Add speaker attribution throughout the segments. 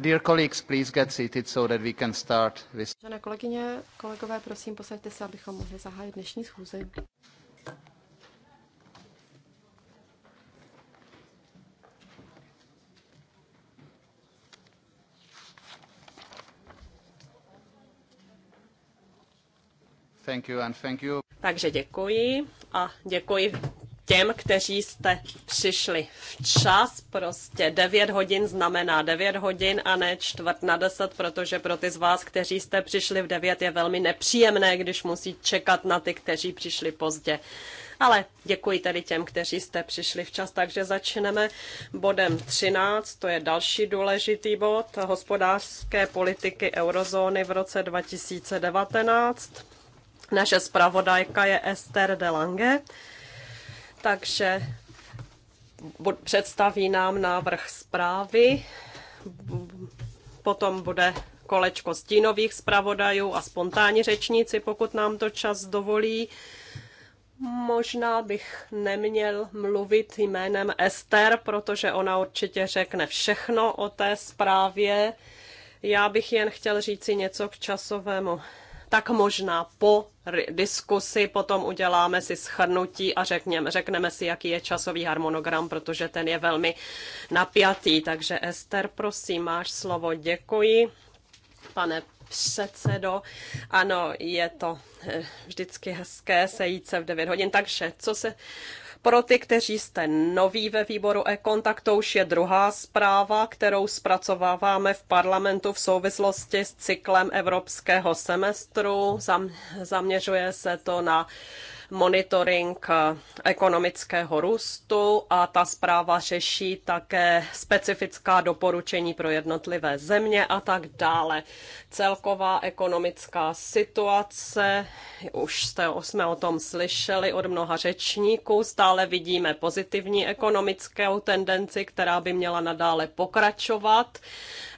Speaker 1: Dear colleagues, please get seated so that we can start this.
Speaker 2: kolegyně, kolegové, prosím, posaďte se, abychom mohli zahájit dnešní schůzi.
Speaker 1: Thank you and thank you. Takže děkuji a děkuji těm, kteří jste přišli včas, prostě 9 hodin znamená 9 hodin a ne čtvrt na 10, protože pro ty z vás, kteří jste přišli v 9, je velmi nepříjemné, když musí čekat na ty, kteří přišli pozdě. Ale děkuji tedy těm, kteří jste přišli včas, takže začneme bodem 13, to je další důležitý bod hospodářské politiky eurozóny v roce 2019. Naše zpravodajka je Esther de Lange. Takže představí nám návrh zprávy, potom bude kolečko stínových zpravodajů a spontánní řečníci, pokud nám to čas dovolí. Možná bych neměl mluvit jménem Ester, protože ona určitě řekne všechno o té zprávě. Já bych jen chtěl říci něco k časovému tak možná po diskusi potom uděláme si schrnutí a řekněme, řekneme si, jaký je časový harmonogram, protože ten je velmi napjatý. Takže Ester, prosím, máš slovo. Děkuji, pane předsedo. Ano, je to eh, vždycky hezké sejít se v 9 hodin. Takže co se pro ty, kteří jste noví ve výboru e kontaktu už je druhá zpráva, kterou zpracováváme v parlamentu v souvislosti s cyklem evropského semestru. Zaměřuje se to na monitoring eh, ekonomického růstu a ta zpráva řeší také specifická doporučení pro jednotlivé země a tak dále. Celková ekonomická situace, už jste, jsme o tom slyšeli od mnoha řečníků, stále vidíme pozitivní ekonomickou tendenci, která by měla nadále pokračovat.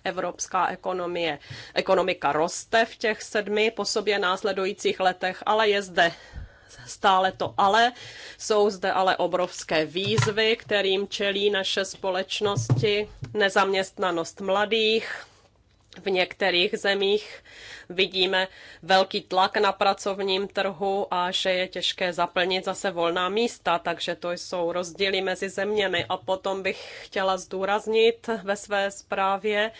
Speaker 1: Evropská ekonomie, ekonomika roste v těch sedmi po sobě následujících letech, ale je zde stále to ale. Jsou zde ale obrovské výzvy, kterým čelí naše společnosti, nezaměstnanost mladých, v některých zemích vidíme velký tlak na pracovním trhu a že je těžké zaplnit zase volná místa, takže to jsou rozdíly mezi zeměmi. A potom bych chtěla zdůraznit ve své zprávě,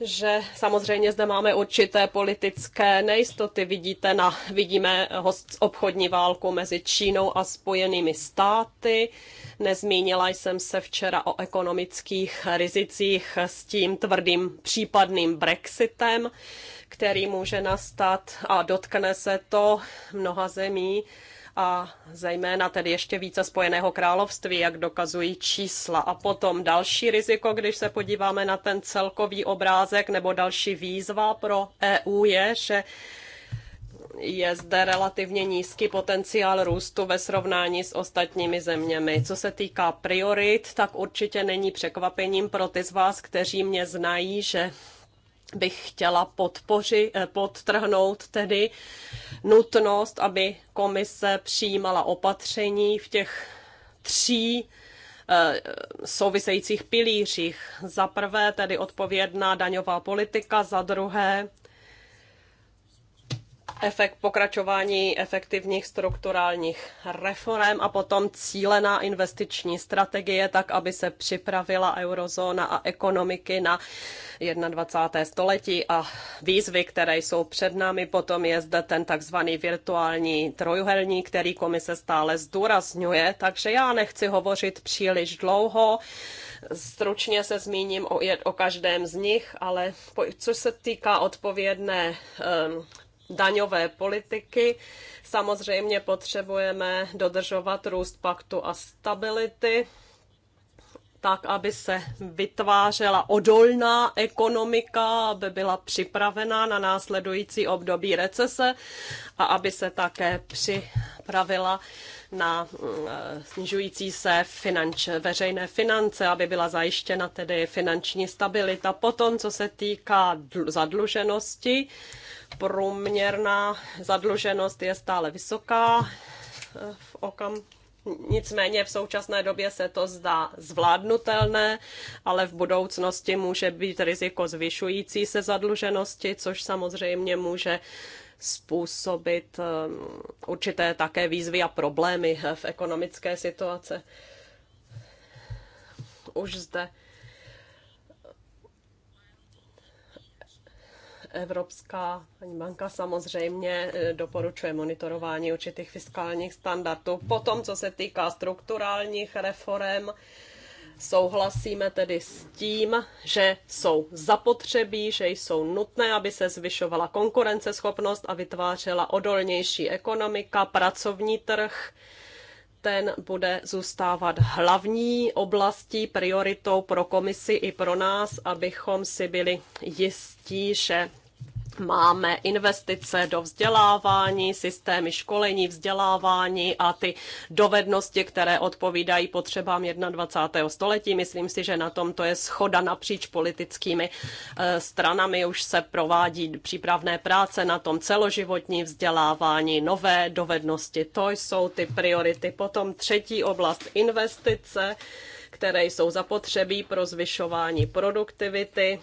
Speaker 1: že samozřejmě zde máme určité politické nejistoty. Vidíte na, vidíme host, obchodní válku mezi Čínou a Spojenými státy. Nezmínila jsem se včera o ekonomických rizicích s tím tvrdým případným Brexitem, který může nastat a dotkne se to mnoha zemí a zejména tedy ještě více Spojeného království, jak dokazují čísla. A potom další riziko, když se podíváme na ten celkový obrázek nebo další výzva pro EU je, že je zde relativně nízký potenciál růstu ve srovnání s ostatními zeměmi. Co se týká priorit, tak určitě není překvapením pro ty z vás, kteří mě znají, že bych chtěla eh, podtrhnout tedy nutnost, aby komise přijímala opatření v těch tří eh, souvisejících pilířích. Za prvé tedy odpovědná daňová politika, za druhé efekt pokračování efektivních strukturálních reform a potom cílená investiční strategie, tak aby se připravila eurozóna a ekonomiky na 21. století a výzvy, které jsou před námi. Potom je zde ten takzvaný virtuální trojuhelní, který komise stále zdůrazňuje, takže já nechci hovořit příliš dlouho. Stručně se zmíním o, o každém z nich, ale co se týká odpovědné um, daňové politiky. Samozřejmě potřebujeme dodržovat růst paktu a stability, tak, aby se vytvářela odolná ekonomika, aby byla připravená na následující období recese a aby se také připravila na eh, snižující se finanč, veřejné finance, aby byla zajištěna tedy finanční stabilita. Potom, co se týká zadluženosti, průměrná zadluženost je stále vysoká eh, v okam. Nicméně v současné době se to zdá zvládnutelné, ale v budoucnosti může být riziko zvyšující se zadluženosti, což samozřejmě může způsobit eh, určité také výzvy a problémy eh, v ekonomické situace. Už zde Evropská banka samozřejmě eh, doporučuje monitorování určitých fiskálních standardů. Potom, co se týká strukturálních reform, souhlasíme tedy s tím, že jsou zapotřebí, že jsou nutné, aby se zvyšovala konkurenceschopnost a vytvářela odolnější ekonomika, pracovní trh. Ten bude zůstávat hlavní oblastí, prioritou pro komisi i pro nás, abychom si byli jistí, že máme investice do vzdělávání, systémy školení, vzdělávání a ty dovednosti, které odpovídají potřebám 21. století. Myslím si, že na tom to je schoda napříč politickými eh, stranami. Už se provádí přípravné práce na tom celoživotní vzdělávání, nové dovednosti. To jsou ty priority. Potom třetí oblast investice které jsou zapotřebí pro zvyšování produktivity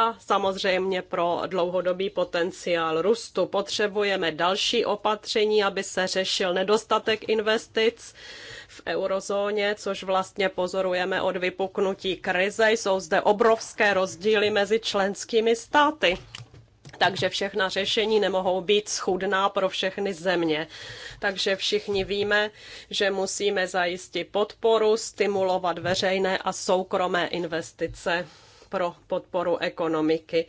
Speaker 1: a samozřejmě pro dlouhodobý potenciál růstu. Potřebujeme další opatření, aby se řešil nedostatek investic v eurozóně, což vlastně pozorujeme od vypuknutí krize. Jsou zde obrovské rozdíly mezi členskými státy takže všechna řešení nemohou být schudná pro všechny země. Takže všichni víme, že musíme zajistit podporu, stimulovat veřejné a soukromé investice pro podporu ekonomiky.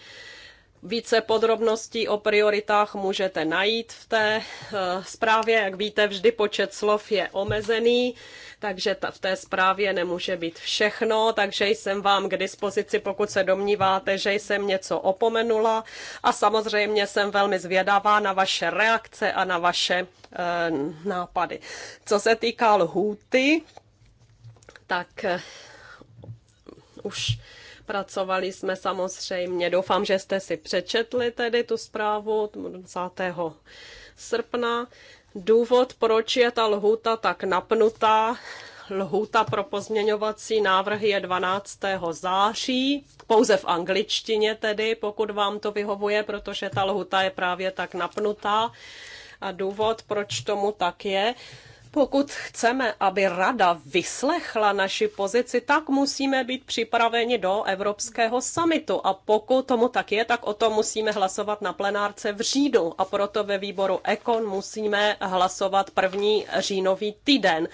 Speaker 1: Více podrobností o prioritách můžete najít v té eh, zprávě. Jak víte, vždy počet slov je omezený, takže v té zprávě nemůže být všechno, takže jsem vám k dispozici, pokud se domníváte, že jsem něco opomenula. A samozřejmě jsem velmi zvědavá na vaše reakce a na vaše eh, nápady. Co se týká lhůty, tak eh, už Pracovali jsme samozřejmě, doufám, že jste si přečetli tedy tu zprávu 20. srpna. Důvod, proč je ta lhůta tak napnutá, lhůta pro pozměňovací návrhy je 12. září, pouze v angličtině tedy, pokud vám to vyhovuje, protože ta lhůta je právě tak napnutá. A důvod, proč tomu tak je, pokud chceme, aby Rada vyslechla naši pozici, tak musíme být připraveni do Evropského samitu. A pokud tomu tak je, tak o tom musíme hlasovat na plenárce v říjnu. A proto ve výboru Ekon musíme hlasovat první říjnový týden.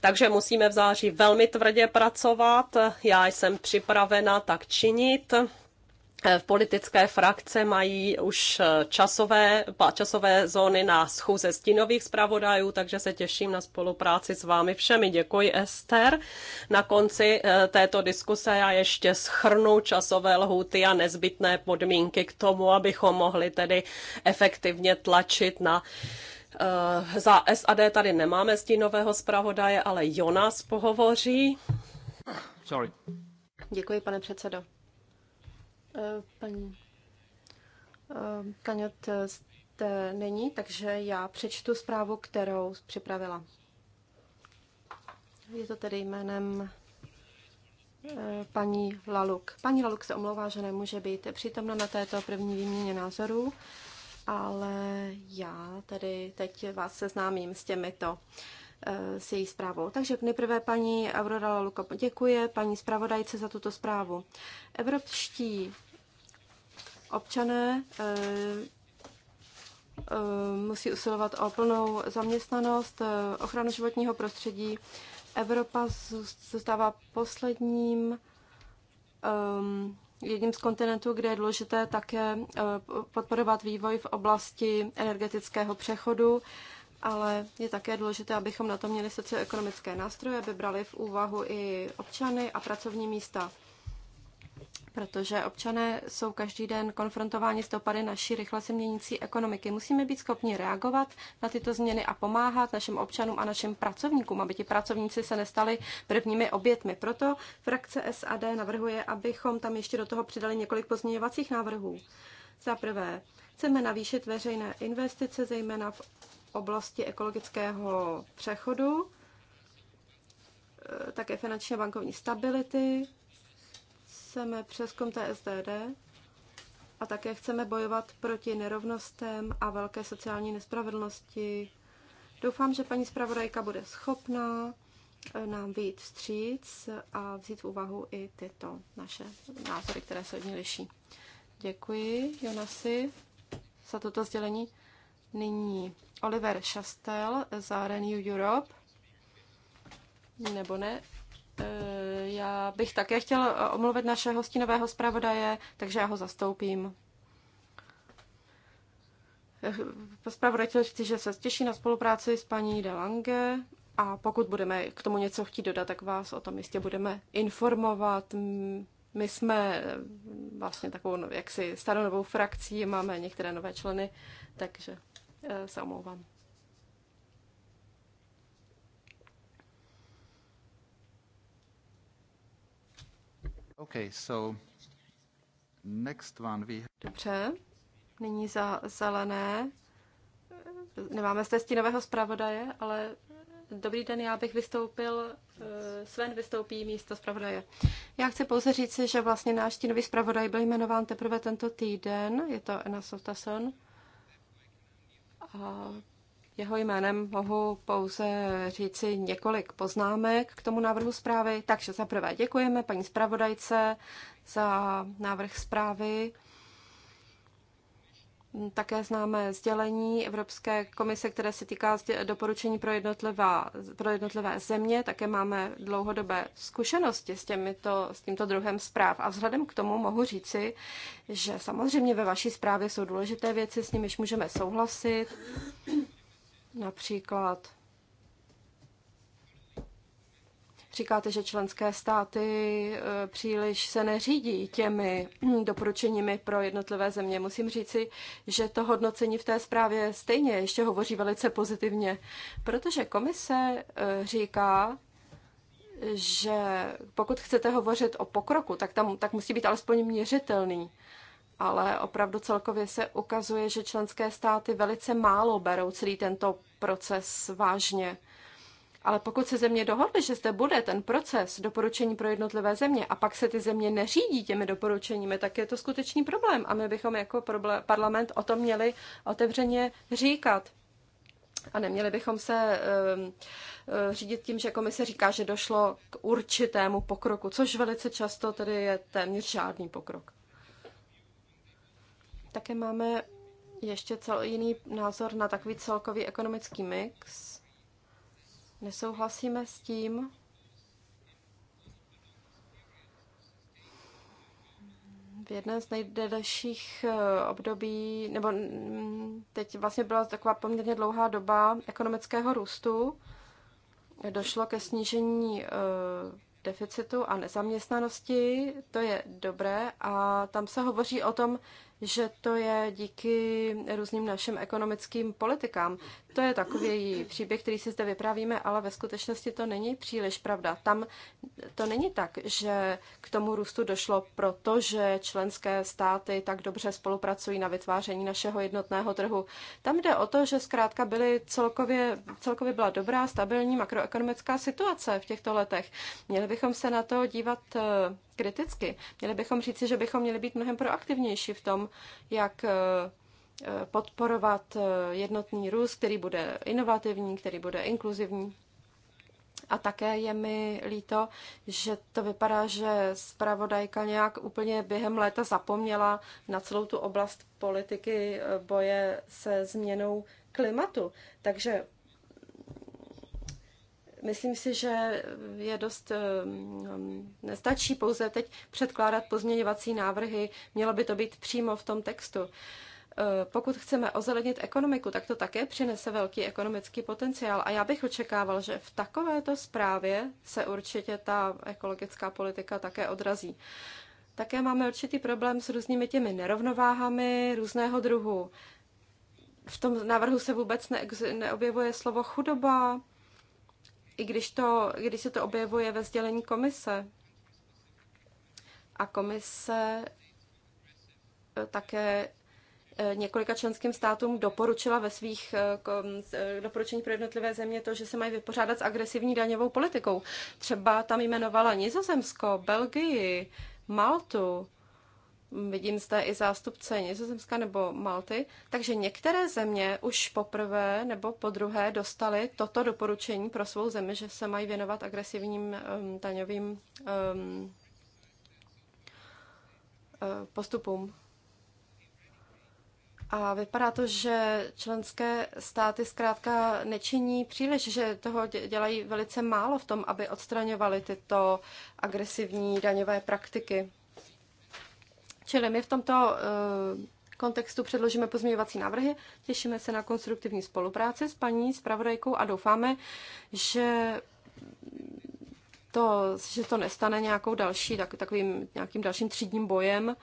Speaker 1: Takže musíme v září velmi tvrdě pracovat. Já jsem připravena tak činit. Eh, v politické frakce mají už eh, časové, časové zóny na schůze stínových zpravodajů, takže se těším na spolupráci s vámi všemi. Děkuji, Ester. Na konci eh, této diskuse já ještě schrnu časové lhuty a nezbytné podmínky k tomu, abychom mohli tedy efektivně tlačit na za SAD tady nemáme stínového zpravodaje, ale Jonas pohovoří. Sorry. Děkuji, pane předsedo.
Speaker 2: Eh, paní eh, Kaňot zde eh, není, takže já přečtu zprávu, kterou připravila. Je to tedy jménem paní Laluk. Paní Laluk se omlouvá, že nemůže být přítomna na této první výměně názorů, ale já tedy teď vás seznámím s těmito Eh, s její zprávou. Takže nejprve paní Aurora Laluka poděkuje paní zpravodajce za tuto zprávu. Evropští občané eh, eh, musí usilovat o plnou zaměstnanost, ochranu životního prostředí. Evropa zůstává posledním jedním z kontinentů, kde je důležité také podporovat vývoj v oblasti energetického přechodu ale je také důležité, abychom na to měli socioekonomické nástroje, aby brali v úvahu i občany a pracovní místa. Protože občané jsou každý den konfrontováni s dopady naší rychle se měnící ekonomiky. Musíme být schopni reagovat na tyto změny a pomáhat našim občanům a našim pracovníkům, aby ti pracovníci se nestali prvními obětmi. Proto frakce SAD navrhuje, abychom tam ještě do toho přidali několik pozměňovacích návrhů. Za prvé, chceme navýšit veřejné investice, zejména v oblasti ekologického přechodu, eh, také finančně bankovní stability, chceme přeskum TSDD a také chceme bojovat proti nerovnostem a velké sociální nespravedlnosti. Doufám, že paní zpravodajka bude schopná eh, nám vyjít vstříc a vzít v úvahu i tyto naše názory, které se od ní liší. Děkuji, Jonasi, za toto sdělení. Nyní Oliver Šastel za Renew Europe. Nebo ne? E, já bych také chtěla e, omluvit našeho hostinového zpravodaje, takže já ho zastoupím. E, zpravodaj chtěl říct, že se těší na spolupráci s paní Delange a pokud budeme k tomu něco chtít dodat, tak vás o tom jistě budeme informovat. My jsme vlastně takovou no, jaksi staronovou frakcí, máme některé nové členy, takže Eh, se omlouvám.
Speaker 1: Okay, so next one we...
Speaker 2: Dobře, nyní za zelené. Nemáme zde stínového zpravodaje, ale dobrý den, já bych vystoupil, eh, Sven vystoupí místo zpravodaje. Já chci pouze říci, že vlastně náš stínový zpravodaj byl jmenován teprve tento týden, je to Anna Sotason jeho jménem mohu pouze říci několik poznámek k tomu návrhu zprávy. Takže za prvé děkujeme paní zpravodajce za návrh zprávy. Také známe sdělení Evropské komise, které se týká doporučení pro, jednotlivá, pro jednotlivé země. Také máme dlouhodobé zkušenosti s, těmito, s tímto druhem zpráv. A vzhledem k tomu mohu říci, že samozřejmě ve vaší zprávě jsou důležité věci, s nimiž můžeme souhlasit. Například Říkáte, že členské státy e, příliš se neřídí těmi doporučeními pro jednotlivé země. Musím říci, že to hodnocení v té zprávě stejně ještě hovoří velice pozitivně, protože komise e, říká, že pokud chcete hovořit o pokroku, tak, tam, tak musí být alespoň měřitelný ale opravdu celkově se ukazuje, že členské státy velice málo berou celý tento proces vážně. Ale pokud se země dohodly, že zde bude ten proces doporučení pro jednotlivé země a pak se ty země neřídí těmi doporučeními, tak je to skutečný problém. A my bychom jako parlament o tom měli otevřeně říkat. A neměli bychom se ehm, eh, řídit tím, že komise říká, že došlo k určitému pokroku, což velice často tedy je téměř žádný pokrok. Také máme ještě celý jiný názor na takový celkový ekonomický mix Nesouhlasíme s tím, v jedné z nejdelších eh, období, nebo mm, teď vlastně byla taková poměrně dlouhá doba ekonomického růstu, došlo ke snížení eh, deficitu a nezaměstnanosti, to je dobré. A tam se hovoří o tom, že to je díky různým našim ekonomickým politikám. To je takový příběh, který si zde vyprávíme, ale ve skutečnosti to není příliš pravda. Tam to není tak, že k tomu růstu došlo proto, že členské státy tak dobře spolupracují na vytváření našeho jednotného trhu. Tam jde o to, že zkrátka byly celkově, celkově byla dobrá, stabilní makroekonomická situace v těchto letech. Měli bychom se na to dívat eh, kriticky. Měli bychom říci, že bychom měli být mnohem proaktivnější v tom, jak eh, eh, podporovat eh, jednotný růst, který bude inovativní, který bude inkluzivní. A také je mi líto, že to vypadá, že zpravodajka nějak úplně během léta zapomněla na celou tu oblast politiky boje se změnou klimatu. Takže Myslím si, že je dost, ehm, nestačí pouze teď předkládat pozměňovací návrhy, mělo by to být přímo v tom textu. Eh, pokud chceme ozelenit ekonomiku, tak to také přinese velký ekonomický potenciál. A já bych očekával, že v takovéto zprávě se určitě ta ekologická politika také odrazí. Také máme určitý problém s různými těmi nerovnováhami různého druhu. V tom návrhu se vůbec neobjevuje slovo chudoba, i když, to, když se to objevuje ve sdělení komise. A komise eh, také eh, několika členským státům doporučila ve svých eh, doporučení pro jednotlivé země to, že se mají vypořádat s agresivní daňovou politikou. Třeba tam jmenovala Nizozemsko, Belgii, Maltu, Vidím zde i zástupce Nizozemska nebo Malty. Takže některé země už poprvé nebo po druhé dostaly toto doporučení pro svou zemi, že se mají věnovat agresivním um, daňovým um, postupům. A vypadá to, že členské státy zkrátka nečiní příliš, že toho dělají velice málo v tom, aby odstraňovali tyto agresivní daňové praktiky. Čili my v tomto eh, kontextu předložíme pozměňovací návrhy. Těšíme se na konstruktivní spolupráci s paní zpravodajkou a doufáme, že to, že to nestane nějakou další, tak, takovým nějakým dalším třídním bojem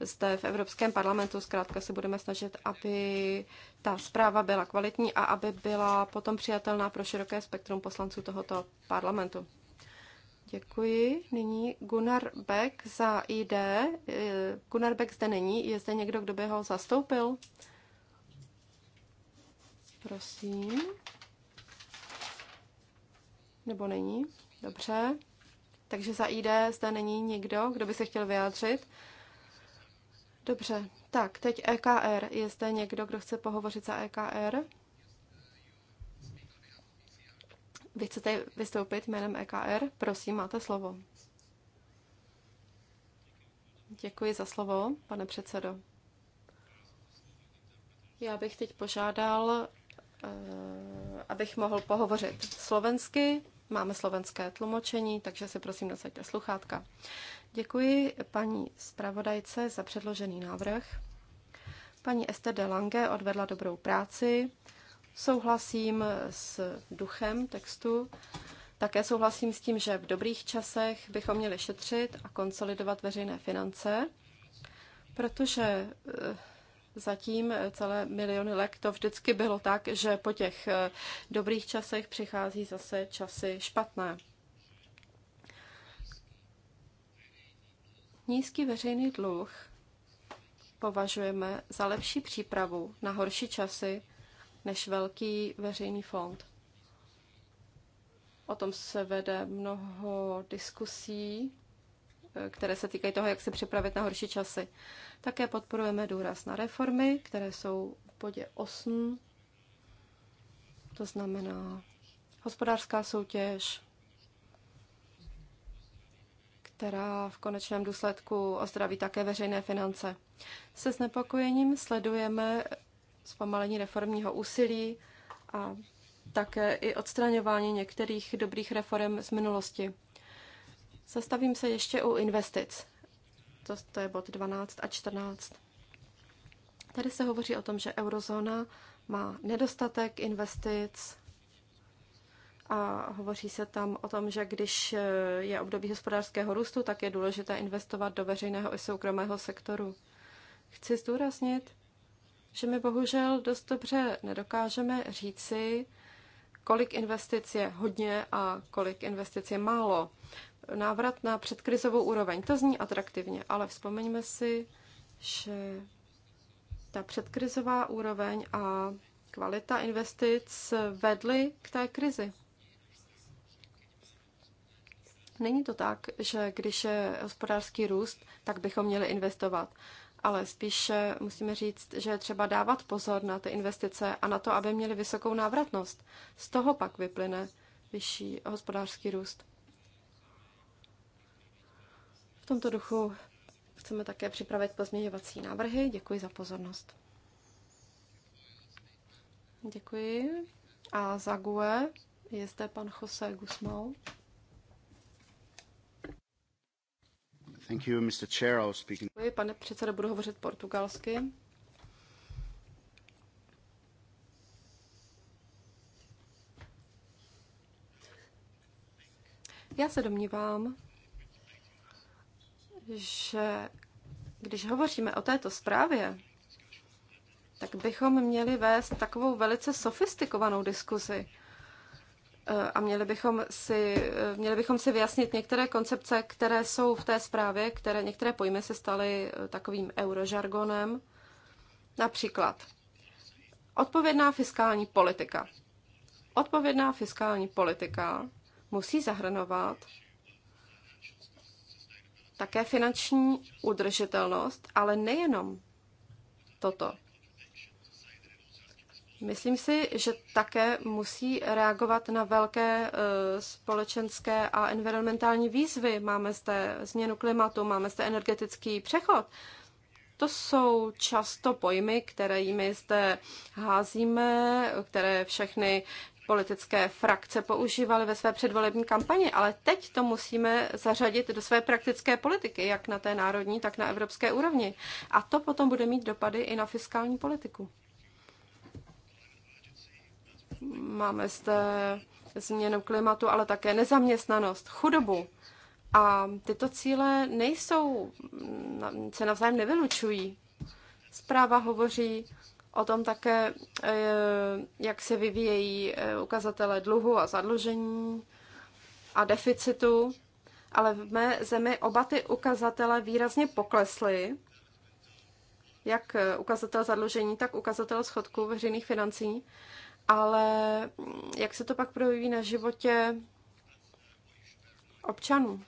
Speaker 2: zde v Evropském parlamentu. Zkrátka se budeme snažit, aby ta zpráva byla kvalitní a aby byla potom přijatelná pro široké spektrum poslanců tohoto parlamentu. Děkuji. Nyní Gunnar Beck za ID. Eh, Gunnar Beck zde není. Je zde někdo, kdo by ho zastoupil? Prosím. Nebo není? Dobře. Takže za ID zde není nikdo, kdo by se chtěl vyjádřit. Dobře, tak teď EKR. Je zde někdo, kdo chce pohovořit za EKR? Vy chcete vystoupit jménem EKR? Prosím, máte slovo. Děkuji za slovo, pane předsedo. Já bych teď požádal, eh, abych mohl pohovořit slovensky. Máme slovenské tlumočení, takže si prosím nasaďte sluchátka. Děkuji paní zpravodajce za předložený návrh. Paní Esther de Lange odvedla dobrou práci. Souhlasím s duchem textu. Také souhlasím s tím, že v dobrých časech bychom měli šetřit a konsolidovat veřejné finance, protože eh, zatím celé miliony let to vždycky bylo tak, že po těch eh, dobrých časech přichází zase časy špatné. Nízký veřejný dluh považujeme za lepší přípravu na horší časy, než velký veřejný fond. O tom se vede mnoho diskusí, eh, které se týkají toho, jak se připravit na horší časy. Také podporujeme důraz na reformy, které jsou v bodě 8. To znamená hospodářská soutěž, která v konečném důsledku ozdraví také veřejné finance. Se znepokojením sledujeme zpomalení reformního úsilí a také i odstraňování některých dobrých reform z minulosti. Zastavím se ještě u investic. To, to je bod 12 a 14. Tady se hovoří o tom, že eurozóna má nedostatek investic a hovoří se tam o tom, že když je období hospodářského růstu, tak je důležité investovat do veřejného i soukromého sektoru. Chci zdůraznit, že my bohužel dost dobře nedokážeme říci, kolik investic je hodně a kolik investic je málo. Návrat na předkrizovou úroveň, to zní atraktivně, ale vzpomeňme si, že ta předkrizová úroveň a kvalita investic vedly k té krizi. Není to tak, že když je hospodářský růst, tak bychom měli investovat ale spíše musíme říct, že je třeba dávat pozor na ty investice a na to, aby měly vysokou návratnost. Z toho pak vyplyne vyšší hospodářský růst. V tomto duchu chceme také připravit pozměňovací návrhy. Děkuji za pozornost. Děkuji. A za GUE je zde pan Jose Gusmau.
Speaker 1: Thank you, Mr. Chair. I'll speak in...
Speaker 2: Děkuji, pane předsedo, budu hovořit portugalsky. Já se domnívám, že když hovoříme o této zprávě, tak bychom měli vést takovou velice sofistikovanou diskuzi Eh, a měli bychom, si, eh, měli bychom si vyjasnit některé koncepce, které jsou v té zprávě, které některé pojmy se staly eh, takovým eurožargonem. Například odpovědná fiskální politika. Odpovědná fiskální politika musí zahrnovat také finanční udržitelnost, ale nejenom toto. Myslím si, že také musí reagovat na velké eh, společenské a environmentální výzvy. Máme zde změnu klimatu, máme zde energetický přechod. To jsou často pojmy, které jimi zde házíme, které všechny politické frakce používaly ve své předvolební kampani, ale teď to musíme zařadit do své praktické politiky, jak na té národní, tak na evropské úrovni. A to potom bude mít dopady i na fiskální politiku. Máme zde změnu klimatu, ale také nezaměstnanost, chudobu. A tyto cíle nejsou, se navzájem nevylučují. Zpráva hovoří o tom také, eh, jak se vyvíjejí eh, ukazatele dluhu a zadlužení a deficitu, ale v mé zemi oba ty ukazatele výrazně poklesly, jak eh, ukazatel zadlužení, tak ukazatel schodku veřejných financí ale jak se to pak projeví na životě občanů?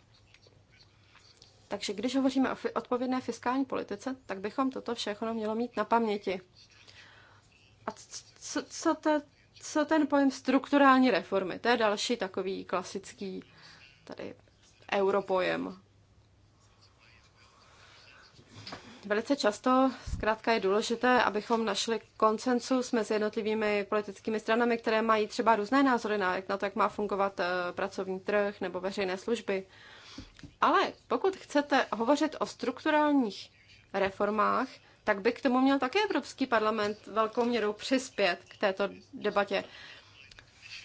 Speaker 2: Takže když hovoříme o odpovědné fiskální politice, tak bychom toto všechno mělo mít na paměti. A co, co, te, co ten pojem strukturální reformy? To je další takový klasický tady europojem. velice často zkrátka je důležité, abychom našli koncensus mezi jednotlivými politickými stranami, které mají třeba různé názory na, jak na to, jak má fungovat eh, pracovní trh nebo veřejné služby. Ale pokud chcete hovořit o strukturálních reformách, tak by k tomu měl také Evropský parlament velkou měrou přispět k této debatě.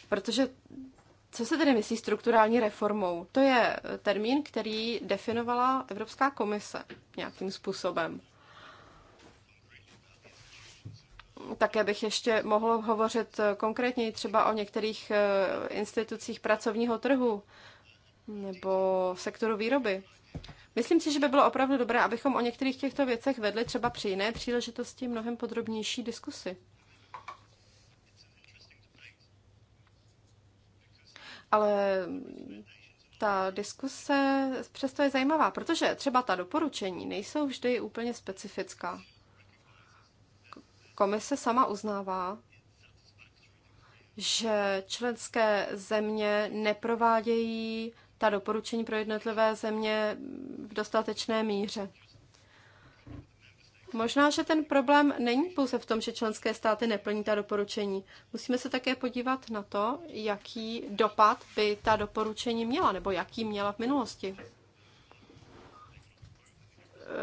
Speaker 2: Protože co se tedy myslí strukturální reformou? To je eh, termín, který definovala Evropská komise nějakým způsobem. Také bych ještě mohl hovořit eh, konkrétněji třeba o některých eh, institucích pracovního trhu nebo sektoru výroby. Myslím si, že by bylo opravdu dobré, abychom o některých těchto věcech vedli třeba při jiné příležitosti mnohem podrobnější diskusy. ale ta diskuse přesto je zajímavá, protože třeba ta doporučení nejsou vždy úplně specifická. Komise sama uznává, že členské země neprovádějí ta doporučení pro jednotlivé země v dostatečné míře. Možná, že ten problém není pouze v tom, že členské státy neplní ta doporučení. Musíme se také podívat na to, jaký dopad by ta doporučení měla, nebo jaký měla v minulosti.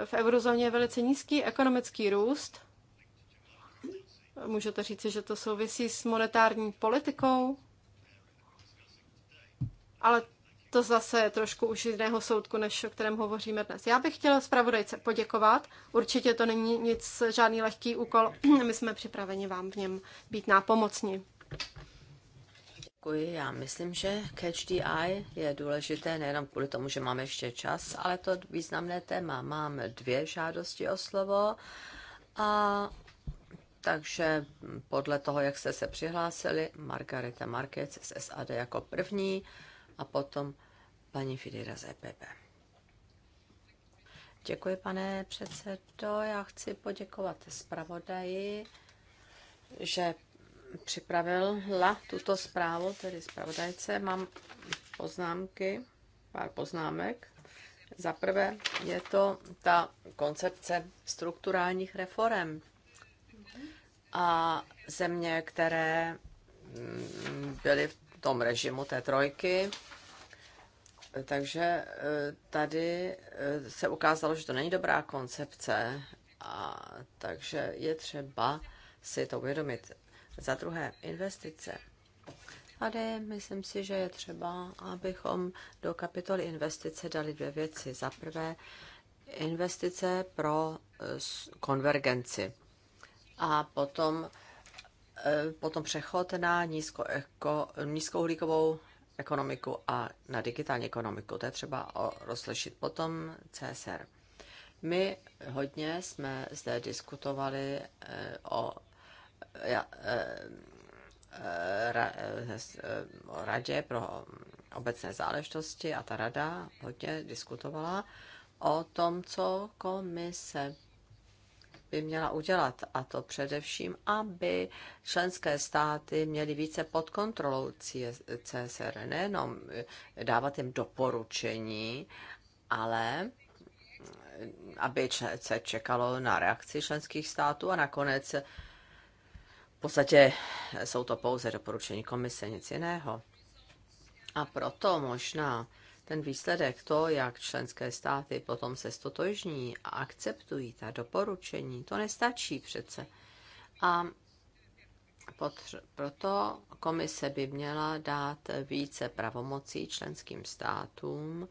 Speaker 2: V eurozóně je velice nízký ekonomický růst. Můžete říci, že to souvisí s monetární politikou, ale to zase je trošku už jiného soudku, než o kterém hovoříme dnes. Já bych chtěla zpravodajce poděkovat. Určitě to není nic, žádný lehký úkol. My jsme připraveni vám v něm být nápomocní.
Speaker 3: Děkuji. Já myslím, že Catch the Eye je důležité nejenom kvůli tomu, že máme ještě čas, ale to významné téma. Mám dvě žádosti o slovo a takže podle toho, jak jste se přihlásili, Margareta Markec z SAD jako první a potom paní Fidera z EPP. Děkuji, pane předsedo. Já chci poděkovat zpravodaji, že připravila tuto zprávu, tedy zpravodajce. Mám poznámky, pár poznámek. Za prvé je to ta koncepce strukturálních reform a země, které mm, byly v tom režimu té trojky, takže eh, tady eh, se ukázalo, že to není dobrá koncepce, a takže je třeba si to uvědomit. Za druhé, investice. Tady myslím si, že je třeba, abychom do kapitoly investice dali dvě věci. Za prvé, investice pro eh, konvergenci a potom, potom přechod na nízko, nízkouhlíkovou ekonomiku a na digitální ekonomiku. To je třeba rozlišit potom CSR. My hodně jsme zde diskutovali eh, o, eh, eh, o radě pro obecné záležitosti a ta rada hodně diskutovala o tom, co komise by měla udělat, a to především, aby členské státy měly více pod kontrolou CSR, nejenom eh, dávat jim doporučení, ale mm, aby se čekalo na reakci členských států a nakonec eh, v podstatě eh, jsou to pouze doporučení komise, nic jiného. A proto možná ten výsledek, to, jak členské státy potom se stotožní a akceptují ta doporučení, to nestačí přece. A potř- proto komise by měla dát více pravomocí členským státům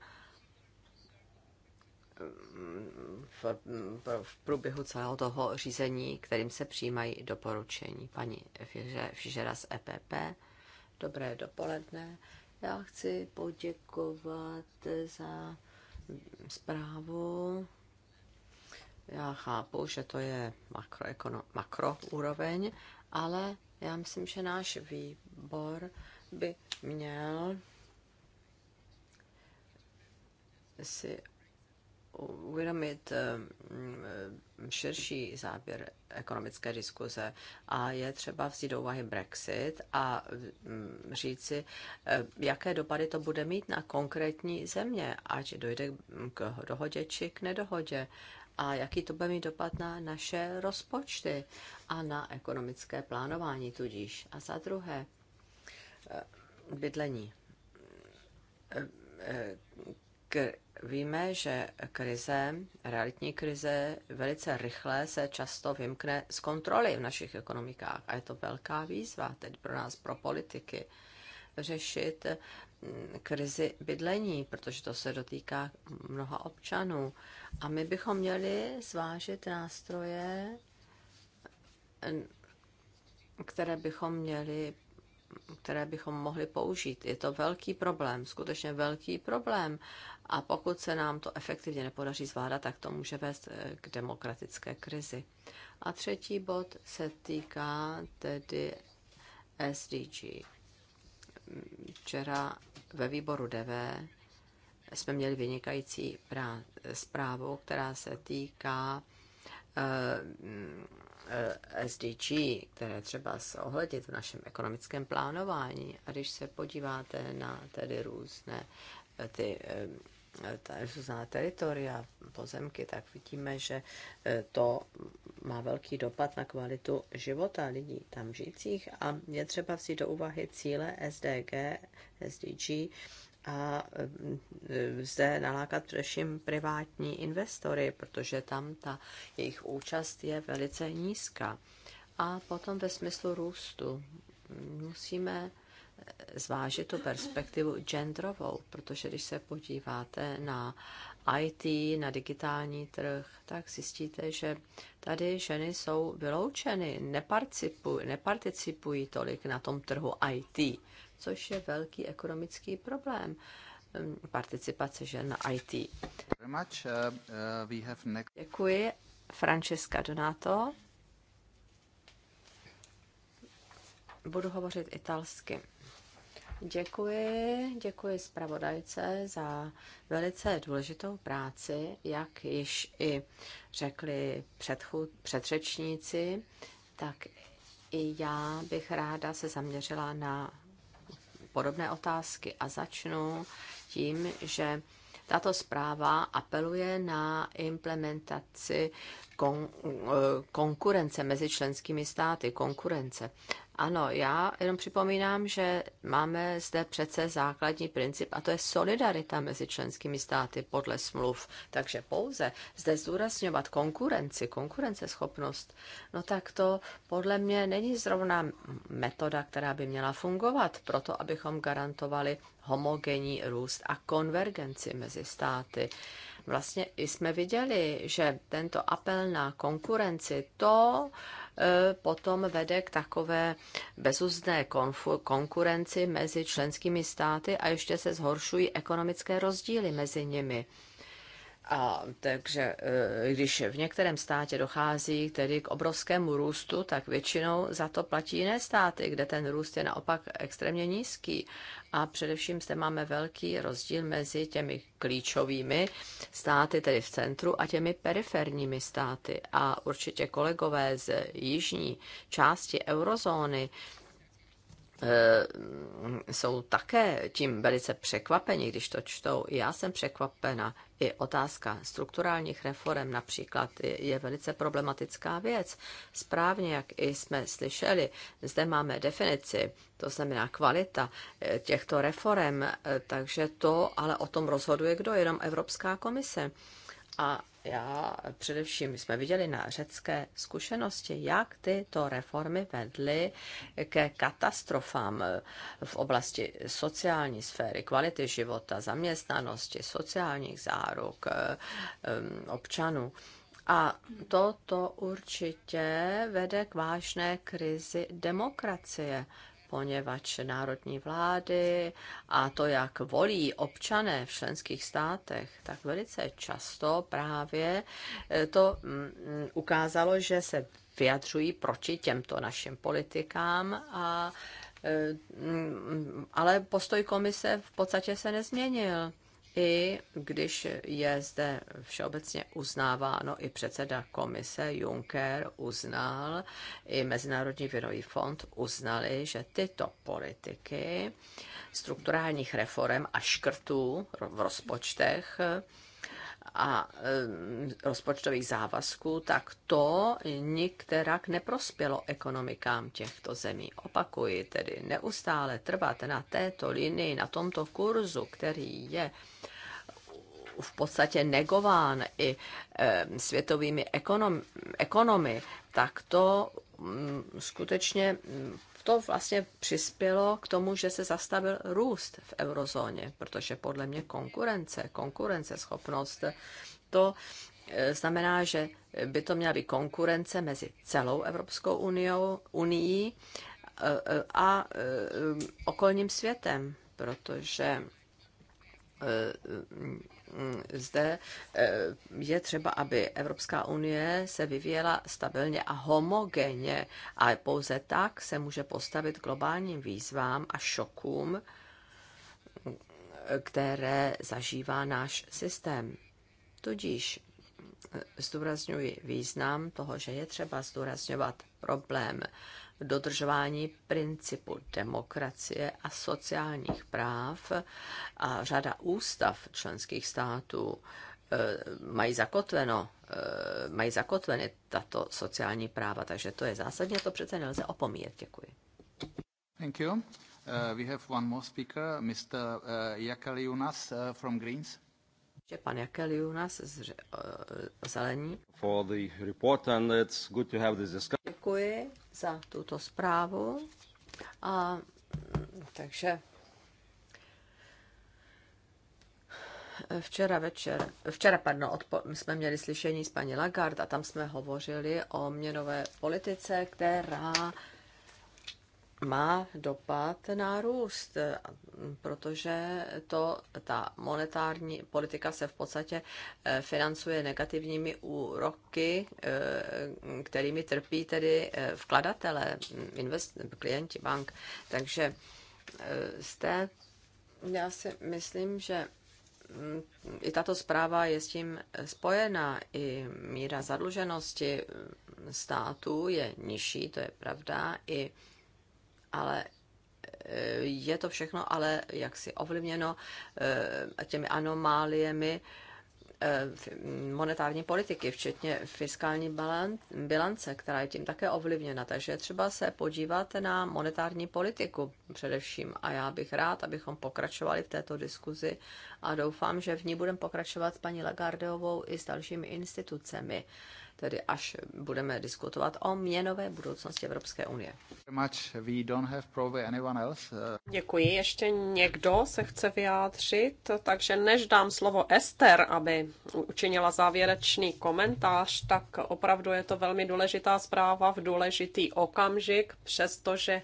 Speaker 3: v, v průběhu celého toho řízení, kterým se přijímají doporučení. Paní Fižera z EPP, dobré dopoledne. Já chci poděkovat za zprávu. Já chápu, že to je makroúroveň, makro úroveň, ale já myslím, že náš výbor by měl si uvědomit eh, mm, širší záběr ekonomické diskuze a je třeba vzít do úvahy Brexit a mm, říci, eh, jaké dopady to bude mít na konkrétní země, ať dojde k dohodě či k nedohodě a jaký to bude mít dopad na naše rozpočty a na ekonomické plánování tudíž. A za druhé, eh, bydlení víme, že krize, realitní krize, velice rychle se často vymkne z kontroly v našich ekonomikách. A je to velká výzva teď pro nás, pro politiky, řešit mm, krizi bydlení, protože to se dotýká mnoha občanů. A my bychom měli zvážit nástroje, které bychom měli které bychom mohli použít. Je to velký problém, skutečně velký problém. A pokud se nám to efektivně nepodaří zvládat, tak to může vést eh, k demokratické krizi. A třetí bod se týká tedy SDG. Včera ve výboru DV jsme měli vynikající zprávu, která se týká eh, Eh, SDG, které třeba ohledit v našem ekonomickém plánování. A když se podíváte na tedy různé eh, ty eh, různá teritoria, pozemky, tak vidíme, že to má velký dopad na kvalitu života lidí tam žijících a je třeba vzít do úvahy cíle SDG, SDG a e, e, zde nalákat především privátní investory, protože tam ta jejich účast je velice nízká. A potom ve smyslu růstu musíme e, zvážit tu perspektivu genderovou, protože když se podíváte na IT, na digitální trh, tak zjistíte, že tady ženy jsou vyloučeny, neparticipují, neparticipují tolik na tom trhu IT, což je velký ekonomický problém mm, participace žen na IT. Uh, uh, Děkuji. Francesca Donato. Budu hovořit italsky. Děkuji, děkuji zpravodajce za velice důležitou práci, jak již i řekli předchůd, předřečníci, tak i já bych ráda se zaměřila na podobné otázky a začnu tím, že tato zpráva apeluje na implementaci kon, eh, konkurence mezi členskými státy, konkurence. Ano, já jenom připomínám, že máme zde přece základní princip a to je solidarita mezi členskými státy podle smluv. Takže pouze zde zdůrazňovat konkurenci, konkurenceschopnost, no tak to podle mě není zrovna metoda, která by měla fungovat proto, abychom garantovali homogenní růst a konvergenci mezi státy vlastně jsme viděli, že tento apel na konkurenci, to e, potom vede k takové bezuzdné konkurenci mezi členskými státy a ještě se zhoršují ekonomické rozdíly mezi nimi. A takže eh, když v některém státě dochází tedy k obrovskému růstu, tak většinou za to platí jiné státy, kde ten růst je naopak extrémně nízký. A především zde máme velký rozdíl mezi těmi klíčovými státy, tedy v centru, a těmi periferními státy. A určitě kolegové z jižní části eurozóny Eh, jsou také tím velice překvapeni, když to čtou. Já jsem překvapena. I otázka strukturálních reform například je velice problematická věc. Správně, jak i jsme slyšeli, zde máme definici, to znamená kvalita eh, těchto reform, eh, takže to ale o tom rozhoduje kdo, jenom Evropská komise. A já především jsme viděli na řecké zkušenosti, jak tyto reformy vedly ke katastrofám v oblasti sociální sféry, kvality života, zaměstnanosti, sociálních záruk občanů. A toto určitě vede k vážné krizi demokracie poněvadž národní vlády a to, jak volí občané v členských státech, tak velice často právě eh, to mm, ukázalo, že se vyjadřují proti těmto našim politikám a eh, mm, ale postoj komise v podstatě se nezměnil i když je zde všeobecně uznáváno, i předseda komise Juncker uznal, i Mezinárodní věnový fond uznali, že tyto politiky strukturálních reform a škrtů v rozpočtech a e, rozpočtových závazků, tak to nikterak neprospělo ekonomikám těchto zemí. Opakuji tedy, neustále trvat na této linii, na tomto kurzu, který je v podstatě negován i e, světovými ekonom, ekonomy, tak to mm, skutečně mm, to vlastně přispělo k tomu, že se zastavil růst v eurozóně, protože podle mě konkurence, konkurenceschopnost, to e, znamená, že by to měla být konkurence mezi celou Evropskou uniou, unii e, e, a okolním světem, protože Eh, mm, zde eh, je třeba, aby Evropská unie se vyvíjela stabilně a homogenně, ale pouze tak se může postavit globálním výzvám a šokům, eh, které zažívá náš systém. Tudíž zdůrazňuji význam toho, že je třeba zdůrazňovat problém dodržování principu demokracie a sociálních práv a řada ústav členských států eh, mají zakotveno, eh, mají zakotveny tato sociální práva, takže to je zásadně, to přece nelze opomíjet. Děkuji.
Speaker 1: Thank you. Uh, we have one more speaker,
Speaker 3: Mr. Uh, Jakaliunas uh, from Greens. Je pan Jakeliunas z Zelení. For the report and it's good to have this discussion děkuji za tuto zprávu. A takže včera večer, včera, pardon, odpo, jsme měli slyšení s paní Lagarde a tam jsme hovořili o měnové politice, která má dopad na růst, protože to, ta monetární politika se v podstatě eh, financuje negativními úroky, eh, kterými trpí tedy eh, vkladatele, hm, invest, klienti bank. Takže jste, já si myslím, že hm, i tato zpráva je s tím spojená. I míra zadluženosti hm, státu je nižší, to je pravda, i ale eh, je to všechno ale jaksi ovlivněno eh, těmi anomáliemi eh, monetární politiky, včetně fiskální bilance, která je tím také ovlivněna. Takže třeba se podívat na monetární politiku především. A já bych rád, abychom pokračovali v této diskuzi a doufám, že v ní budeme pokračovat s paní Lagardeovou i s dalšími institucemi tedy až budeme diskutovat o měnové
Speaker 1: budoucnosti Evropské unie. Uh, Děkuji. Ještě někdo se chce vyjádřit, takže než dám slovo Ester, aby učinila závěrečný komentář, tak opravdu je to velmi důležitá zpráva v důležitý okamžik, přestože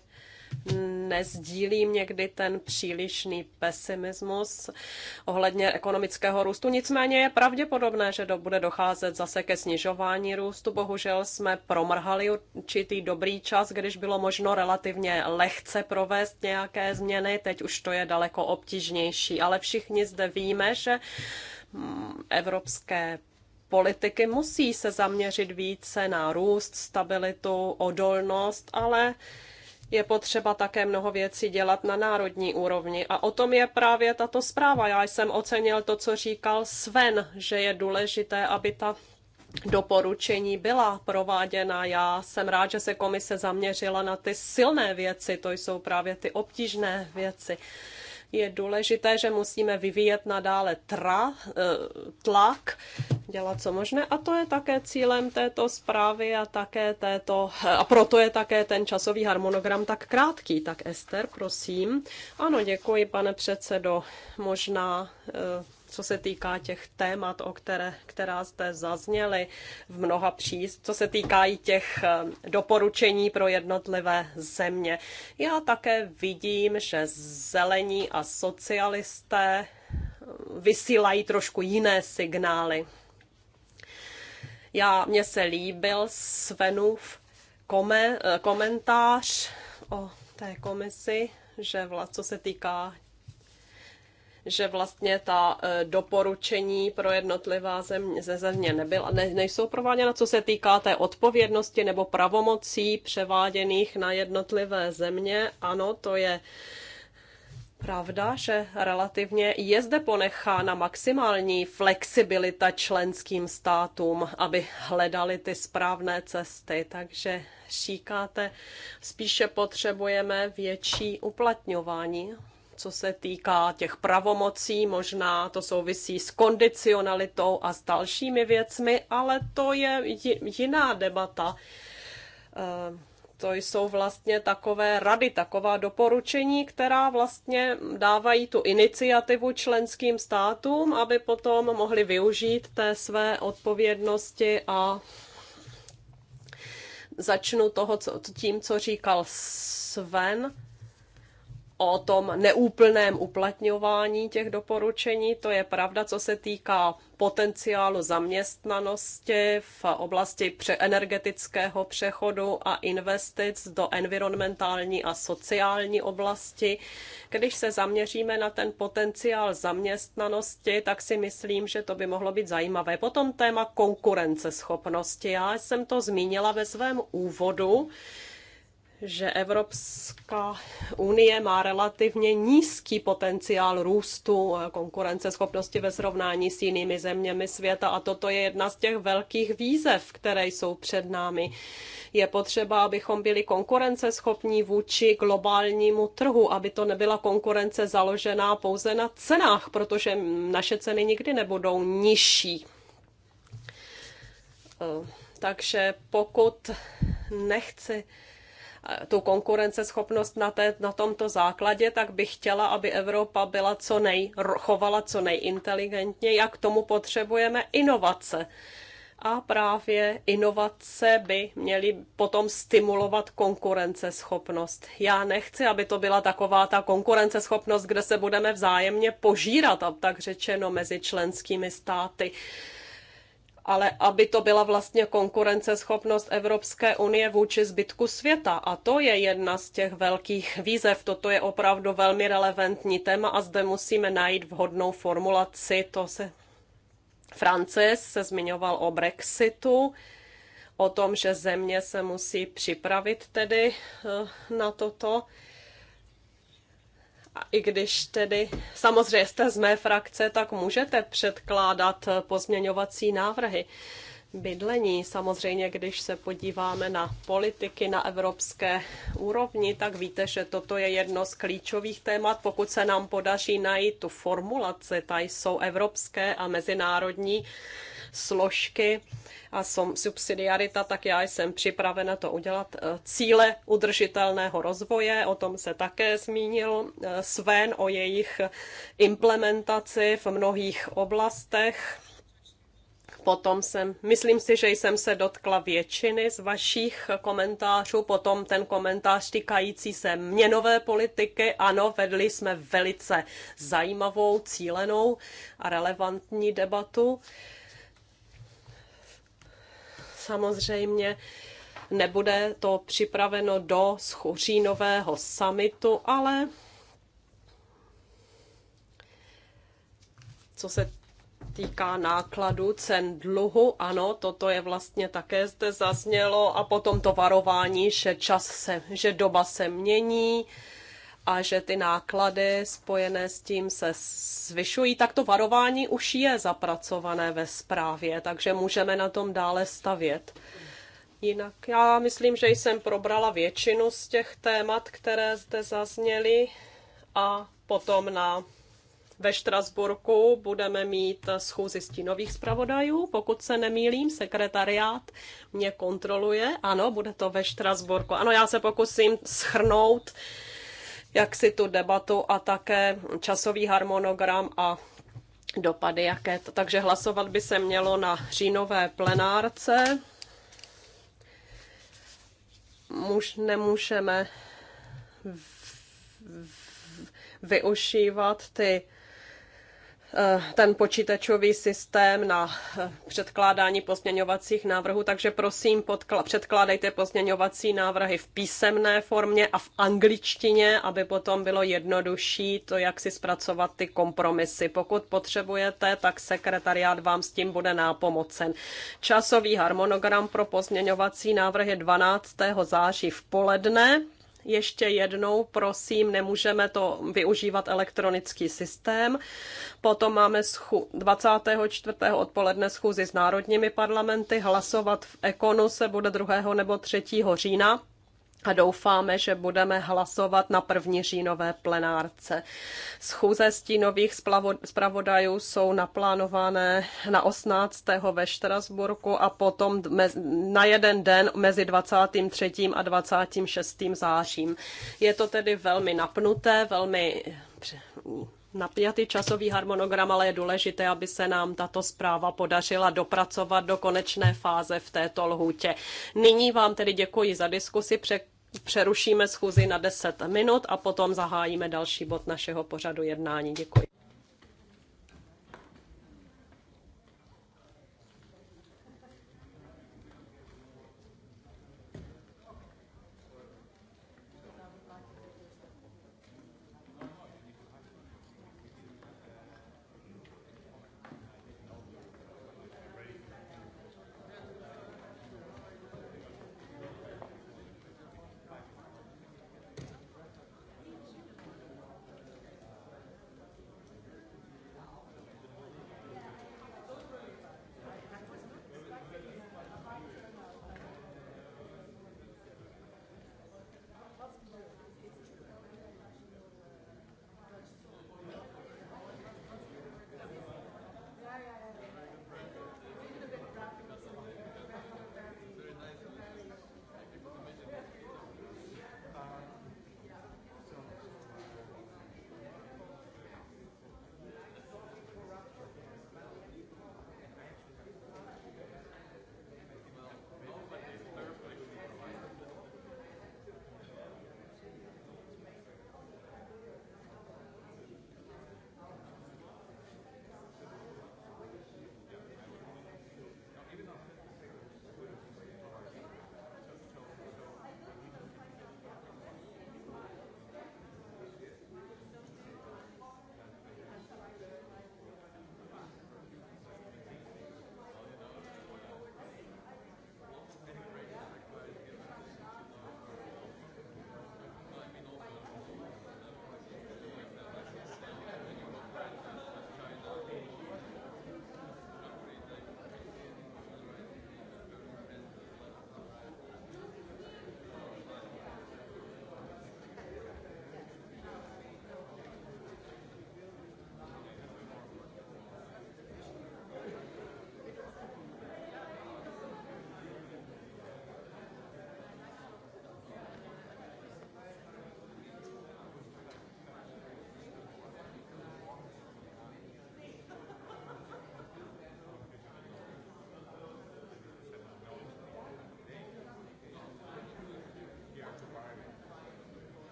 Speaker 1: nezdílím někdy ten přílišný pesimismus ohledně ekonomického růstu. Nicméně je pravděpodobné, že do, bude docházet zase ke snižování růstu. Bohužel jsme promrhali určitý dobrý čas, když bylo možno relativně lehce provést nějaké změny. Teď už to je daleko obtížnější, ale všichni zde víme, že mm, evropské politiky musí se zaměřit více na růst, stabilitu, odolnost, ale je potřeba také mnoho věcí dělat na národní úrovni. A o tom je právě tato zpráva. Já jsem ocenil to, co říkal Sven, že je důležité, aby ta doporučení byla prováděna. Já jsem rád, že se komise zaměřila na ty silné věci, to jsou právě ty obtížné věci je důležité, že musíme vyvíjet nadále tra, eh, tlak, dělat co možné a to je také cílem této zprávy a také této, a proto je také ten časový harmonogram tak krátký. Tak Ester, prosím. Ano, děkuji, pane předsedo. Možná eh, co se týká těch témat, o které, která zde zazněly v mnoha příst, co se týká i těch eh, doporučení pro jednotlivé země. Já také vidím, že zelení a socialisté eh, vysílají trošku jiné signály. Já, mně se líbil Svenův eh, komentář o té komisi, že vlastně co se týká že vlastně ta e, doporučení pro jednotlivá země, ze země nebyla, ne, nejsou prováděna, co se týká té odpovědnosti nebo pravomocí převáděných na jednotlivé země. Ano, to je pravda, že relativně je zde ponechána maximální flexibilita členským státům, aby hledali ty správné cesty. Takže říkáte, spíše potřebujeme větší uplatňování co se týká těch pravomocí, možná to souvisí s kondicionalitou a s dalšími věcmi, ale to je jiná debata. Eh, to jsou vlastně takové rady, taková doporučení, která vlastně dávají tu iniciativu členským státům, aby potom mohli využít té své odpovědnosti a začnu toho, co, tím, co říkal Sven o tom neúplném uplatňování těch doporučení. To je pravda, co se týká potenciálu zaměstnanosti v oblasti energetického přechodu a investic do environmentální a sociální oblasti. Když se zaměříme na ten potenciál zaměstnanosti, tak si myslím, že to by mohlo být zajímavé. Potom téma konkurenceschopnosti. Já jsem to zmínila ve svém úvodu že Evropská unie má relativně nízký potenciál růstu konkurenceschopnosti ve srovnání s jinými zeměmi světa a toto je jedna z těch velkých výzev, které jsou před námi. Je potřeba, abychom byli konkurenceschopní vůči globálnímu trhu, aby to nebyla konkurence založená pouze na cenách, protože naše ceny nikdy nebudou nižší. Eh, takže pokud nechci tu konkurenceschopnost na, té, na tomto základě, tak bych chtěla, aby Evropa byla co nej, chovala co nejinteligentněji a k tomu potřebujeme inovace a právě inovace by měly potom stimulovat konkurenceschopnost. Já nechci, aby to byla taková ta konkurenceschopnost, kde se budeme vzájemně požírat, tak řečeno, mezi členskými státy ale aby to byla vlastně konkurenceschopnost Evropské unie vůči zbytku světa. A to je jedna z těch velkých výzev. Toto je opravdu velmi relevantní téma a zde musíme najít vhodnou formulaci. To se Francis se zmiňoval o Brexitu, o tom, že země se musí připravit tedy eh, na toto. A i když tedy samozřejmě jste z mé frakce, tak můžete předkládat pozměňovací návrhy bydlení. Samozřejmě, když se podíváme na politiky na evropské úrovni, tak víte, že toto je jedno z klíčových témat. Pokud se nám podaří najít tu formulaci, ta jsou evropské a mezinárodní složky a subsidiarita, tak já jsem připravena to udělat. E, cíle udržitelného rozvoje, o tom se také zmínil e, Sven, o jejich implementaci v mnohých oblastech. Potom jsem, myslím si, že jsem se dotkla většiny z vašich komentářů. Potom ten komentář týkající se měnové politiky. Ano, vedli jsme velice zajímavou, cílenou a relevantní debatu. Uh, Samozřejmě nebude to připraveno do schořínového samitu, ale co se týká nákladu cen dluhu, ano, toto je vlastně také zde zaznělo a potom to varování, že čas se, že doba se mění, a že ty náklady spojené s tím se zvyšují, tak to varování už je zapracované ve zprávě, takže můžeme na tom dále stavět. Jinak já myslím, že jsem probrala většinu z těch témat, které zde zazněly a potom na ve Štrasburku budeme mít schůzi stínových zpravodajů, pokud se nemýlím, sekretariát mě kontroluje. Ano, bude to ve Štrasburku. Ano, já se pokusím schrnout jak si tu debatu a také časový harmonogram a dopady, jaké to. Takže hlasovat by se mělo na říjnové plenárce. Muž nemůžeme využívat ty Eh, ten počítačový systém na eh, předkládání pozměňovacích návrhů, takže prosím, podkla- předkládejte pozměňovací návrhy v písemné formě a v angličtině, aby potom bylo jednodušší to, jak si zpracovat ty kompromisy. Pokud potřebujete, tak sekretariát vám s tím bude nápomocen. Časový harmonogram pro pozměňovací návrhy je 12. září v poledne ještě jednou, prosím, nemůžeme to využívat elektronický systém. Potom máme 24. odpoledne schůzi s národními parlamenty. Hlasovat v Ekonu se bude 2. nebo 3. října a doufáme, že budeme hlasovat na první říjnové plenárce. Schůze stínových zpravodajů jsou naplánované na 18. ve Štrasburku a potom na jeden den mezi 23. a 26. zářím. Je to tedy velmi napnuté, velmi napjatý časový harmonogram, ale je důležité, aby se nám tato zpráva podařila dopracovat do konečné fáze v této lhůtě. Nyní vám tedy děkuji za diskusi, Přerušíme schůzi na 10 minut a potom zahájíme další bod našeho pořadu jednání. Děkuji.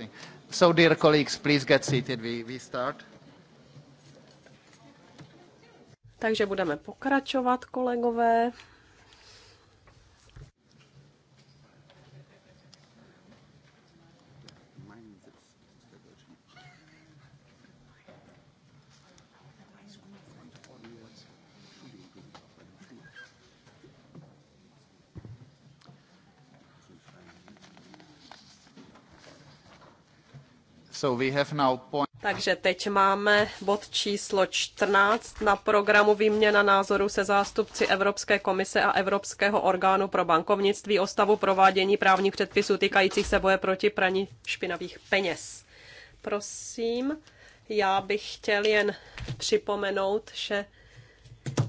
Speaker 1: interesting. So, dear colleagues, please get seated. We, we start. Takže budeme pokračovat, kolegové. So we have now point... Takže teď máme bod číslo 14 na programu výměna názoru se zástupci Evropské komise a Evropského orgánu pro bankovnictví o stavu provádění právních předpisů týkajících se boje proti praní špinavých peněz. Prosím, já bych chtěl jen připomenout, že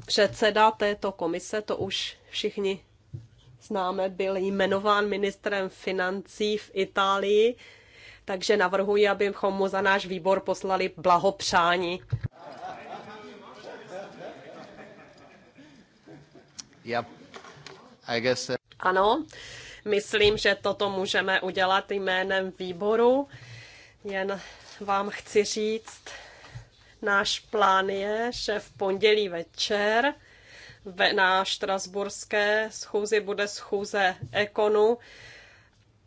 Speaker 1: předseda této komise, to už všichni známe, byl jmenován ministrem financí v Itálii takže navrhuji, abychom mu za náš výbor poslali blahopřání. Yep. I guess, uh, Ano, myslím, že toto můžeme udělat jménem výboru. Jen vám chci říct, náš plán je, že v pondělí večer na Štrasburské schůzi bude schůze Ekonu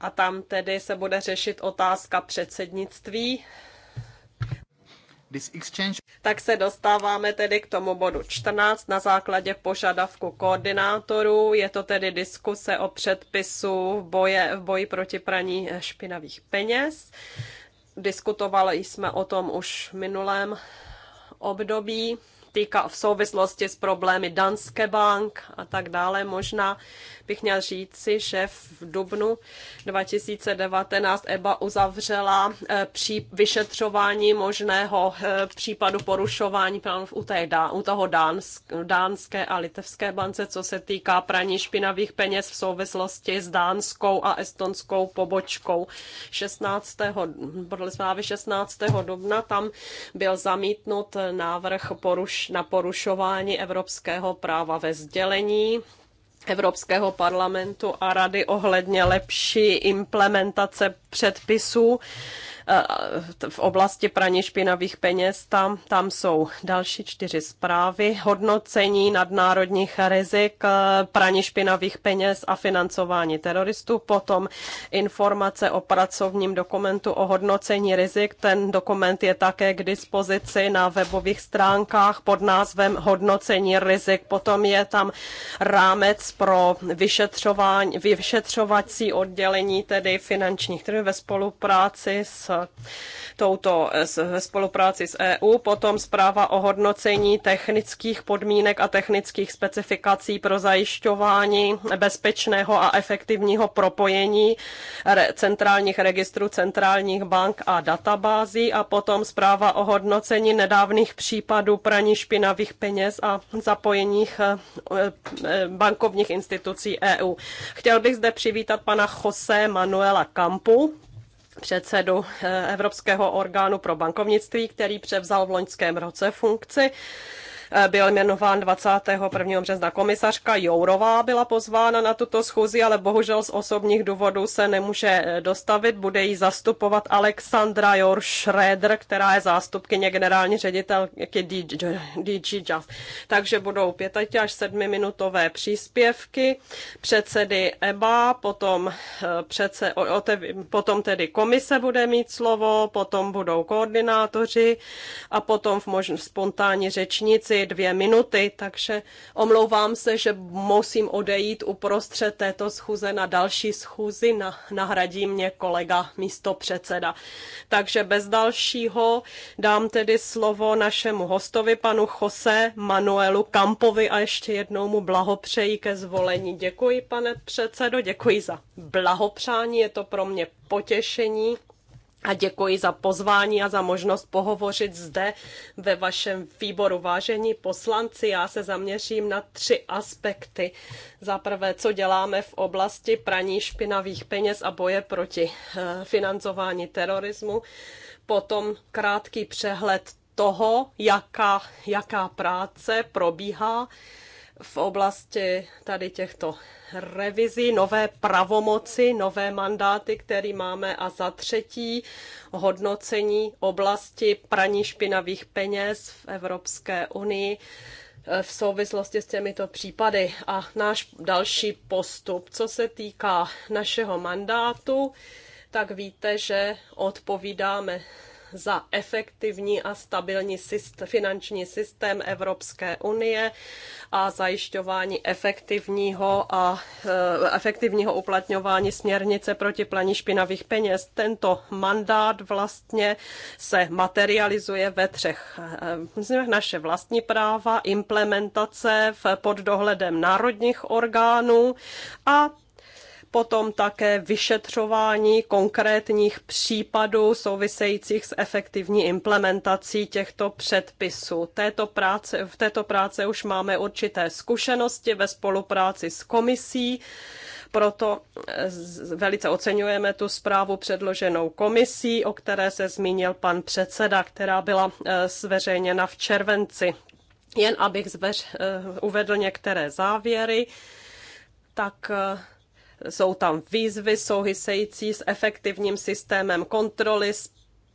Speaker 1: a tam tedy se bude řešit otázka předsednictví. Tak se dostáváme tedy k tomu bodu 14 na základě požadavku koordinátorů. Je to tedy diskuse o předpisu v, boje, v boji proti praní špinavých peněz. Diskutovali jsme o tom už v minulém období týká v souvislosti s problémy Danske Bank a tak dále. Možná bych měl říci, že v dubnu 2019 EBA uzavřela eh, při vyšetřování možného eh, případu porušování plánů u u toho dánské a litevské bance, co se týká praní špinavých peněz v souvislosti s dánskou a estonskou pobočkou. 16. podle 16. dubna tam byl zamítnut návrh poruš, na porušování evropského práva ve sdělení Evropského parlamentu a rady ohledně lepší implementace předpisů Eh, v oblasti praní špinavých peněz. Tam, tam jsou další čtyři zprávy. Hodnocení nadnárodních rizik eh, praní špinavých peněz a financování teroristů. Potom informace o pracovním dokumentu o hodnocení rizik. Ten dokument je také k dispozici na webových stránkách pod názvem Hodnocení rizik. Potom je tam rámec pro vyšetřování, vyšetřovací oddělení, tedy finančních trhů ve spolupráci s touto ve spolupráci s EU, potom zpráva o hodnocení technických podmínek a technických specifikací pro zajišťování bezpečného a efektivního propojení centrálních registrů centrálních bank a databází a potom zpráva o hodnocení nedávných případů praní špinavých peněz a zapojeních e, e, bankovních institucí EU. Chtěl bych zde přivítat pana Jose Manuela Campu, předsedu eh, Evropského orgánu pro bankovnictví, který převzal v loňském roce funkci Eh, byl jmenován 21. března. Komisařka Jourová byla pozvána na tuto schůzi, ale bohužel z osobních důvodů se nemůže eh, dostavit. Bude ji zastupovat Alexandra Jor Schroeder, která je zástupkyně generální ředitelky DG Jazz. Takže budou 5 až 7 minutové příspěvky předsedy EBA, potom, eh, předse, potom tedy komise bude mít slovo, potom budou koordinátoři a potom v možn, spontánní řečníci dvě minuty, takže omlouvám se, že musím odejít uprostřed této schůze na další schůzi, na, nahradí mě kolega místo předseda. Takže bez dalšího dám tedy slovo našemu hostovi, panu Jose Manuelu Kampovi a ještě jednou mu blahopřeji ke zvolení. Děkuji, pane předsedo, děkuji za blahopřání, je to pro mě potěšení a děkuji za pozvání a za možnost pohovořit zde ve vašem výboru. Vážení poslanci, já se zaměřím na tři aspekty. Za prvé, co děláme v oblasti praní špinavých peněz a boje proti eh, financování terorismu. Potom krátký přehled toho, jaká, jaká práce probíhá v oblasti tady těchto revizí, nové pravomoci, nové mandáty, které máme a za třetí hodnocení oblasti praní špinavých peněz v Evropské unii eh, v souvislosti s těmito případy a náš další postup, co se týká našeho mandátu, tak víte, že odpovídáme za efektivní a stabilní systém, finanční systém Evropské unie a zajišťování efektivního a e, efektivního uplatňování směrnice proti planí špinavých peněz. Tento mandát vlastně se materializuje ve třech e, e, naše vlastní práva, implementace v pod dohledem národních orgánů a potom také vyšetřování konkrétních případů souvisejících s efektivní implementací těchto předpisů. Této práce, v této práce už máme určité zkušenosti ve spolupráci s komisí, proto eh, velice oceňujeme tu zprávu předloženou komisí, o které se zmínil pan předseda, která byla eh, zveřejněna v červenci. Jen abych zveř, eh, uvedl některé závěry, tak jsou tam výzvy související s efektivním systémem kontroly,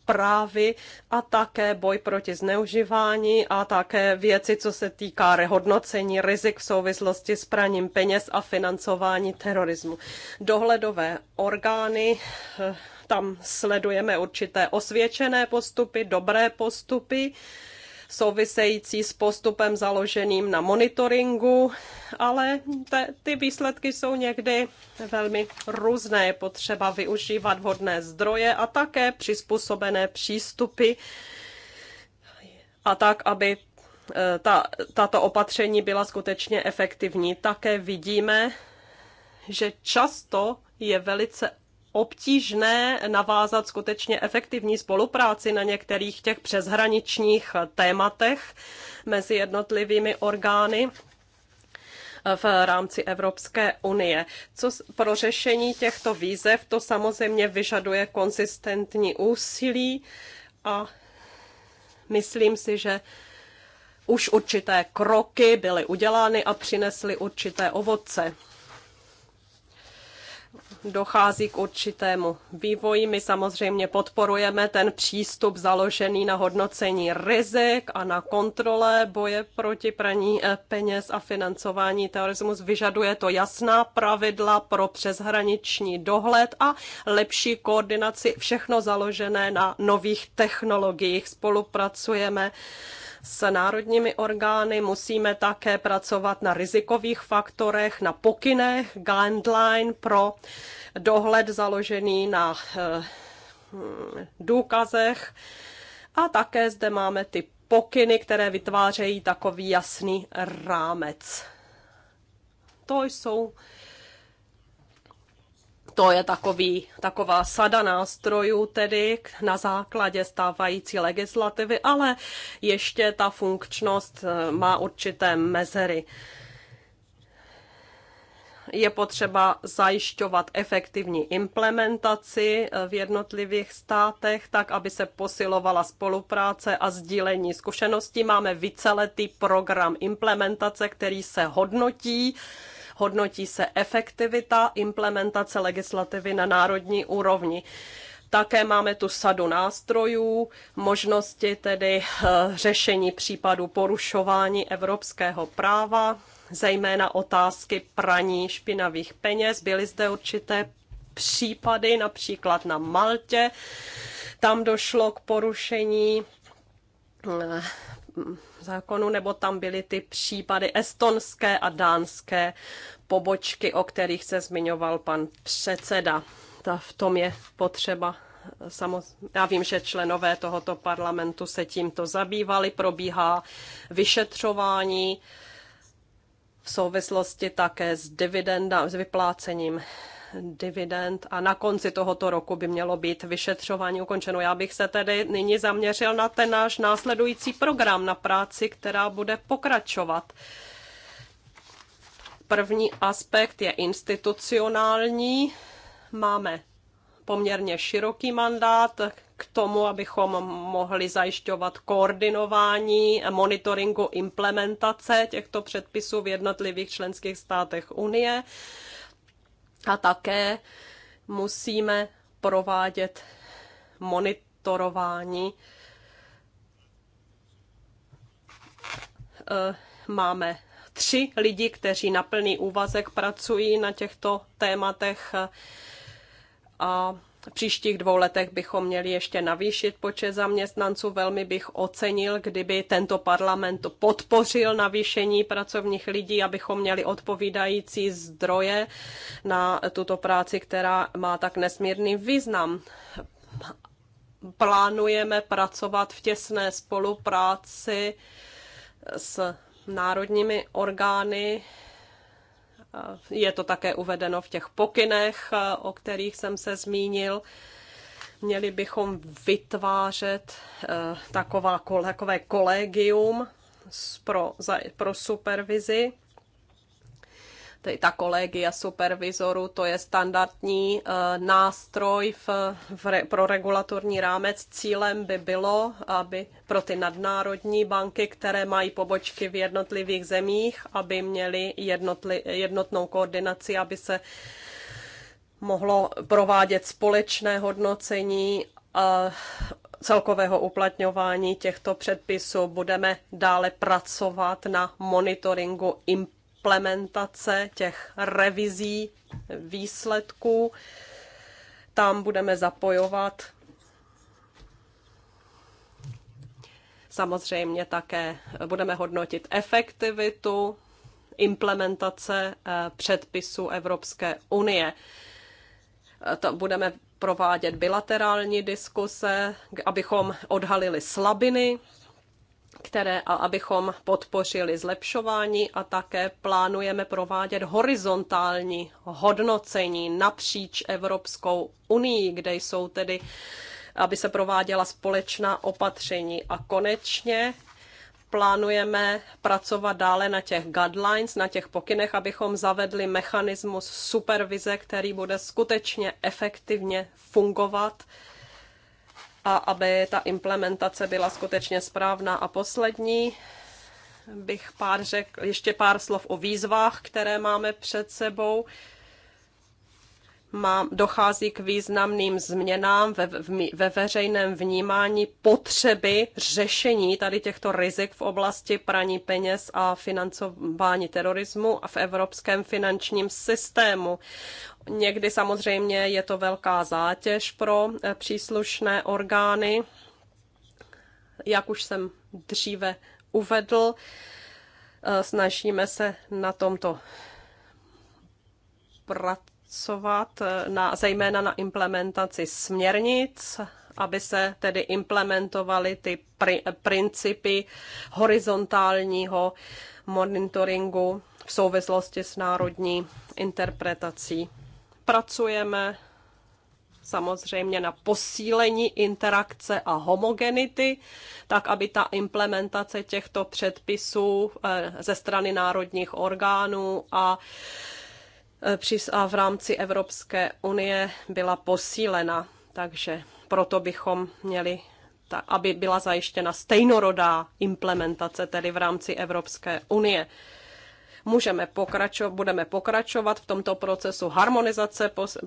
Speaker 1: právy a také boj proti zneužívání a také věci, co se týká rehodnocení rizik v souvislosti s praním peněz a financování terorismu. Dohledové orgány eh, tam sledujeme určité osvědčené postupy, dobré postupy související s postupem založeným na monitoringu, ale te, ty výsledky jsou někdy velmi různé. Je potřeba využívat vhodné zdroje a také přizpůsobené přístupy a tak, aby e, ta, tato opatření byla skutečně efektivní. Také vidíme, že často je velice obtížné navázat skutečně efektivní spolupráci na některých těch přeshraničních tématech mezi jednotlivými orgány v rámci Evropské unie. Co pro řešení těchto výzev, to samozřejmě vyžaduje konsistentní úsilí a myslím si, že už určité kroky byly udělány a přinesly určité ovoce dochází k určitému vývoji. My samozřejmě podporujeme ten přístup založený na hodnocení rizik a na kontrole boje proti praní eh, peněz a financování terorismus. Vyžaduje to jasná pravidla pro přeshraniční dohled a lepší koordinaci, všechno založené na nových technologiích. Spolupracujeme s národními orgány, musíme také pracovat na rizikových faktorech, na pokynech, guideline pro dohled založený na eh, důkazech. A také zde máme ty pokyny, které vytvářejí takový jasný rámec. To jsou to je takový, taková sada nástrojů tedy na základě stávající legislativy, ale ještě ta funkčnost eh, má určité mezery je potřeba zajišťovat efektivní implementaci eh, v jednotlivých státech, tak aby se posilovala spolupráce a sdílení zkušeností. Máme víceletý program implementace, který se hodnotí hodnotí se efektivita implementace legislativy na národní úrovni. Také máme tu sadu nástrojů, možnosti tedy eh, řešení případů porušování evropského práva, zejména otázky praní špinavých peněz. Byly zde určité případy, například na Maltě. Tam došlo k porušení eh, zákonu, nebo tam byly ty případy estonské a dánské pobočky, o kterých se zmiňoval pan předseda. Ta v tom je potřeba já vím, že členové tohoto parlamentu se tímto zabývali, probíhá vyšetřování v souvislosti také s dividendami, s vyplácením dividend a na konci tohoto roku by mělo být vyšetřování ukončeno. Já bych se tedy nyní zaměřil na ten náš následující program, na práci, která bude pokračovat. První aspekt je institucionální. Máme poměrně široký mandát k tomu, abychom mohli zajišťovat koordinování, monitoringu implementace těchto předpisů v jednotlivých členských státech Unie. A také musíme provádět monitorování. Eh, máme tři lidi, kteří na plný úvazek pracují na těchto tématech eh, a v příštích dvou letech bychom měli ještě navýšit počet zaměstnanců. Velmi bych ocenil, kdyby tento parlament podpořil navýšení pracovních lidí, abychom měli odpovídající zdroje na tuto práci, která má tak nesmírný význam plánujeme pracovat v těsné spolupráci s národními orgány Eh, je to také uvedeno v těch pokynech, eh, o kterých jsem se zmínil. Měli bychom vytvářet eh, taková, takové kolegium pro, pro supervizi ta kolegia supervizoru, to je standardní eh, nástroj v, v, pro regulatorní rámec. Cílem by bylo, aby pro ty nadnárodní banky, které mají pobočky v jednotlivých zemích, aby měly jednotli, jednotnou koordinaci, aby se mohlo provádět společné hodnocení eh, celkového uplatňování těchto předpisů budeme dále pracovat na monitoringu imp- implementace těch revizí výsledků. Tam budeme zapojovat samozřejmě také budeme hodnotit efektivitu implementace eh, předpisů Evropské unie. Eh, to budeme provádět bilaterální diskuse, abychom odhalili slabiny které, a abychom podpořili zlepšování a také plánujeme provádět horizontální hodnocení napříč Evropskou unii, kde jsou tedy, aby se prováděla společná opatření. A konečně plánujeme pracovat dále na těch guidelines, na těch pokynech, abychom zavedli mechanismus supervize, který bude skutečně efektivně fungovat a aby ta implementace byla skutečně správná. A poslední bych pár řekl, ještě pár slov o výzvách, které máme před sebou má, dochází k významným změnám ve, v, ve veřejném vnímání potřeby řešení tady těchto rizik v oblasti praní peněz a financování terorismu a v evropském finančním systému. Někdy samozřejmě je to velká zátěž pro eh, příslušné orgány, jak už jsem dříve uvedl. Eh, snažíme se na tomto pracovat pracovat eh, na, zejména na implementaci směrnic, aby se tedy implementovaly ty pri, principy horizontálního monitoringu v souvislosti s národní interpretací. Pracujeme samozřejmě na posílení interakce a homogenity, tak aby ta implementace těchto předpisů eh, ze strany národních orgánů a Eh, a v rámci Evropské unie byla posílena. Takže proto bychom měli, ta, aby byla zajištěna stejnorodá implementace, tedy v rámci Evropské unie. Můžeme pokračovat, budeme pokračovat v tomto procesu harmonizace, pos,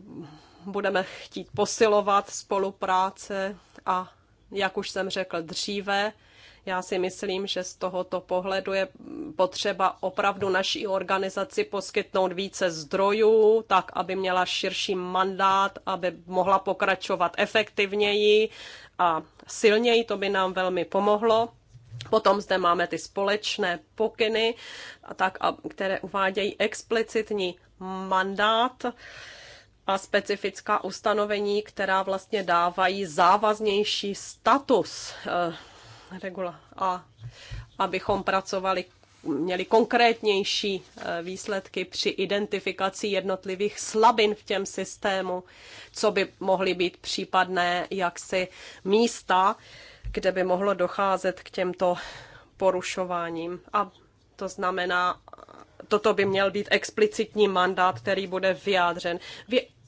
Speaker 1: budeme chtít posilovat spolupráce a, jak už jsem řekl dříve, já si myslím, že z tohoto pohledu je potřeba opravdu naší organizaci poskytnout více zdrojů, tak aby měla širší mandát, aby mohla pokračovat efektivněji a silněji, to by nám velmi pomohlo. Potom zde máme ty společné pokyny, tak, a, které uvádějí explicitní mandát a specifická ustanovení, která vlastně dávají závaznější status eh, regula a abychom pracovali měli konkrétnější eh, výsledky při identifikaci jednotlivých slabin v těm systému, co by mohly být případné jaksi místa, kde by mohlo docházet k těmto porušováním. A to znamená, toto by měl být explicitní mandát, který bude vyjádřen.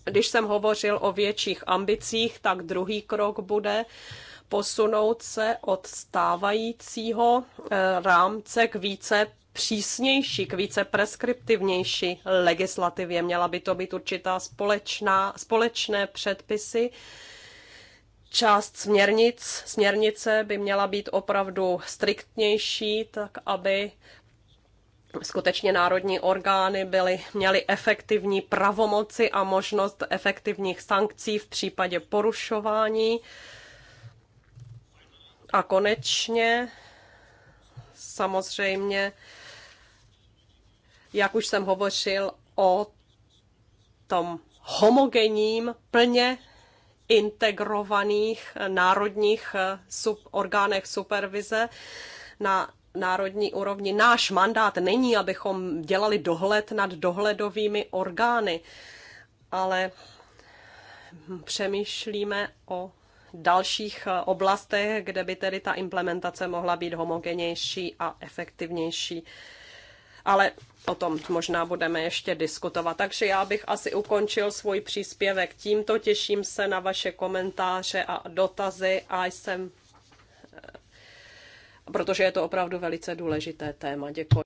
Speaker 1: Když jsem hovořil o větších ambicích, tak druhý krok bude posunout se od stávajícího eh, rámce k více přísnější, k více preskriptivnější legislativě. Měla by to být určitá společná, společné předpisy. Část směrnic, směrnice by měla být opravdu striktnější, tak aby skutečně národní orgány byly, měly efektivní pravomoci a možnost efektivních sankcí v případě porušování. A konečně samozřejmě, jak už jsem hovořil o tom homogenním, plně integrovaných národních sub, orgánech supervize na národní úrovni. Náš mandát není, abychom dělali dohled nad dohledovými orgány, ale přemýšlíme o dalších eh, oblastech, kde by tedy ta implementace mohla být homogenější a efektivnější. Ale o tom možná budeme ještě diskutovat. Takže já bych asi ukončil svůj příspěvek tímto. Těším se na vaše komentáře a dotazy a jsem protože je to opravdu velice důležité téma. Děkuji.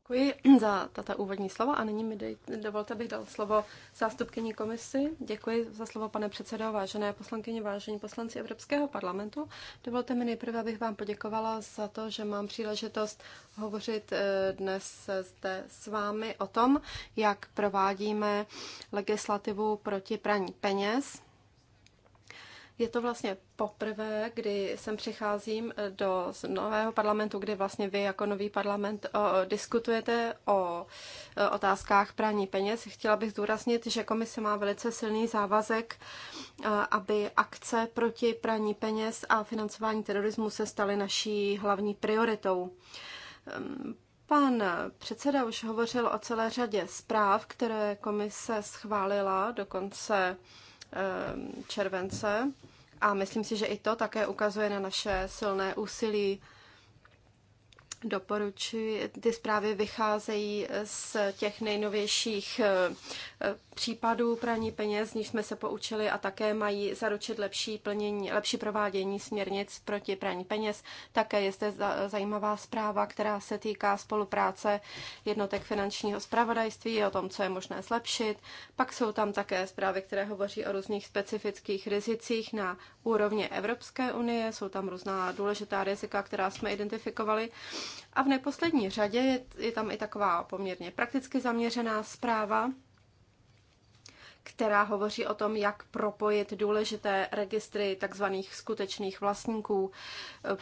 Speaker 2: Děkuji za tato úvodní slova a nyní mi dej, dovolte, abych dal slovo zástupkyní komisi. Děkuji za slovo, pane předsedo, vážené poslankyně, vážení poslanci Evropského parlamentu. Dovolte mi nejprve, abych vám poděkovala za to, že mám příležitost hovořit eh, dnes zde s vámi o tom, jak provádíme legislativu proti praní peněz je to vlastně poprvé, kdy sem přicházím eh, do nového parlamentu, kdy vlastně vy jako nový parlament o, eh, diskutujete o eh, otázkách praní peněz. Chtěla bych zdůraznit, že komise má velice silný závazek, aby akce proti praní peněz a financování terorismu se staly naší hlavní prioritou. Ehm, pan předseda už hovořil o celé řadě zpráv, které komise schválila do konce ehm, července. A myslím si, že i to také ukazuje na naše silné úsilí doporučuji. Ty zprávy vycházejí z těch nejnovějších eh, eh, případů praní peněz, z nich jsme se poučili a také mají zaručit lepší plnění, lepší provádění směrnic proti praní peněz. Také je zde zajímavá zpráva, která se týká spolupráce jednotek finančního zpravodajství, o tom, co je možné zlepšit. Pak jsou tam také zprávy, které hovoří o různých specifických rizicích na úrovni Evropské unie. Jsou tam různá důležitá rizika, která jsme identifikovali. A v neposlední řadě je, je tam i taková poměrně prakticky zaměřená zpráva, která hovoří o tom, jak propojit důležité registry tzv. skutečných vlastníků.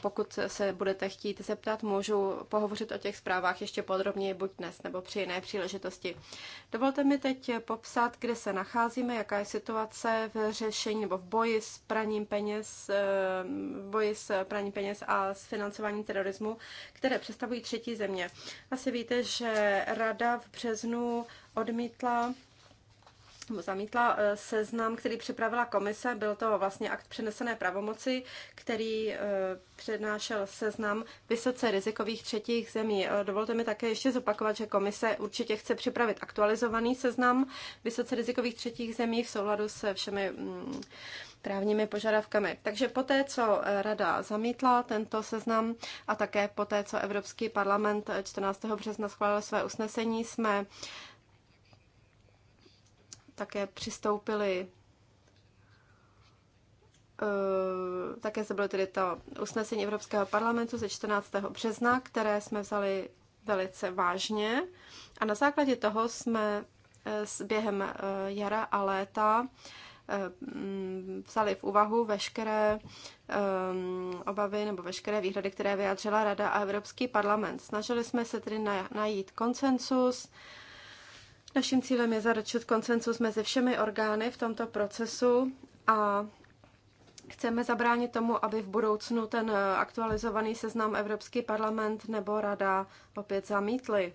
Speaker 2: Pokud se budete chtít zeptat, můžu pohovořit o těch zprávách ještě podrobněji, buď dnes nebo při jiné příležitosti. Dovolte mi teď popsat, kde se nacházíme, jaká je situace v řešení nebo v boji s praním peněz, eh, v boji s praním peněz a s financováním terorismu, které představují třetí země. Asi víte, že Rada v březnu odmítla zamítla eh, seznam, který připravila komise. Byl to vlastně akt přenesené pravomoci, který eh, přednášel seznam vysoce rizikových třetích zemí. Eh, dovolte mi také ještě zopakovat, že komise určitě chce připravit aktualizovaný seznam vysoce rizikových třetích zemí v souladu se všemi mm, právními požadavkami. Takže poté, co Rada zamítla tento seznam a také poté, co Evropský parlament 14. března schválil své usnesení, jsme také přistoupili eh, také se bylo tedy to usnesení Evropského parlamentu ze 14. března, které jsme vzali velice vážně. A na základě toho jsme eh, s během eh, jara a léta mm, vzali v úvahu veškeré obavy nebo veškeré výhrady, které vyjádřila Rada a Evropský parlament. Snažili jsme se tedy najít konsensus, Naším cílem je zaručit koncensus mezi všemi orgány v tomto procesu a chceme zabránit tomu, aby v budoucnu ten aktualizovaný seznam Evropský parlament nebo Rada opět zamítli.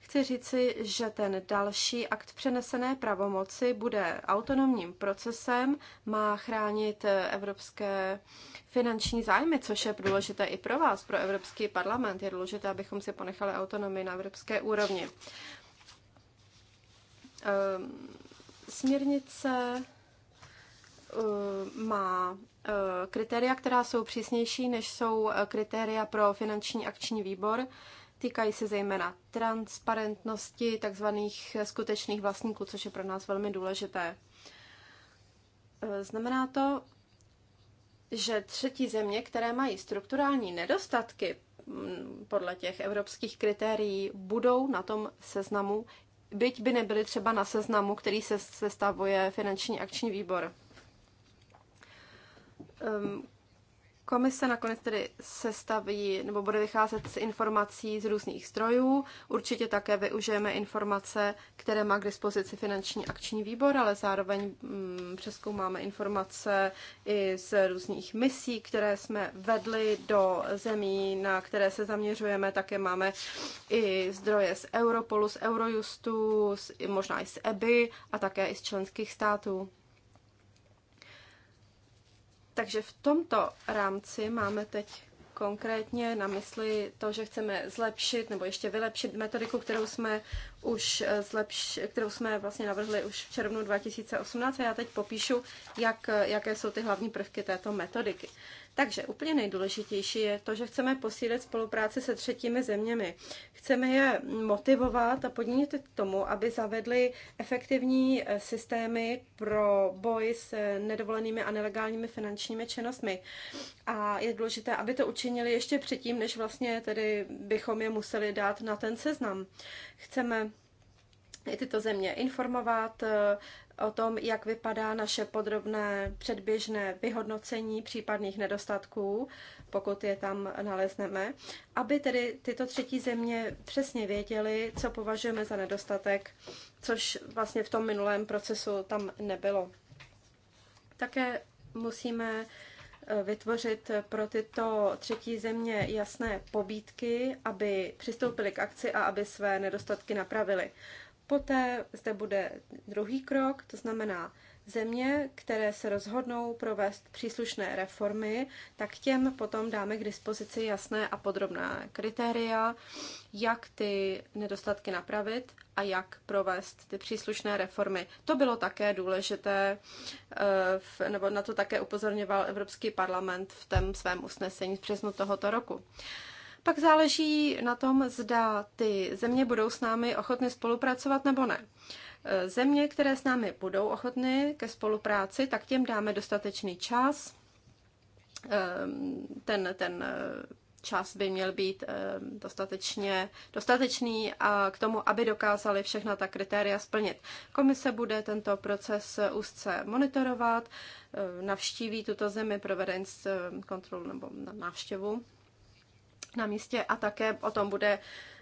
Speaker 2: Chci říci, že ten další akt přenesené pravomoci bude autonomním procesem, má chránit evropské finanční zájmy, což je důležité i pro vás, pro Evropský parlament. Je důležité, abychom si ponechali autonomii na evropské úrovni. Ehm, směrnice ehm, má ehm, kritéria, která jsou přísnější, než jsou eh, kritéria pro finanční akční výbor. Týkají se zejména transparentnosti tzv. Eh, skutečných vlastníků, což je pro nás velmi důležité. Znamená to, že třetí země, které mají strukturální nedostatky mm, podle těch evropských kritérií, budou na tom seznamu byť by nebyly třeba na seznamu, který se sestavuje finanční akční výbor. Ehm, Komise nakonec tedy sestaví nebo bude vycházet z informací z různých zdrojů. Určitě také využijeme informace, které má k dispozici finanční akční výbor, ale zároveň mm, přeskoumáme informace i z různých misí, které jsme vedli do zemí, na které se zaměřujeme. Také máme i zdroje z Europolu, z Eurojustu, z, možná i z EBY a také i z členských států. Takže v tomto rámci máme teď konkrétně na mysli to, že chceme zlepšit nebo ještě vylepšit metodiku, kterou jsme už eh, zlepš, kterou jsme vlastně navrhli už v červnu 2018 a já teď popíšu, jak, eh, jaké jsou ty hlavní prvky této metodiky. Takže úplně nejdůležitější je to, že chceme posílit spolupráci se třetími zeměmi. Chceme je motivovat a podnítit k tomu, aby zavedli efektivní eh, systémy pro boj s eh, nedovolenými a nelegálními finančními činnostmi. A je důležité, aby to učinili ještě předtím, než vlastně tedy bychom je museli dát na ten seznam. Chceme i tyto země informovat, eh, o tom, jak vypadá naše podrobné předběžné vyhodnocení případných nedostatků, pokud je tam nalezneme, aby tedy tyto třetí země přesně věděly, co považujeme za nedostatek, což vlastně v tom minulém procesu tam nebylo. Také musíme eh, vytvořit pro tyto třetí země jasné pobídky, aby přistoupili k akci a aby své nedostatky napravili. Poté zde bude druhý krok, to znamená země, které se rozhodnou provést příslušné reformy, tak těm potom dáme k dispozici jasné a podrobné kritéria, jak ty nedostatky napravit a jak provést ty příslušné reformy. To bylo také důležité, eh, nebo na to také upozorňoval Evropský parlament v tom svém usnesení z březnu tohoto roku. Pak záleží na tom, zda ty země budou s námi ochotny spolupracovat nebo ne. E, země, které s námi budou ochotny ke spolupráci, tak těm dáme dostatečný čas. Ehm, ten, ten e, čas by měl být e, dostatečně, dostatečný a k tomu, aby dokázali všechna ta kritéria splnit. Komise bude tento proces úzce monitorovat, navštíví tuto zemi, provede kontrolu nebo návštěvu na místě a také o tom bude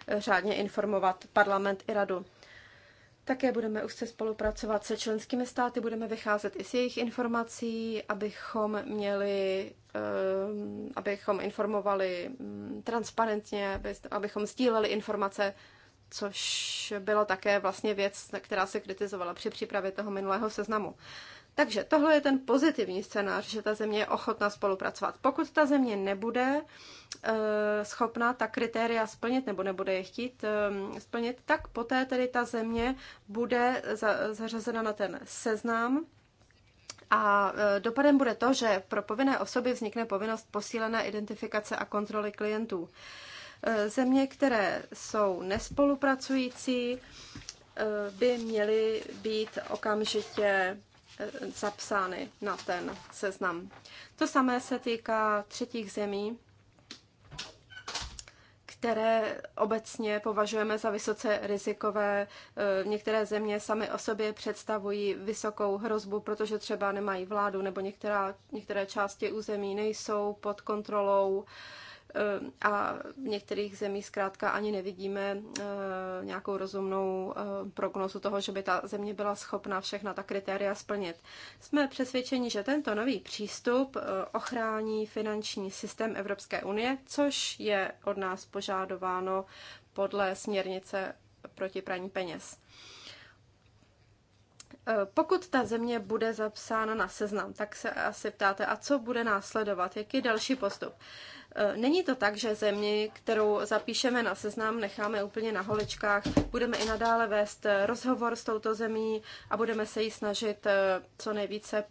Speaker 2: eh, řádně informovat parlament i radu. Také budeme už se spolupracovat se členskými státy, budeme vycházet i z jejich informací, abychom měli, eh, abychom informovali mm, transparentně, abychom sdíleli informace, což bylo také vlastně věc, která se kritizovala při přípravě toho minulého seznamu. Takže tohle je ten pozitivní scénář, že ta země je ochotná spolupracovat. Pokud ta země nebude e, eh, schopná ta kritéria splnit nebo nebude je chtít e, splnit, tak poté tedy ta země bude za, zařazena na ten seznam a eh, dopadem bude to, že pro povinné osoby vznikne povinnost posílené identifikace a kontroly klientů. Země, které jsou nespolupracující, by měly být okamžitě zapsány na ten seznam. To samé se týká třetích zemí, které obecně považujeme za vysoce rizikové. E, některé země sami o sobě představují vysokou hrozbu, protože třeba nemají vládu nebo některá, některé části území nejsou pod kontrolou uh, Eh, a v některých zemích zkrátka ani nevidíme eh, nějakou rozumnou eh, prognozu toho, že by ta země byla schopna všechna ta kritéria splnit. Jsme přesvědčeni, že tento nový přístup ochrání finanční systém Evropské unie, což je od nás požádováno podle směrnice proti praní peněz. Pokud ta země bude zapsána na seznam, tak se asi ptáte, a co bude následovat, jaký je další postup. Eh, není to tak, že zemi, kterou zapíšeme na seznam, necháme úplně na holečkách. Budeme i nadále vést eh, rozhovor s touto zemí a budeme se jí snažit eh, co nejvíce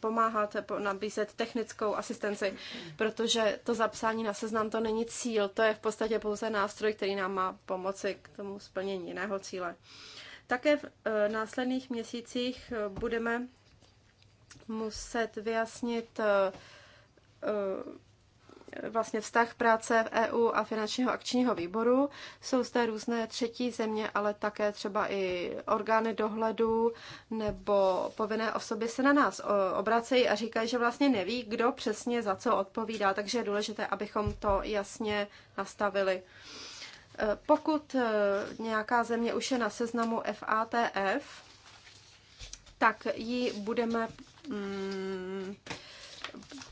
Speaker 2: pomáhat, nabízet technickou asistenci, protože to zapsání na seznam to není cíl, to je v podstatě pouze nástroj, který nám má pomoci k tomu splnění jiného cíle. Také v následných měsících budeme muset vyjasnit vlastně vztah práce v EU a finančního akčního výboru. Jsou zde různé třetí země, ale také třeba i orgány dohledu nebo povinné osoby se na nás obracejí a říkají, že vlastně neví, kdo přesně za co odpovídá, takže je důležité, abychom to jasně nastavili. E, pokud e, nějaká země už je na seznamu FATF, tak ji budeme mm,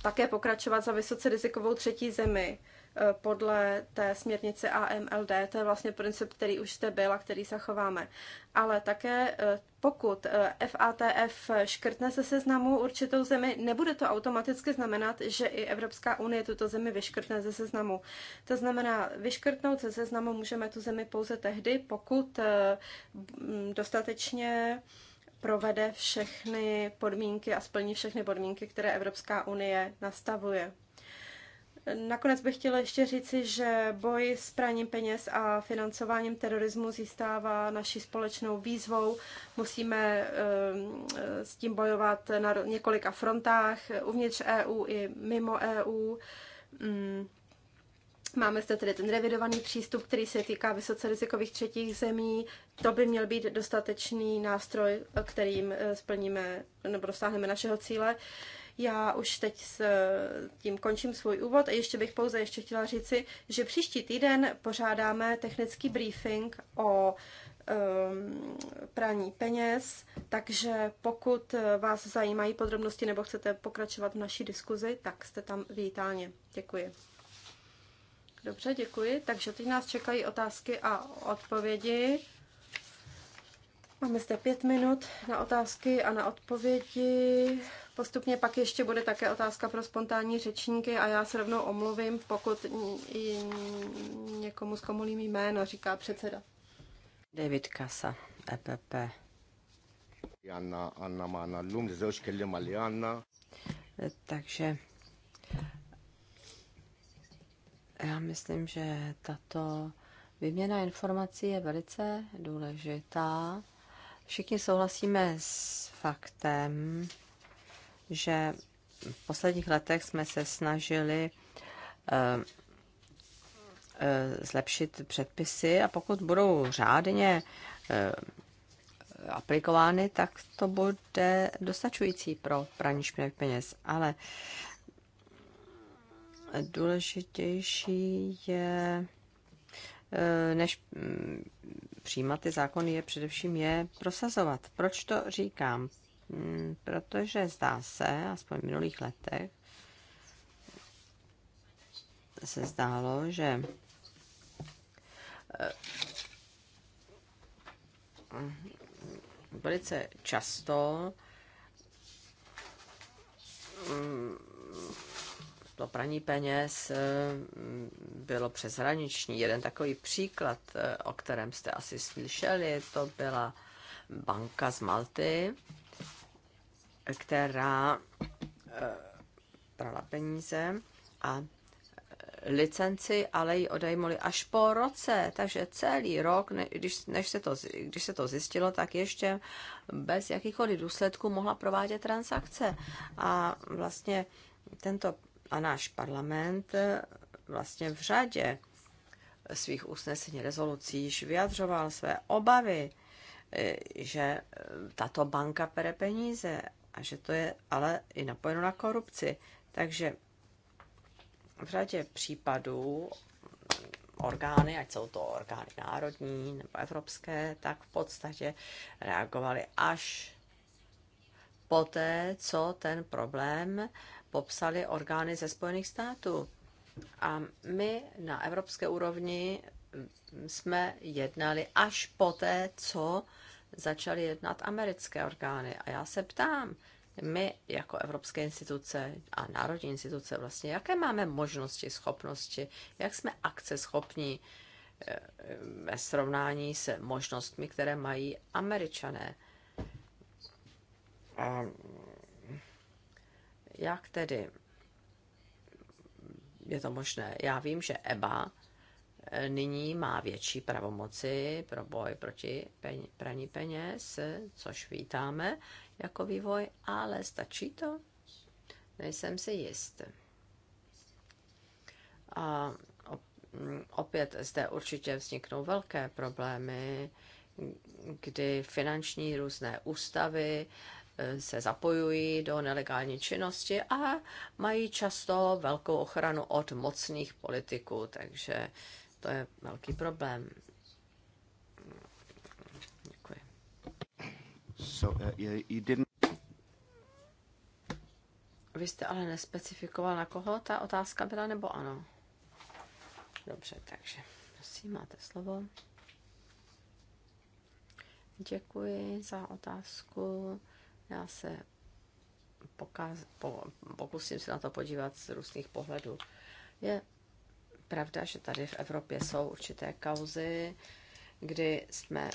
Speaker 2: také pokračovat za vysoce rizikovou třetí zemi eh, podle té směrnice AMLD, to je vlastně princip, který už jste byl a který zachováme. Ale také eh, pokud FATF eh, škrtne ze seznamu určitou zemi, nebude to automaticky znamenat, že i Evropská unie tuto zemi vyškrtne ze seznamu. To znamená, vyškrtnout ze seznamu můžeme tu zemi pouze tehdy, pokud dostatečně provede všechny podmínky a splní všechny podmínky, které Evropská unie nastavuje. Nakonec bych chtěla ještě říci, že boj s praním peněz a financováním terorismu zůstává naší společnou výzvou. Musíme ehm, s tím bojovat na několika frontách, uvnitř EU i mimo EU. Mm. Máme zde tedy ten revidovaný přístup, který se týká vysoce rizikových třetích zemí. To by měl být dostatečný nástroj, kterým eh, splníme nebo dosáhneme našeho cíle. Já už teď s eh, tím končím svůj úvod a ještě bych pouze ještě chtěla říci, že příští týden pořádáme technický briefing o um, praní peněz, takže pokud eh, vás zajímají podrobnosti nebo chcete pokračovat v naší diskuzi, tak jste tam vítáně. Děkuji. Dobře, děkuji. Takže teď nás čekají otázky a odpovědi. Máme zde pět minut na otázky a na odpovědi. Postupně pak ještě bude také otázka pro spontánní řečníky a já se rovnou omluvím, pokud někomu zkomulím jméno, říká předseda.
Speaker 3: David Kasa, EPP. Anna, Anna, Anna, Lum, Takže já myslím, že tato výměna informací je velice důležitá. Všichni souhlasíme s faktem, že v posledních letech jsme se snažili eh, eh, zlepšit předpisy a pokud budou řádně eh, aplikovány, tak to bude dostačující pro praní špinavých peněz. Ale důležitější je eh, než mm, přijímat ty zákony je především je prosazovat. Proč to říkám? Mm, protože zdá se, aspoň v minulých letech, se zdálo, že eh, velice často mm, to praní peněz eh, bylo přeshraniční. Jeden takový příklad, eh, o kterém jste asi slyšeli, to byla banka z Malty, která eh, prala peníze a licenci, ale ji odejmuli až po roce, takže celý rok, když, než se to, když se to zjistilo, tak ještě bez jakýchkoliv důsledků mohla provádět transakce. A vlastně tento a náš parlament eh, vlastně v řadě svých usnesení rezolucí již vyjadřoval své obavy, eh, že eh, tato banka pere peníze a že to je ale i napojeno na korupci. Takže v řadě případů orgány, ať jsou to orgány národní nebo evropské, tak v podstatě reagovaly až poté, co ten problém popsaly orgány ze Spojených států. A my na evropské úrovni jsme jednali až poté, co začaly jednat americké orgány. A já se ptám, my jako evropské instituce a národní instituce vlastně, jaké máme možnosti, schopnosti, jak jsme akceschopní eh, ve srovnání se možnostmi, které mají američané. Jak tedy je to možné? Já vím, že EBA eh, nyní má větší pravomoci pro boj proti peň, praní peněz, což vítáme jako vývoj, ale stačí to? Nejsem si jist. A opět zde určitě vzniknou velké problémy, kdy finanční různé ústavy se zapojují do nelegální činnosti a mají často velkou ochranu od mocných politiků, takže to je velký problém.
Speaker 2: Děkuji. So, uh, you didn't...
Speaker 3: Vy jste ale nespecifikoval, na koho ta otázka byla, nebo ano? Dobře, takže prosím, máte slovo. Děkuji za otázku. Já se pokaz, po, pokusím se na to podívat z různých pohledů. Je pravda, že tady v Evropě jsou určité kauzy, kdy jsme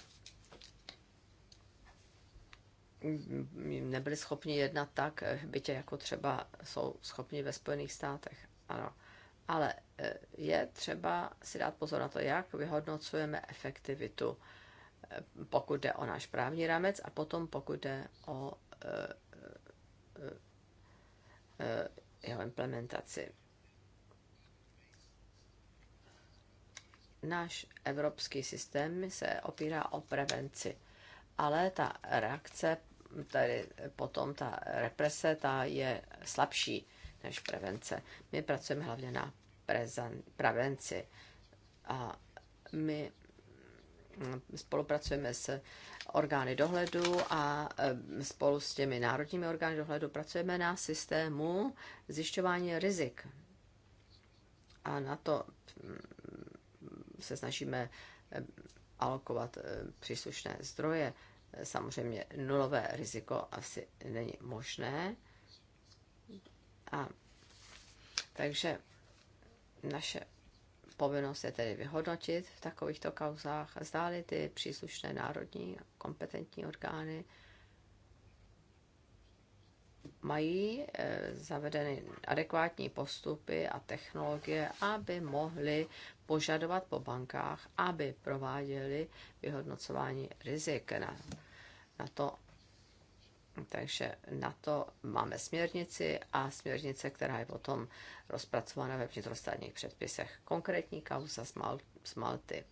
Speaker 3: nebyli schopni jednat tak, bytě jako třeba jsou schopni ve Spojených státech. Ano. Ale eh, je třeba si dát pozor na to, jak vyhodnocujeme efektivitu pokud jde o náš právní rámec a potom pokud jde o e, e, e, jeho implementaci. Náš evropský systém se opírá o prevenci, ale ta reakce, tedy potom ta represe, ta je slabší než prevence. My pracujeme hlavně na prezen, prevenci a my spolupracujeme s orgány dohledu a e, spolu s těmi národními orgány dohledu pracujeme na systému zjišťování rizik. A na to mm, se snažíme e, alokovat e, příslušné zdroje. Samozřejmě nulové riziko asi není možné. A takže naše Povinnost je tedy vyhodnotit v takovýchto kauzách, zdáli ty příslušné národní kompetentní orgány mají eh, zavedeny adekvátní postupy a technologie, aby mohli požadovat po bankách, aby prováděli vyhodnocování rizik na, na to, takže na to máme směrnici a směrnice, která je potom rozpracována ve vnitrostátních předpisech. Konkrétní kauza z Malty.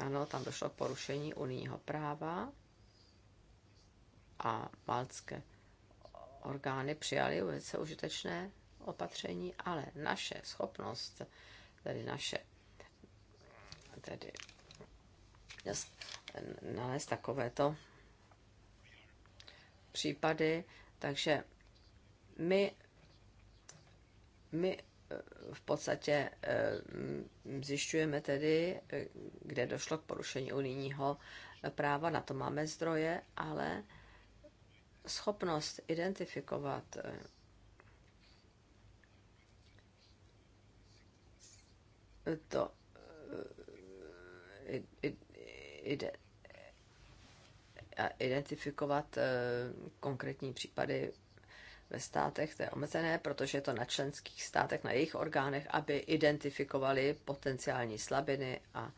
Speaker 3: Ano, tam došlo k porušení unijního práva a maltské orgány přijaly velice užitečné opatření, ale naše schopnost, tedy naše, tedy nalézt takovéto případy, takže my, my eh, v podstatě eh, zjišťujeme tedy, eh, kde došlo k porušení unijního práva, na to máme zdroje, ale schopnost identifikovat to identifikovat eh, konkrétní případy ve státech, to je omezené, protože je to na členských státech, na jejich orgánech, aby identifikovali potenciální slabiny a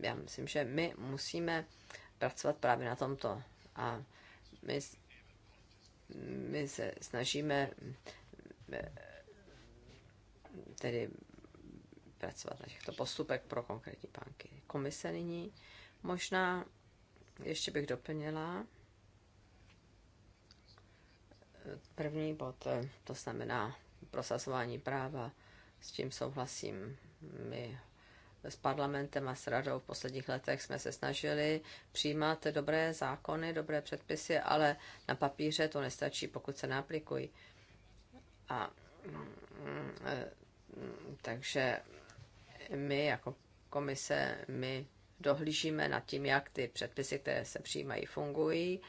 Speaker 3: já myslím, že my musíme pracovat právě na tomto a my, my se snažíme tedy pracovat na těchto postupek pro konkrétní banky. Komise nyní možná ještě bych doplnila. První bod, eh, to znamená prosazování práva, s čím souhlasím. My s parlamentem a s radou v posledních letech jsme se snažili přijímat dobré zákony, dobré předpisy, ale na papíře to nestačí, pokud se neaplikují. A mm, eh, mm, takže my jako komise, my dohlížíme nad tím, jak ty předpisy, které se přijímají, fungují,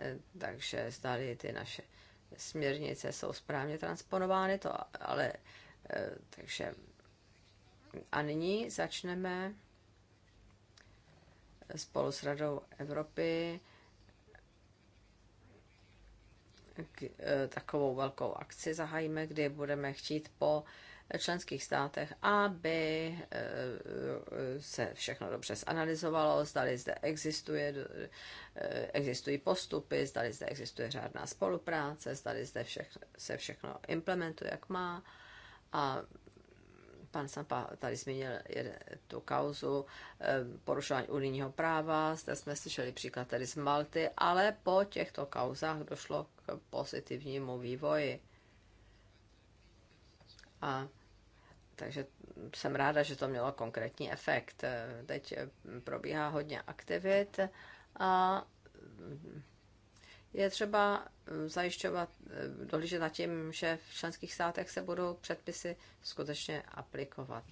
Speaker 3: eh, takže zdali ty naše směrnice jsou správně transponovány, to ale eh, takže a nyní začneme spolu s Radou Evropy k, eh, takovou velkou akci zahajíme, kdy budeme chtít po členských státech, aby eh, se všechno dobře zanalizovalo, zdali zde existuje, eh, existují postupy, zdali zde existuje řádná spolupráce, zdali zde všechno, se všechno implementuje, jak má. A pan Sampa tady zmínil tu kauzu eh, porušování unijního práva, zde jsme slyšeli příklad tady z Malty, ale po těchto kauzách došlo k pozitivnímu vývoji. A takže jsem ráda, že to mělo konkrétní efekt. Eh, Teď eh, probíhá hodně aktivit a mm, je třeba eh, zajišťovat, dohlížet na tím, že v členských státech se budou předpisy skutečně aplikovat.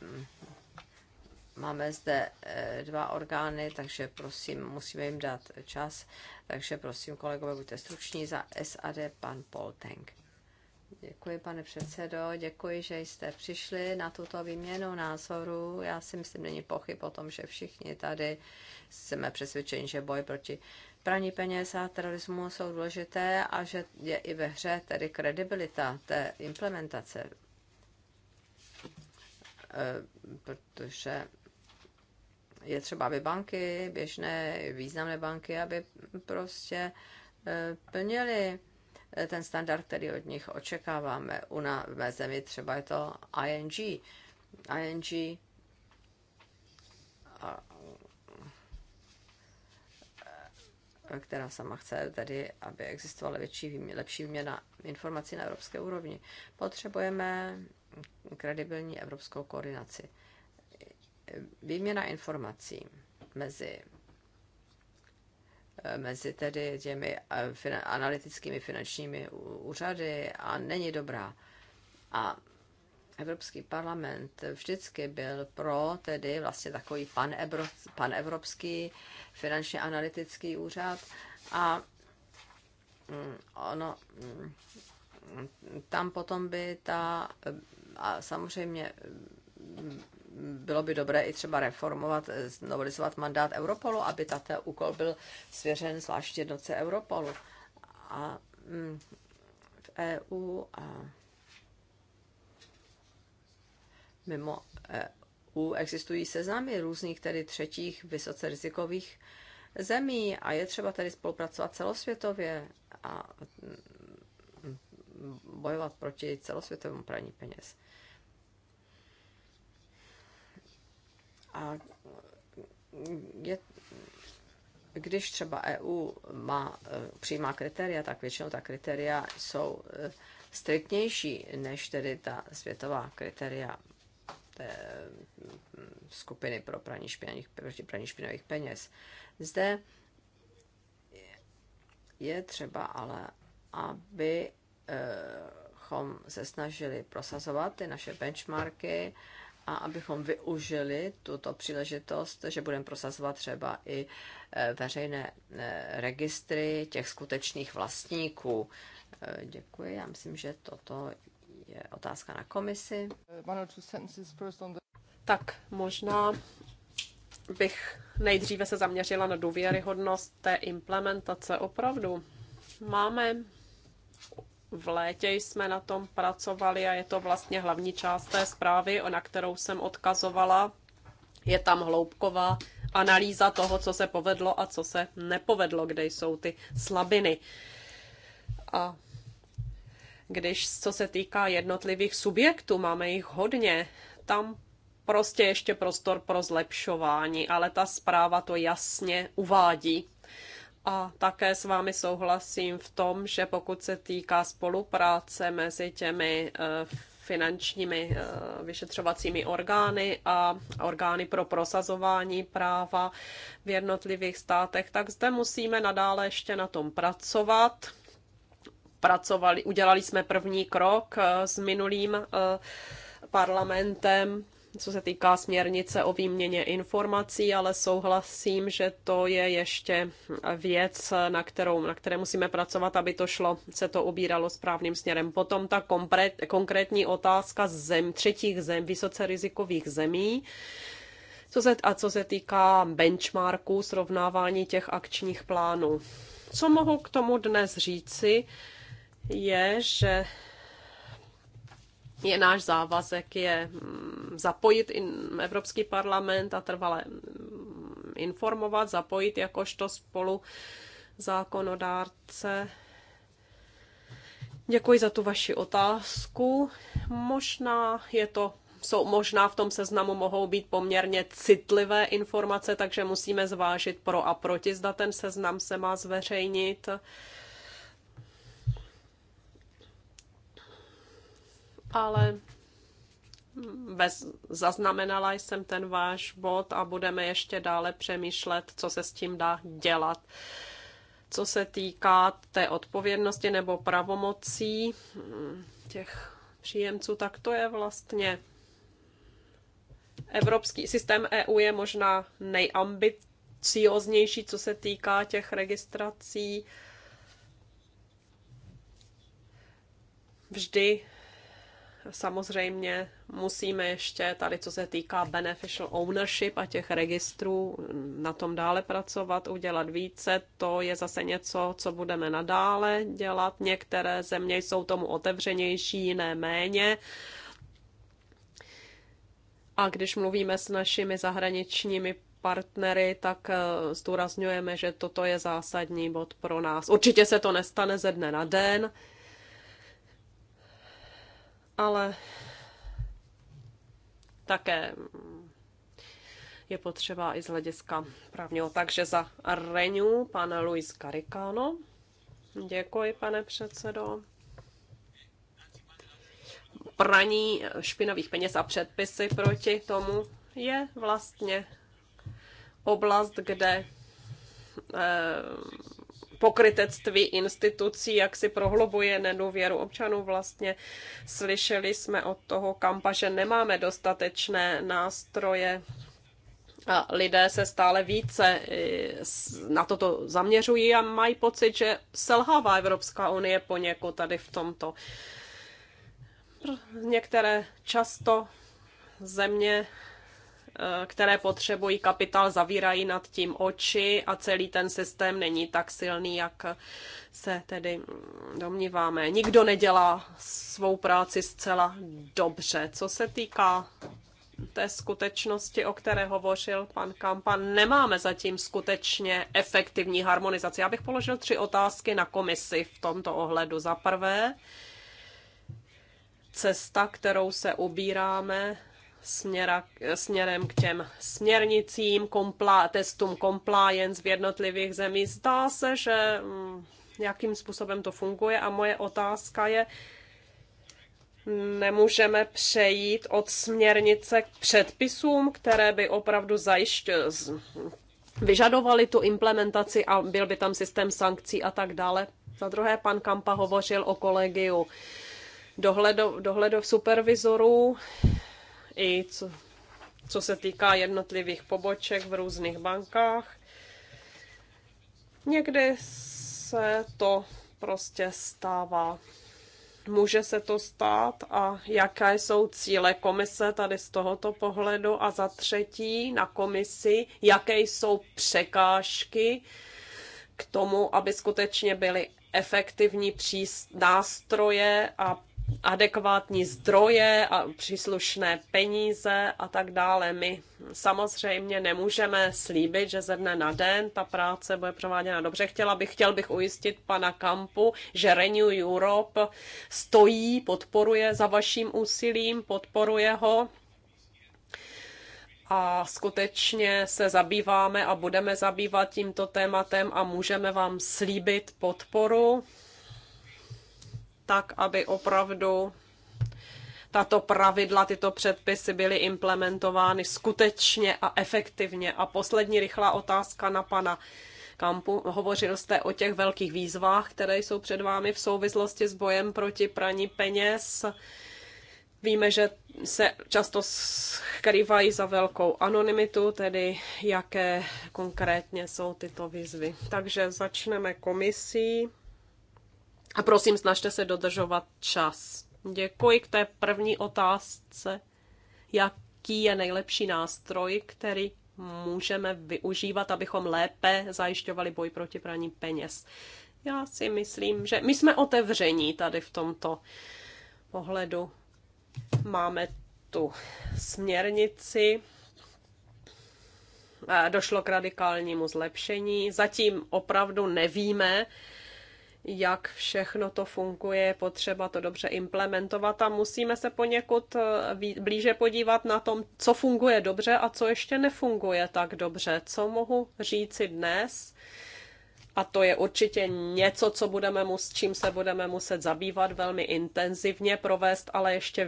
Speaker 3: Mm, máme zde dva orgány, takže prosím, musíme jim dát čas. Takže prosím, kolegové, buďte struční za SAD pan Poltenk. Děkuji, pane předsedo, děkuji, že jste přišli na tuto výměnu názoru. Já si myslím, není pochyb o tom, že všichni tady jsme přesvědčeni, že boj proti praní peněz a terorismu jsou důležité a že je i ve hře tedy kredibilita té implementace. E, protože je třeba, aby banky, běžné významné banky, aby prostě eh, plnili eh, ten standard, který od nich očekáváme. U na, ve zemi třeba je to ING. ING eh, která sama chce tedy, aby existovala větší, lepší výměna informací na evropské úrovni. Potřebujeme kredibilní evropskou koordinaci výměna informací mezi mezi tedy těmi eh, analytickými finančními úřady a není dobrá. A Evropský parlament vždycky byl pro tedy vlastně takový panevropský, panevropský finančně analytický úřad a mm, ono, mm, tam potom by ta, a samozřejmě bylo by dobré i třeba reformovat, eh, novelizovat mandát Europolu, aby tato úkol byl svěřen zvláště jednotce Europolu. A mm, v EU a mimo EU existují seznamy různých tedy třetích vysoce rizikových zemí a je třeba tedy spolupracovat celosvětově a mm, bojovat proti celosvětovému praní peněz. A je, když třeba EU má, e, přijímá kritéria, tak většinou ta kritéria jsou e, striktnější než tedy ta světová kritéria té mm, skupiny pro praní špinavých, proti praní špinavých peněz. Zde je třeba ale, abychom e, se snažili prosazovat ty naše benchmarky, a abychom využili tuto příležitost, že budeme prosazovat třeba i e, veřejné e, registry těch skutečných vlastníků. E, děkuji, já myslím, že toto je otázka na
Speaker 1: komisi. Tak možná bych nejdříve se zaměřila na důvěryhodnost té implementace. Opravdu máme v létě jsme na tom pracovali a je to vlastně hlavní část té zprávy, na kterou jsem odkazovala. Je tam hloubková analýza toho, co se povedlo a co se nepovedlo, kde jsou ty slabiny. A když, co se týká jednotlivých subjektů, máme jich hodně, tam prostě ještě prostor pro zlepšování, ale ta zpráva to jasně uvádí a také s vámi souhlasím v tom, že pokud se týká spolupráce mezi těmi eh, finančními eh, vyšetřovacími orgány a orgány pro prosazování práva v jednotlivých státech, tak zde musíme nadále ještě na tom pracovat. Pracovali, udělali jsme první krok eh, s minulým parlamentem co se týká směrnice o výměně informací, ale souhlasím, že to je ještě věc, na, kterou, na které musíme pracovat, aby to šlo, se to ubíralo správným směrem. Potom ta kompre, konkrétní otázka zem, třetích zem, vysoce rizikových zemí. Co se, a co se týká benchmarků, srovnávání těch akčních plánů. Co mohu k tomu dnes říci, je, že je náš závazek je mm, zapojit in Evropský parlament a trvale mm, informovat, zapojit jakožto spolu zákonodárce. Děkuji za tu vaši otázku. Možná je to jsou možná v tom seznamu mohou být poměrně citlivé informace, takže musíme zvážit pro a proti, zda ten seznam se má zveřejnit. ale bez, zaznamenala jsem ten váš bod a budeme ještě dále přemýšlet, co se s tím dá dělat. Co se týká té odpovědnosti nebo pravomocí těch příjemců, tak to je vlastně evropský systém EU je možná nejambicioznější, co se týká těch registrací. Vždy Samozřejmě musíme ještě tady, co se týká beneficial ownership a těch registrů, na tom dále pracovat, udělat více. To je zase něco, co budeme nadále dělat. Některé země jsou tomu otevřenější, jiné méně. A když mluvíme s našimi zahraničními partnery, tak eh, zdůrazňujeme, že toto je zásadní bod pro nás. Určitě se to nestane ze dne na den, ale také je potřeba i z hlediska právního. Takže za Renu pan Luis Caricano. Děkuji, pane předsedo. Praní špinavých peněz a předpisy proti tomu je vlastně oblast, kde eh, pokrytectví institucí, jak si prohlubuje nedůvěru občanů. Vlastně slyšeli jsme od toho kampa, že nemáme dostatečné nástroje a lidé se stále více e, na toto zaměřují a mají pocit, že selhává Evropská unie poněkud tady v tomto. Některé často země Eh, které potřebují kapitál, zavírají nad tím oči a celý ten systém není tak silný, jak se tedy mm, domníváme. Nikdo nedělá svou práci zcela dobře. Co se týká té skutečnosti, o které hovořil pan Kampan, nemáme zatím skutečně efektivní harmonizaci. Já bych položil tři otázky na komisi v tomto ohledu. Za prvé, cesta, kterou se ubíráme, směra, směrem k těm směrnicím, kompla, testům compliance v jednotlivých zemích. Zdá se, že mm, jakým způsobem to funguje a moje otázka je, nemůžeme přejít od směrnice k předpisům, které by opravdu zajišťovaly vyžadovali tu implementaci a byl by tam systém sankcí a tak dále. Za druhé, pan Kampa hovořil o kolegiu dohledov, dohledov supervizorů i co, co se týká jednotlivých poboček v různých bankách. Někdy se to prostě stává. Může se to stát a jaké jsou cíle komise tady z tohoto pohledu a za třetí na komisi, jaké jsou překážky k tomu, aby skutečně byly efektivní nástroje a adekvátní zdroje a příslušné peníze a tak dále. My samozřejmě nemůžeme slíbit, že ze dne na den ta práce bude prováděna dobře. Chtěla bych, chtěl bych ujistit pana Kampu, že Renew Europe stojí, podporuje za vaším úsilím, podporuje ho a skutečně se zabýváme a budeme zabývat tímto tématem a můžeme vám slíbit podporu tak aby opravdu tato pravidla, tyto předpisy byly implementovány skutečně a efektivně. A poslední rychlá otázka na pana Kampu. Hovořil jste o těch velkých výzvách, které jsou před vámi v souvislosti s bojem proti praní peněz. Víme, že se často skrývají za velkou anonymitu, tedy jaké konkrétně jsou tyto výzvy. Takže začneme komisí. A prosím, snažte se dodržovat čas. Děkuji k té první otázce. Jaký je nejlepší nástroj, který můžeme využívat, abychom lépe zajišťovali boj proti praní peněz? Já si myslím, že my jsme otevření tady v tomto pohledu. Máme tu směrnici, eh, došlo k radikálnímu zlepšení. Zatím opravdu nevíme, jak všechno to funguje, potřeba to dobře implementovat a musíme se poněkud eh, blíže podívat na tom, co funguje dobře a co ještě nefunguje tak dobře. Co mohu říci dnes? A to je určitě něco, co budeme mus, čím se budeme muset zabývat velmi intenzivně, provést ale ještě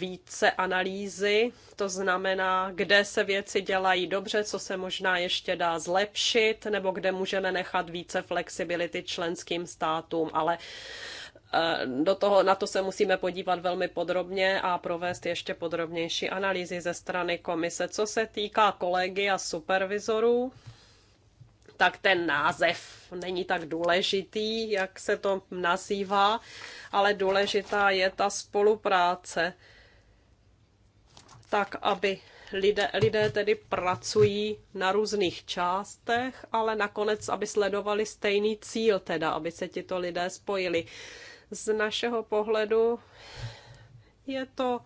Speaker 1: více analýzy. To znamená, kde se věci dělají dobře, co se možná ještě dá zlepšit, nebo kde můžeme nechat více flexibility členským státům. Ale eh, do toho, na to se musíme podívat velmi podrobně a provést ještě podrobnější analýzy ze strany komise. Co se týká kolegy a supervizorů, tak ten název není tak důležitý, jak se to nazývá, ale důležitá je ta spolupráce, tak aby lidé, lidé tedy pracují na různých částech, ale nakonec, aby sledovali stejný cíl, teda, aby se tito lidé spojili. Z našeho pohledu je to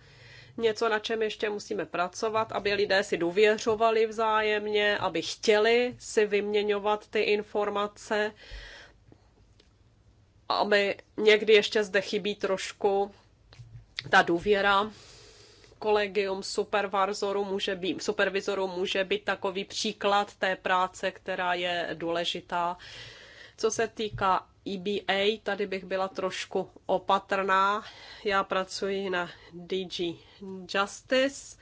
Speaker 1: něco, na čem ještě musíme pracovat, aby lidé si důvěřovali vzájemně, aby chtěli si vyměňovat ty informace, aby někdy ještě zde chybí trošku ta důvěra. Kolegium supervizoru může být, supervizoru může být takový příklad té práce, která je důležitá. Co se týká EBA, tady bych byla trošku opatrná. Já pracuji na DG Justice,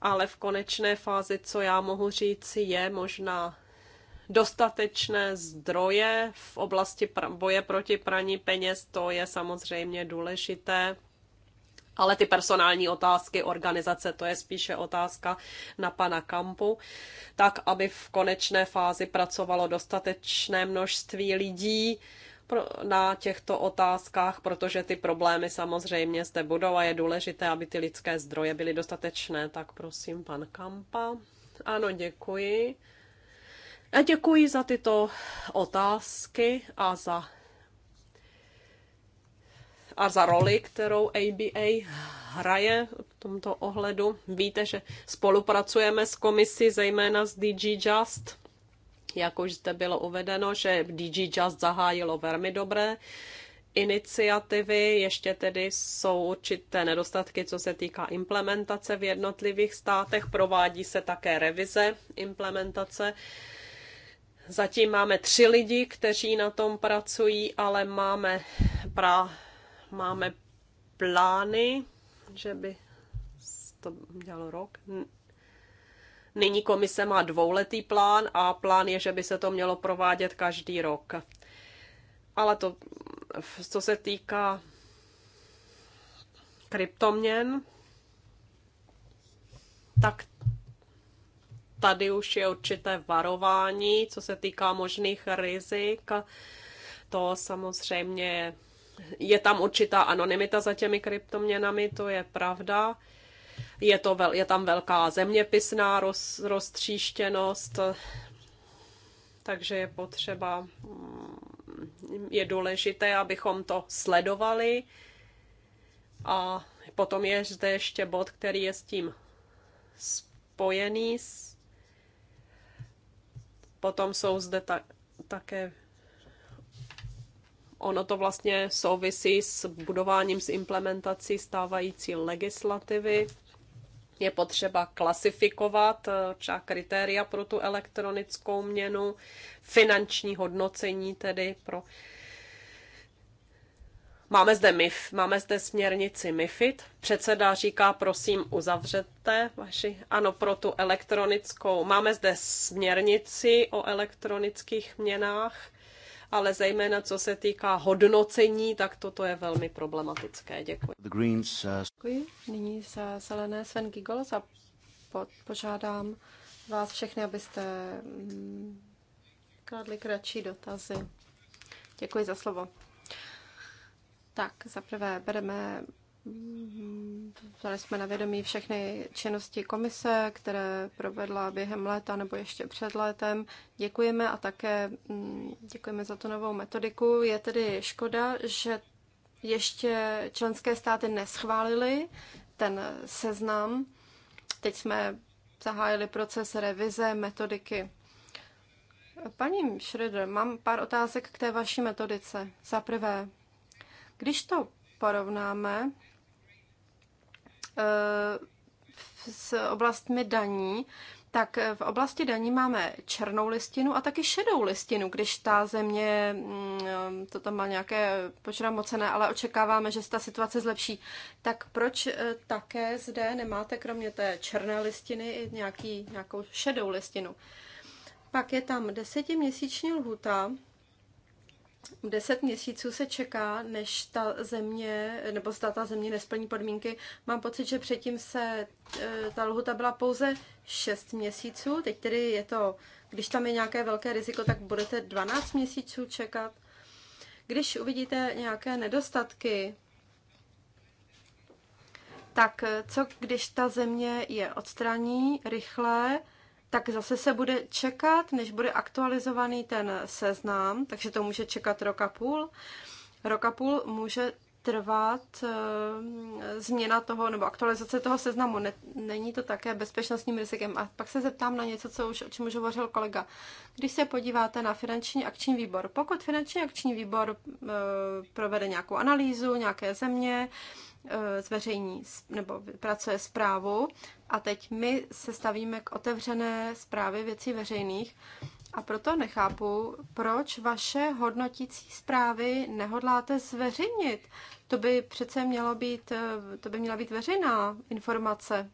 Speaker 1: ale v konečné fázi, co já mohu říci, je možná dostatečné zdroje v oblasti boje proti praní peněz, to je samozřejmě důležité ale ty personální otázky organizace, to je spíše otázka na pana Kampu, tak aby v konečné fázi pracovalo dostatečné množství lidí na těchto otázkách, protože ty problémy samozřejmě zde budou a je důležité, aby ty lidské zdroje byly dostatečné. Tak prosím, pan Kampa. Ano, děkuji. A děkuji za tyto otázky a za a za roli, kterou ABA hraje v tomto ohledu. Víte, že spolupracujeme s komisí, zejména s DG Just, jak už zde bylo uvedeno, že DG Just zahájilo velmi dobré iniciativy, ještě tedy jsou určité nedostatky, co se týká implementace v jednotlivých státech, provádí se také revize implementace. Zatím máme tři lidi, kteří na tom pracují, ale máme právě máme plány, že by to dělalo rok. Nyní komise má dvouletý plán a plán je, že by se to mělo provádět každý rok. Ale to, co se týká kryptoměn, tak tady už je určité varování, co se týká možných rizik. To samozřejmě je tam určitá anonymita za těmi kryptoměnami, to je pravda. Je, to vel, je tam velká zeměpisná roz, roztříštěnost, takže je potřeba, mm, je důležité, abychom to sledovali. A potom je zde ještě bod, který je s tím spojený. Potom jsou zde ta, také Ono to vlastně souvisí s budováním, s implementací stávající legislativy. Je potřeba klasifikovat eh, třeba kritéria pro tu elektronickou měnu, finanční hodnocení tedy pro. Máme zde, MIF, máme zde směrnici MIFID. Předseda říká, prosím, uzavřete vaši. Ano, pro tu elektronickou. Máme zde směrnici o elektronických měnách ale zejména co se týká hodnocení, tak toto je velmi problematické. Děkuji.
Speaker 3: Uh,
Speaker 1: Děkuji.
Speaker 2: Nyní se zelené Sven Gigols a po, požádám vás všechny, abyste mm, kladli kratší dotazy. Děkuji za slovo. Tak, zaprvé bereme Vzali jsme na vědomí všechny činnosti komise, které provedla během léta nebo ještě před létem. Děkujeme a také mm, děkujeme za tu novou metodiku. Je tedy škoda, že ještě členské státy neschválili ten seznam. Teď jsme zahájili proces revize metodiky. Paní Schröder, mám pár otázek k té vaší metodice. Za prvé, když to porovnáme Eh, s oblastmi daní, tak v oblasti daní máme černou listinu a taky šedou listinu, když ta země, mm, eh, to tam má nějaké počera mocené, ale očekáváme, že se ta situace zlepší. Tak proč eh, také zde nemáte kromě té černé listiny i nějaký, nějakou šedou listinu? Pak je tam desetiměsíční lhuta Deset měsíců se čeká, než ta země, nebo zda ta země nesplní podmínky. Mám pocit, že předtím se e, ta lhuta byla pouze 6 měsíců, teď tedy je to, když tam je nějaké velké riziko, tak budete 12 měsíců čekat. Když uvidíte nějaké nedostatky, tak e, co když ta země je odstraní rychle, tak zase se bude čekat, než bude aktualizovaný ten seznam, takže to může čekat rok a půl. Rok a půl může trvat eh, změna toho nebo aktualizace toho seznamu. Ne, není to také bezpečnostním rizikem. A pak se zeptám na něco, co už, o čem už hovořil kolega. Když se podíváte na finanční akční výbor, pokud finanční akční výbor e, provede nějakou analýzu nějaké země, Eh, zveřejní nebo pracuje zprávu a teď my se stavíme k otevřené zprávě věcí veřejných a proto nechápu, proč vaše hodnotící zprávy nehodláte zveřejnit. To by přece mělo být, eh, to by měla být veřejná informace.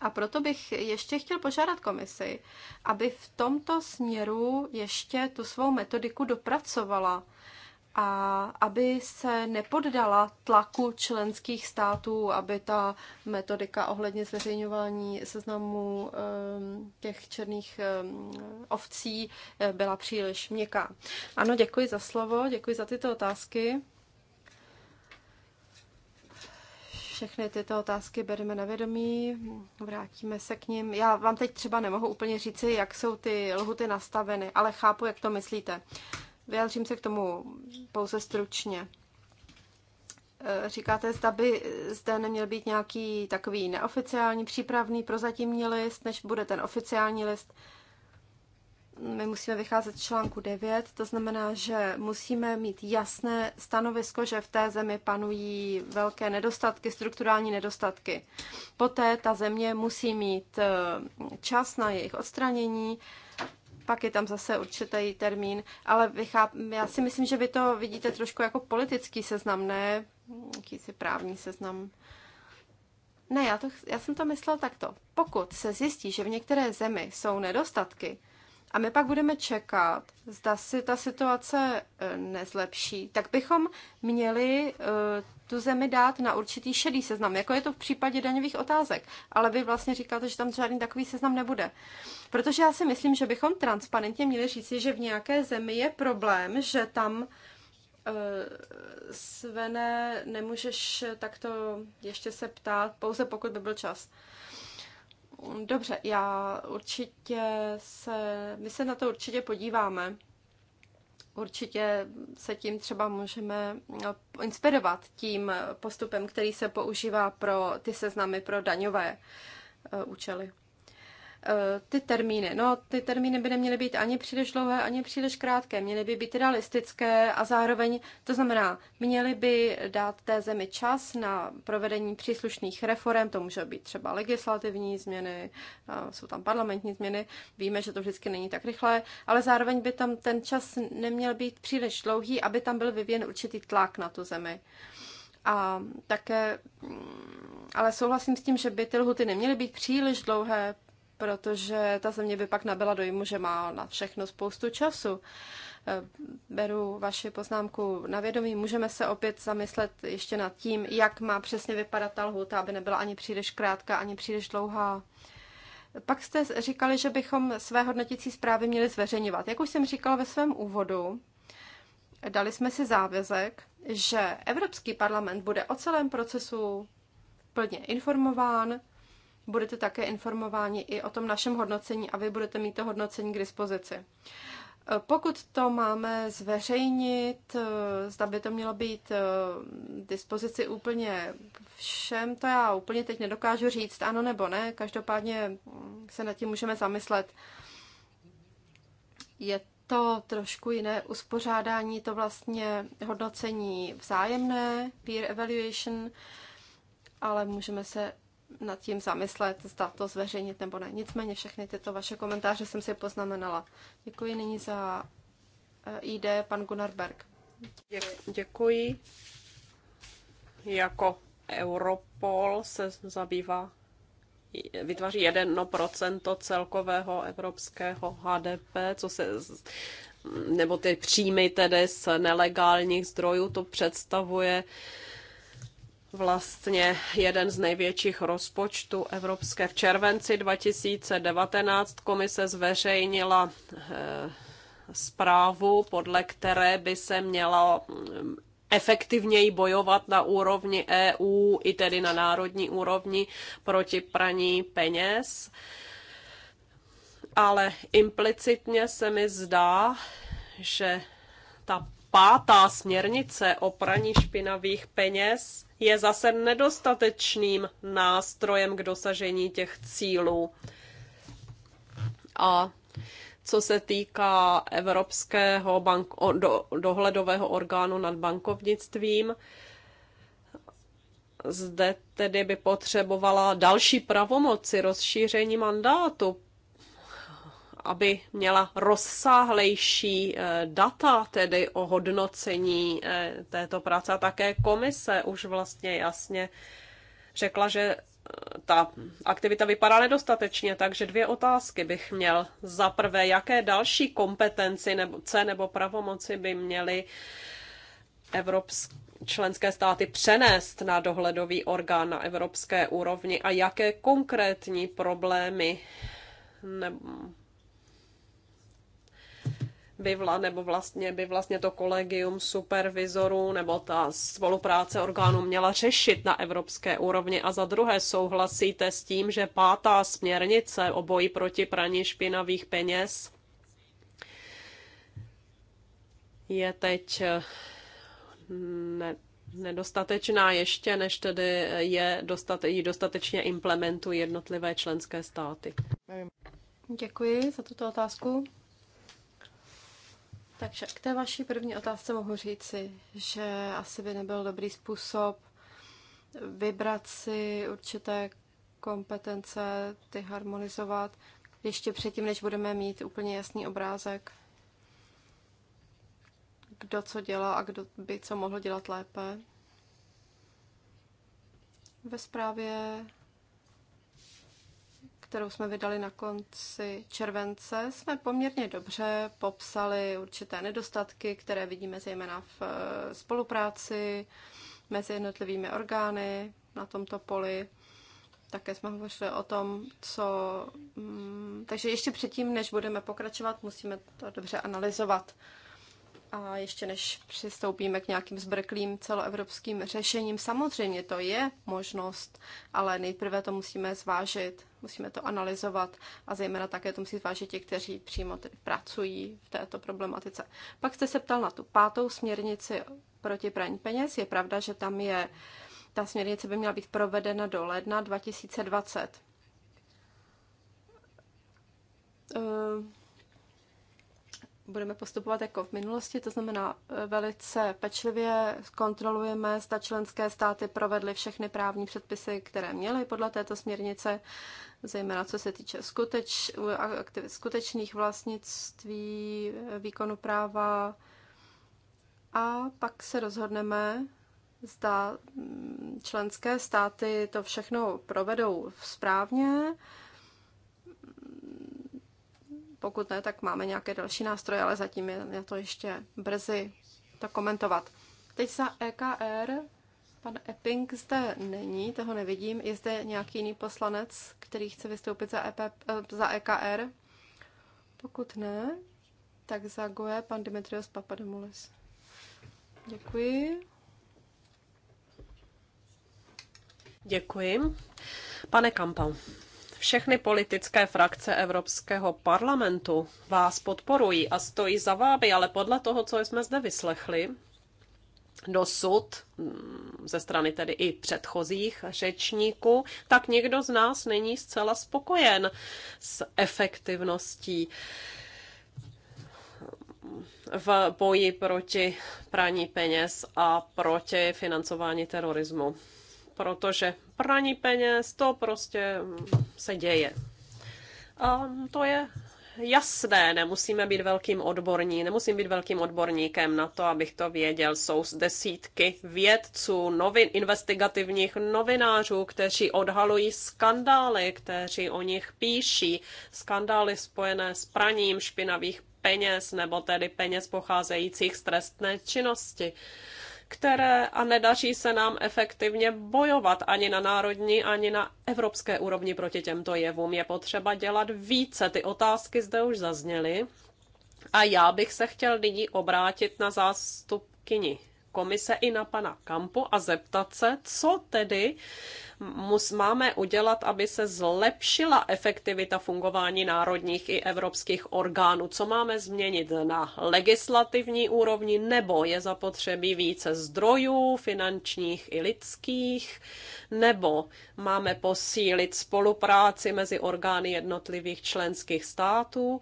Speaker 2: A proto bych ještě chtěl požádat komisi, aby v tomto směru ještě tu svou metodiku dopracovala a aby se nepoddala tlaku členských států, aby ta metodika ohledně zveřejňování seznamu ehm, těch černých ehm, ovcí eh, byla příliš měkká. Ano, děkuji za slovo, děkuji za tyto otázky. všechny tyto otázky bereme na vědomí, vrátíme se k ním. Já vám teď třeba nemohu úplně říci, jak jsou ty lhuty nastaveny, ale chápu, jak to myslíte. Vyjádřím se k tomu pouze stručně. E, říkáte, zda by zde neměl být nějaký takový neoficiální přípravný prozatímní list, než bude ten oficiální list. My musíme vycházet z článku 9, to znamená, že musíme mít jasné stanovisko, že v té zemi panují velké nedostatky, strukturální nedostatky. Poté ta země musí mít e, čas na jejich odstranění pak je tam zase určitý termín, ale vycháp, já si myslím, že vy to vidíte trošku jako politický seznam, ne jakýsi právní seznam. Ne, já, to, já jsem to myslel takto. Pokud se zjistí, že v některé zemi jsou nedostatky, a my pak budeme čekat, zda si ta situace e, nezlepší, tak bychom měli e, tu zemi dát na určitý šedý seznam, jako je to v případě daňových otázek. Ale vy vlastně říkáte, že tam žádný takový seznam nebude. Protože já si myslím, že bychom transparentně měli říci, že v nějaké zemi je problém, že tam eh, Svene, nemůžeš takto ještě se ptát, pouze pokud by byl čas. Dobře, já určitě se, my se na to určitě podíváme. Určitě se tím třeba můžeme eh, inspirovat tím eh, postupem, který se používá pro ty seznamy pro daňové eh, účely. Eh, ty termíny. No, ty termíny by neměly být ani příliš dlouhé, ani příliš krátké. Měly by být realistické a zároveň, to znamená, měly by dát té zemi čas na provedení příslušných reform. To může být třeba legislativní změny, jsou tam parlamentní změny. Víme, že to vždycky není tak rychlé, ale zároveň by tam ten čas neměl být příliš dlouhý, aby tam byl vyvíjen určitý tlak na tu zemi. A také, mm, ale souhlasím s tím, že by ty lhuty neměly být příliš dlouhé, protože ta země by pak nabyla dojmu, že má na všechno spoustu času. Eh, beru vaši poznámku na vědomí. Můžeme se opět zamyslet ještě nad tím, jak má přesně vypadat ta lhuta, aby nebyla ani příliš krátká, ani příliš dlouhá. Pak jste říkali, že bychom své hodnotící zprávy měli zveřejňovat. Jak už jsem říkala ve svém úvodu, dali jsme si závězek, že Evropský parlament bude o celém procesu plně informován, budete také informováni i o tom našem hodnocení a vy budete mít to hodnocení k dispozici. Eh, pokud to máme zveřejnit, eh, zda by to mělo být eh, dispozici úplně všem, to já úplně teď nedokážu říct, ano nebo ne, každopádně mm, se nad tím můžeme zamyslet. Je to trošku jiné uspořádání, to vlastně hodnocení vzájemné, peer evaluation, ale můžeme se nad tím zamyslet, zda to zveřejnit nebo ne. Nicméně všechny tyto vaše komentáře jsem si poznamenala. Děkuji nyní za eh, ID pan Gunnar Berg.
Speaker 1: Děkuji. Jako Europol se zabývá, vytváří 1% celkového evropského HDP, co se nebo ty příjmy tedy z nelegálních zdrojů, to představuje vlastně jeden z největších rozpočtů evropské. V červenci 2019 komise zveřejnila eh, zprávu, podle které by se měla mm, efektivněji bojovat na úrovni EU, i tedy na národní úrovni proti praní peněz. Ale implicitně se mi zdá, že ta pátá směrnice o praní špinavých peněz je zase nedostatečným nástrojem k dosažení těch cílů. A co se týká Evropského bank, do, dohledového orgánu nad bankovnictvím, zde tedy by potřebovala další pravomoci, rozšíření mandátu aby měla rozsáhlejší eh, data, tedy o hodnocení eh, této práce. A také komise už vlastně jasně řekla, že eh, ta aktivita vypadá nedostatečně, takže dvě otázky bych měl. Za prvé, jaké další kompetenci nebo C nebo pravomoci by měly evropské členské státy přenést na dohledový orgán na evropské úrovni a jaké konkrétní problémy by vla, nebo vlastně by vlastně to kolegium supervizorů nebo ta spolupráce orgánů měla řešit na evropské úrovni a za druhé souhlasíte s tím, že pátá směrnice o boji proti praní špinavých peněz je teď eh, ne, nedostatečná ještě, než tedy je dostate, ji dostatečně implementují jednotlivé členské státy.
Speaker 2: Děkuji za tuto otázku. Takže k té vaší první otázce mohu říci, že asi by nebyl dobrý způsob vybrat si určité kompetence, ty harmonizovat, ještě předtím, než budeme mít úplně jasný obrázek, kdo co dělá a kdo by co mohl dělat lépe. Ve zprávě kterou jsme vydali na konci července, jsme poměrně dobře popsali určité nedostatky, které vidíme zejména v eh, spolupráci mezi jednotlivými orgány na tomto poli. Také jsme hovořili o tom, co. Mm, takže ještě předtím, než budeme pokračovat, musíme to dobře analyzovat. A ještě než přistoupíme k nějakým zbrklým celoevropským řešením, samozřejmě to je možnost, ale nejprve to musíme zvážit, musíme to analyzovat a zejména také to musí zvážit ti, kteří přímo tedy pracují v této problematice. Pak jste se ptal na tu pátou směrnici proti praní peněz. Je pravda, že tam je, ta směrnice by měla být provedena do ledna 2020. Uh, budeme postupovat jako v minulosti, to znamená eh, velice pečlivě kontrolujeme, zda členské státy provedly všechny právní předpisy, které měly podle této směrnice, zejména co se týče skuteč, skutečných vlastnictví, eh, výkonu práva. A pak se rozhodneme, zda mm, členské státy to všechno provedou správně, pokud ne, tak máme nějaké další nástroje, ale zatím je na to ještě brzy to komentovat. Teď za EKR pan Epping zde není, toho nevidím. Je zde nějaký jiný poslanec, který chce vystoupit za, EP, eh, za EKR? Pokud ne, tak za GOE pan Dimitrios Papademoulis.
Speaker 1: Děkuji. Děkuji. Pane Kampa, všechny politické frakce Evropského parlamentu vás podporují a stojí za vámi, ale podle toho, co jsme zde vyslechli, dosud mm, ze strany tedy i předchozích řečníků, tak někdo z nás není zcela spokojen s efektivností v boji proti praní peněz a proti financování terorismu protože praní peněz, to prostě se děje. A to je jasné, nemusíme být velkým odborní, nemusím být velkým odborníkem na to, abych to věděl. Jsou desítky vědců, novin, investigativních novinářů, kteří odhalují skandály, kteří o nich píší. Skandály spojené s praním špinavých peněz nebo tedy peněz pocházejících z trestné činnosti které a nedaří se nám efektivně bojovat ani na národní, ani na evropské úrovni proti těmto jevům. Je potřeba dělat více. Ty otázky zde už zazněly. A já bych se chtěl nyní obrátit na zástupkyni komise i na pana Kampo a zeptat se, co tedy máme udělat, aby se zlepšila efektivita fungování národních i evropských orgánů. Co máme změnit na legislativní úrovni, nebo je zapotřebí více zdrojů, finančních i lidských, nebo máme posílit spolupráci mezi orgány jednotlivých členských států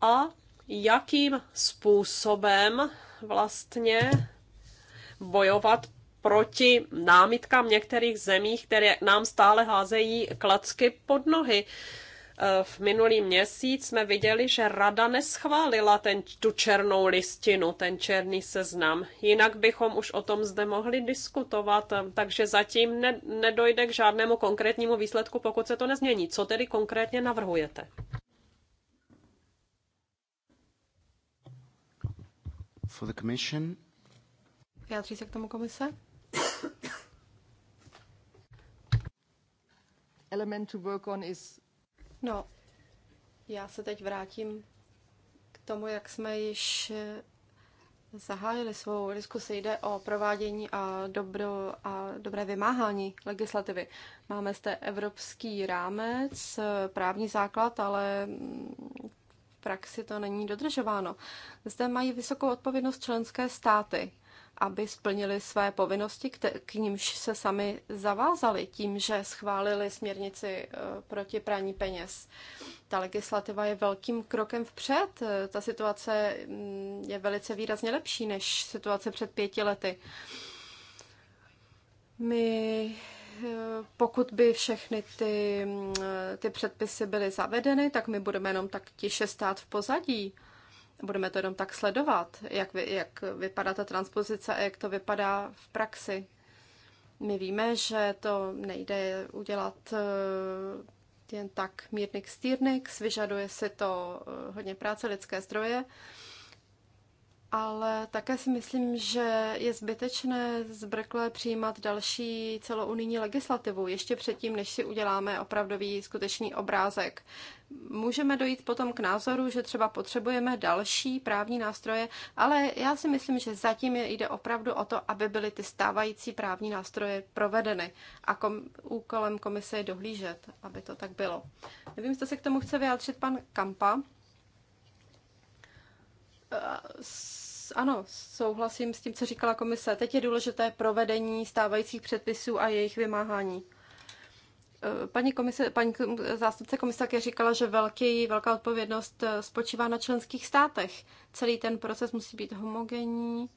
Speaker 1: a jakým způsobem vlastně bojovat proti námitkám některých zemí, které nám stále házejí klacky pod nohy. E, v minulý měsíc jsme viděli, že rada neschválila ten, tu černou listinu, ten černý seznam. Jinak bychom už o tom zde mohli diskutovat, e, takže zatím ne, nedojde k žádnému konkrétnímu výsledku, pokud se to nezmění. Co tedy konkrétně navrhujete?
Speaker 3: For the commission,
Speaker 2: Vyjádří se k tomu komise? Element to work on is... No, já se teď vrátím k tomu, jak jsme již eh, zahájili svou diskusi. Jde o provádění a, dobro, a dobré vymáhání legislativy. Máme zde evropský rámec, eh, právní základ, ale mm, v praxi to není dodržováno. Zde mají vysokou odpovědnost členské státy aby splnili své povinnosti, k nímž se sami zavázali tím, že schválili směrnici eh, proti praní peněz. Ta legislativa je velkým krokem vpřed. Eh, ta situace mm, je velice výrazně lepší než situace před pěti lety. My eh, pokud by všechny ty, mm, ty předpisy byly zavedeny, tak my budeme jenom tak tiše stát v pozadí. Budeme to jenom tak sledovat, jak, vy, jak vypadá ta transpozice a jak to vypadá v praxi. My víme, že to nejde udělat eh, jen tak mírnik stírnik. vyžaduje si to eh, hodně práce, lidské zdroje ale také si myslím, že je zbytečné zbrkle přijímat další celounijní legislativu ještě předtím, než si uděláme opravdový skutečný obrázek. Můžeme dojít potom k názoru, že třeba potřebujeme další právní nástroje, ale já si myslím, že zatím jde opravdu o to, aby byly ty stávající právní nástroje provedeny a kom- úkolem komise je dohlížet, aby to tak bylo. Nevím, jestli se k tomu chce vyjádřit pan Kampa. Uh, ano, souhlasím s tím, co říkala komise. Teď je důležité provedení stávajících předpisů a jejich vymáhání. Eh, paní, komise, paní zástupce komise také říkala, že velký, velká odpovědnost eh, spočívá na členských státech. Celý ten proces musí být homogenní,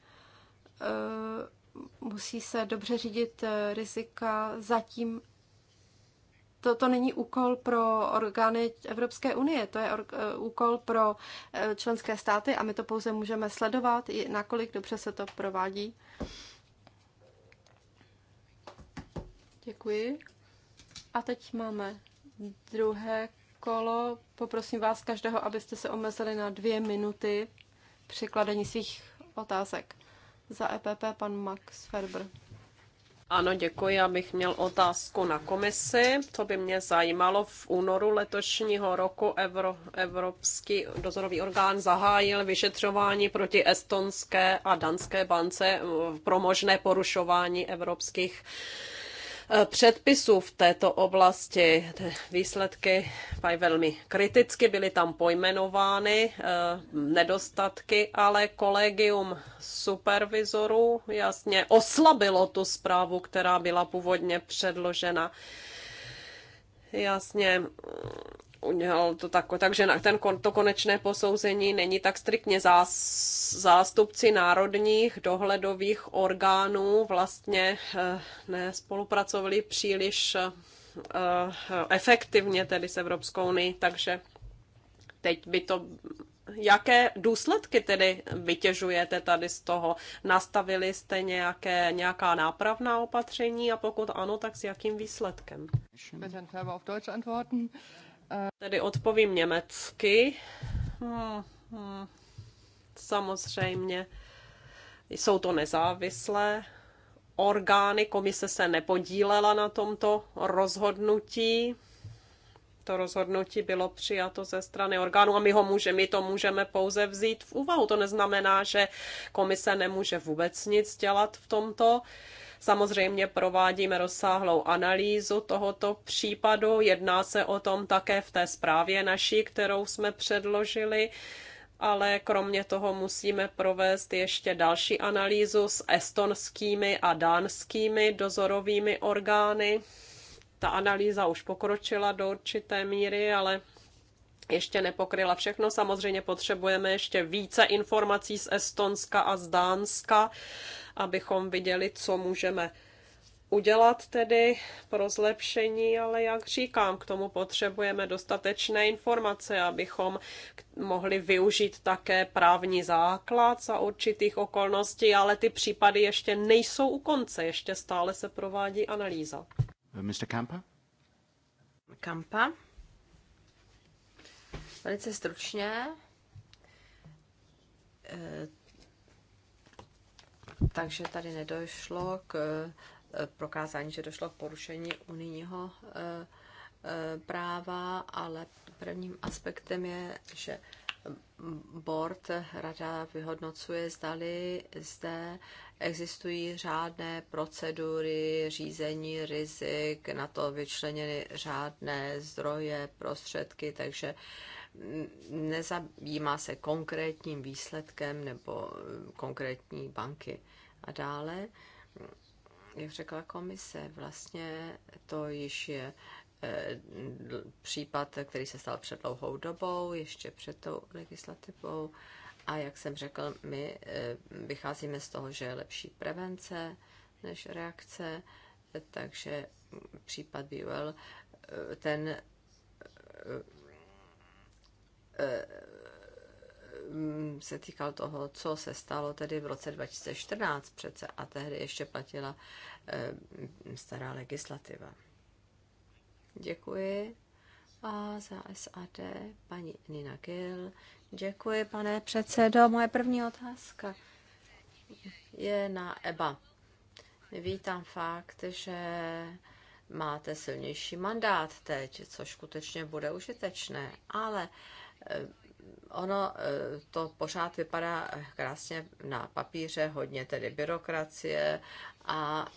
Speaker 2: eh, musí se dobře řídit rizika zatím to, to není úkol pro orgány Evropské unie, to je eh, úkol pro eh, členské státy a my to pouze můžeme sledovat, nakolik dobře se to provádí. Děkuji. A teď máme druhé kolo. Poprosím vás každého, abyste se omezili na dvě minuty při kladení svých otázek. Za EPP pan Max Ferber.
Speaker 1: Ano, děkuji. Já bych měl otázku na komisi. To by mě zajímalo. V únoru letošního roku Evro, Evropský dozorový orgán zahájil vyšetřování proti estonské a danské bance pro možné porušování evropských Eh, předpisů v této oblasti. Výsledky mají velmi kriticky, byly tam pojmenovány eh, nedostatky, ale kolegium supervizorů jasně oslabilo tu zprávu, která byla původně předložena. Jasně, udělal to tak, takže na ten, to konečné posouzení není tak striktně zás, zástupci národních dohledových orgánů vlastně eh, nespolupracovali příliš eh, efektivně tedy s Evropskou unii, takže teď by to jaké důsledky tedy vytěžujete tady z toho? Nastavili jste nějaké, nějaká nápravná opatření a pokud ano, tak s jakým výsledkem? Tedy odpovím německy. Hmm, hmm. Samozřejmě jsou to nezávislé orgány. Komise se nepodílela na tomto rozhodnutí. To rozhodnutí bylo přijato ze strany orgánu a my, ho může, my to můžeme pouze vzít v úvahu. To neznamená, že komise nemůže vůbec nic dělat v tomto. Uh, Samozřejmě provádíme rozsáhlou analýzu tohoto případu. Jedná se o tom také v té zprávě naší, kterou jsme předložili ale kromě toho musíme provést ještě další analýzu s estonskými a dánskými dozorovými orgány. Ta analýza už pokročila do určité míry, ale ještě nepokryla všechno. Samozřejmě potřebujeme ještě více informací z Estonska a z Dánska abychom viděli, co můžeme udělat tedy pro zlepšení, ale jak říkám, k tomu potřebujeme dostatečné informace, abychom mohli využít také právní základ za určitých okolností, ale ty případy ještě nejsou u konce, ještě stále se provádí analýza.
Speaker 3: Mr. Kampa?
Speaker 1: Kampa? Velice stručně
Speaker 3: eh, takže tady nedošlo k eh, prokázání, že došlo k porušení unijního eh, eh, práva, ale prvním aspektem je, že board rada vyhodnocuje, zdali zde existují řádné procedury řízení rizik, na to vyčleněny řádné zdroje, prostředky, takže uh, nezabývá se konkrétním výsledkem nebo eh, konkrétní banky. A dále, jak řekla komise, vlastně to již je eh, případ, který se stal před dlouhou dobou, ještě před tou legislativou. A jak jsem řekl, my eh, vycházíme z toho, že je lepší prevence než reakce, takže případ BUL, ten Eh, se týkal toho, co se stalo tedy v roce 2014 přece a tehdy ještě platila eh, stará legislativa. Děkuji. A za SAD paní Nina Gil. Děkuji, pane předsedo. Moje první otázka je na EBA. Vítám fakt, že máte silnější mandát teď, což skutečně bude užitečné, ale Eh, ono eh, to pořád vypadá eh, krásně na papíře, hodně tedy byrokracie a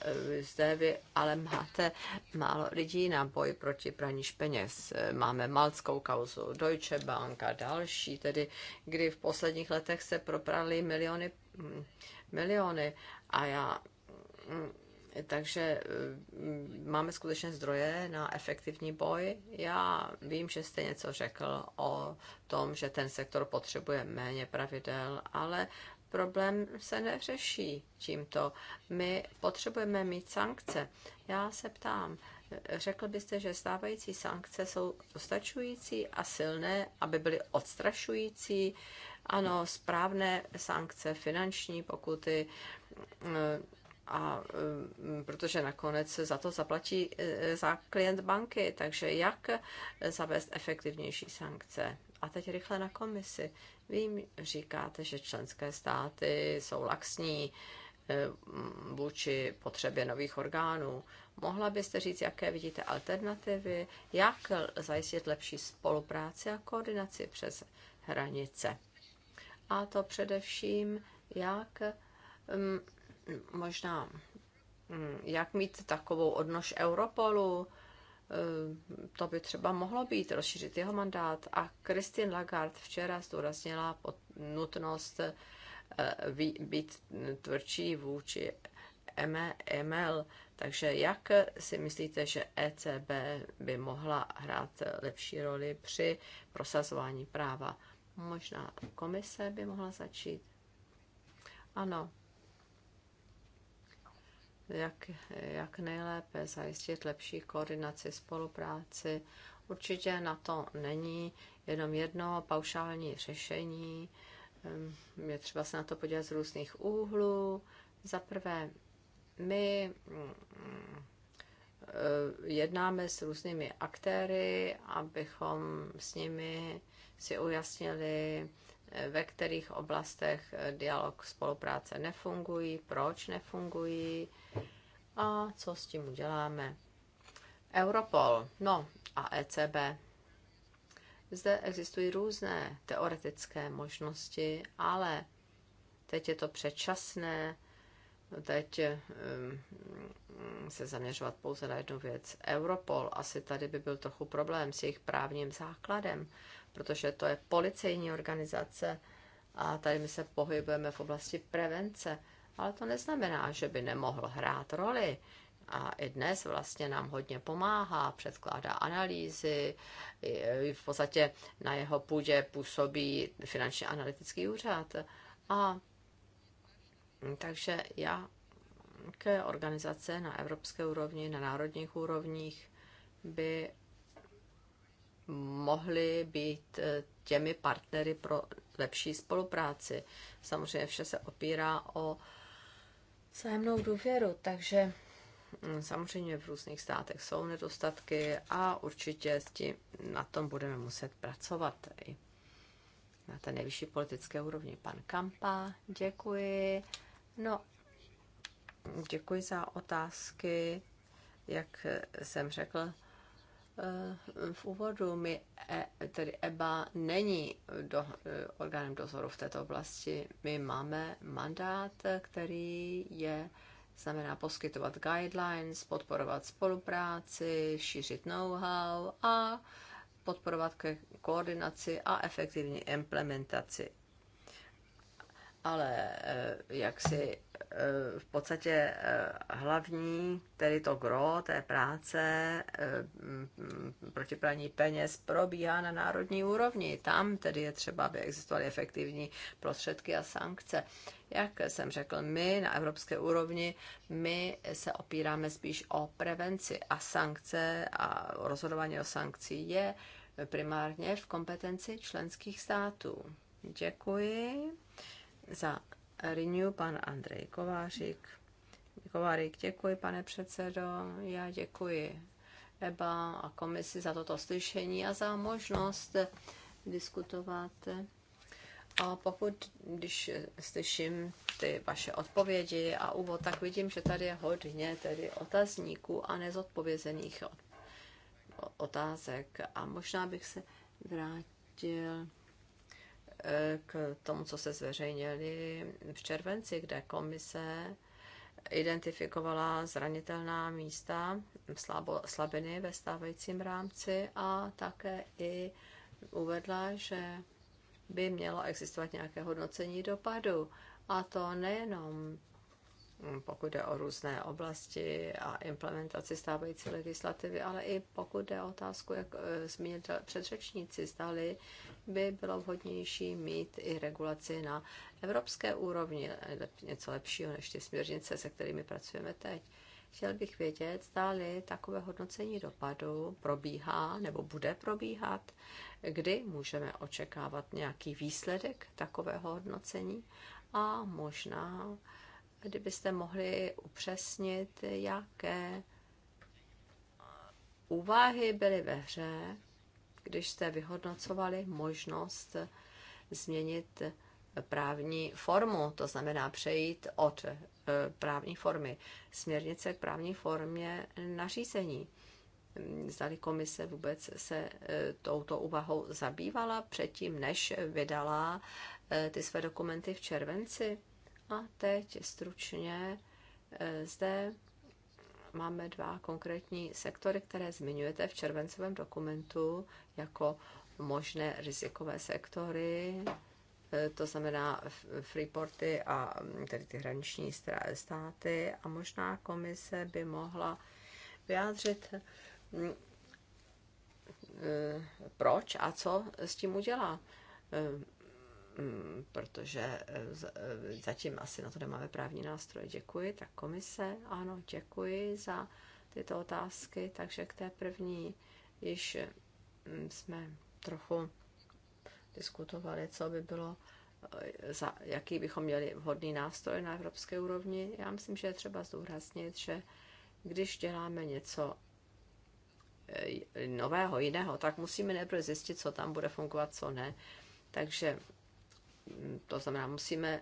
Speaker 3: zde vy ale máte málo lidí na boj proti praní peněz. Máme malckou kauzu Deutsche Bank a další, tedy kdy v posledních letech se proprali miliony, mm, miliony a já mm, takže eh, máme skutečně zdroje na efektivní boj. Já vím, že jste něco řekl o tom, že ten sektor potřebuje méně pravidel, ale problém se neřeší tímto. My potřebujeme mít sankce. Já se ptám, řekl byste, že stávající sankce jsou dostačující a silné, aby byly odstrašující? Ano, správné sankce, finanční pokuty, eh, a mm, protože nakonec za to zaplatí e, za klient banky. Takže jak zavést efektivnější sankce? A teď rychle na komisi. Vím, říkáte, že členské státy jsou laxní e, mm, vůči potřebě nových orgánů. Mohla byste říct, jaké vidíte alternativy, jak zajistit lepší spolupráci a koordinaci přes hranice? A to především, jak mm, možná, mm, jak mít takovou odnož Europolu, eh, to by třeba mohlo být, rozšířit jeho mandát. A Christine Lagarde včera zdůraznila nutnost eh, být tvrdší vůči ML. Takže jak si myslíte, že ECB by mohla hrát lepší roli při prosazování práva? Možná komise by mohla začít. Ano, jak, jak nejlépe zajistit lepší koordinaci, spolupráci. Určitě na to není jenom jedno paušální řešení. Ehm, je třeba se na to podívat z různých úhlů. Za prvé, my ehm, eh, jednáme s různými aktéry, abychom s nimi si ujasnili, ve kterých oblastech eh, dialog, spolupráce nefungují, proč nefungují a co s tím uděláme. Europol, no a ECB. Zde existují různé teoretické možnosti, ale teď je to předčasné, teď eh, mm, se zaměřovat pouze na jednu věc. Europol, asi tady by byl trochu problém s jejich právním základem, protože to je policejní organizace a tady my se pohybujeme v oblasti prevence. Ale to neznamená, že by nemohl hrát roli. A i dnes vlastně nám hodně pomáhá, předkládá analýzy, v podstatě na jeho půdě působí finančně analytický úřad. A takže já ke organizace na evropské úrovni, na národních úrovních by mohli být eh, těmi partnery pro lepší spolupráci. Samozřejmě vše se opírá o zájemnou důvěru, takže hm, samozřejmě v různých státech jsou nedostatky a určitě s tím, na tom budeme muset pracovat i na té nejvyšší politické úrovni. Pan Kampa, děkuji. No, děkuji za otázky. Jak jsem řekl, Eh, v úvodu my, eh, tedy EBA, není do, eh, orgánem dozoru v této oblasti. My máme mandát, který je znamená poskytovat guidelines, podporovat spolupráci, šířit know-how a podporovat ke koordinaci a efektivní implementaci. Ale jak si v podstatě eh, hlavní, tedy to gro té práce eh, mm, proti praní peněz probíhá na národní úrovni. Tam tedy je třeba, aby existovaly efektivní prostředky a sankce. Jak jsem řekl, my na evropské úrovni, my se opíráme spíš o prevenci a sankce a rozhodování o sankcí je primárně v kompetenci členských států. Děkuji za Renew, pan Andrej Kovářík. Kovářík, děkuji, pane předsedo. Já děkuji EBA a komisi za toto slyšení a za možnost diskutovat. A pokud, když slyším ty vaše odpovědi a úvod, tak vidím, že tady je hodně tedy otazníků a nezodpovězených otázek. A možná bych se vrátil k tomu, co se zveřejnili v červenci, kde komise identifikovala zranitelná místa, slabo, slabiny ve stávajícím rámci a také i uvedla, že by mělo existovat nějaké hodnocení dopadu. A to nejenom Mm, pokud jde o různé oblasti a implementaci stávající legislativy, ale i pokud jde o otázku, jak eh, zmínit předřečníci, zdali by bylo vhodnější mít i regulaci na evropské úrovni, eh, něco lepšího než ty směrnice, se kterými pracujeme teď. Chtěl bych vědět, zdali takové hodnocení dopadu probíhá nebo bude probíhat, kdy můžeme očekávat nějaký výsledek takového hodnocení a možná kdybyste mohli upřesnit, jaké úvahy byly ve hře, když jste vyhodnocovali možnost změnit právní formu, to znamená přejít od eh, právní formy směrnice k právní formě nařízení. Zdali komise vůbec se eh, touto úvahou zabývala předtím, než vydala eh, ty své dokumenty v červenci? A teď stručně eh, zde máme dva konkrétní sektory, které zmiňujete v červencovém dokumentu jako možné rizikové sektory, eh, to znamená freeporty a mm, tedy ty hraniční státy a možná komise by mohla vyjádřit mm, eh, proč a co s tím udělá Mm, protože eh, eh, zatím asi na to nemáme právní nástroj. Děkuji, tak komise, ano, děkuji za tyto otázky. Takže k té první již mm, jsme trochu diskutovali, co by bylo, eh, za jaký bychom měli vhodný nástroj na evropské úrovni. Já myslím, že je třeba zdůraznit, že když děláme něco nového, jiného, tak musíme nejprve zjistit, co tam bude fungovat, co ne. Takže to znamená, musíme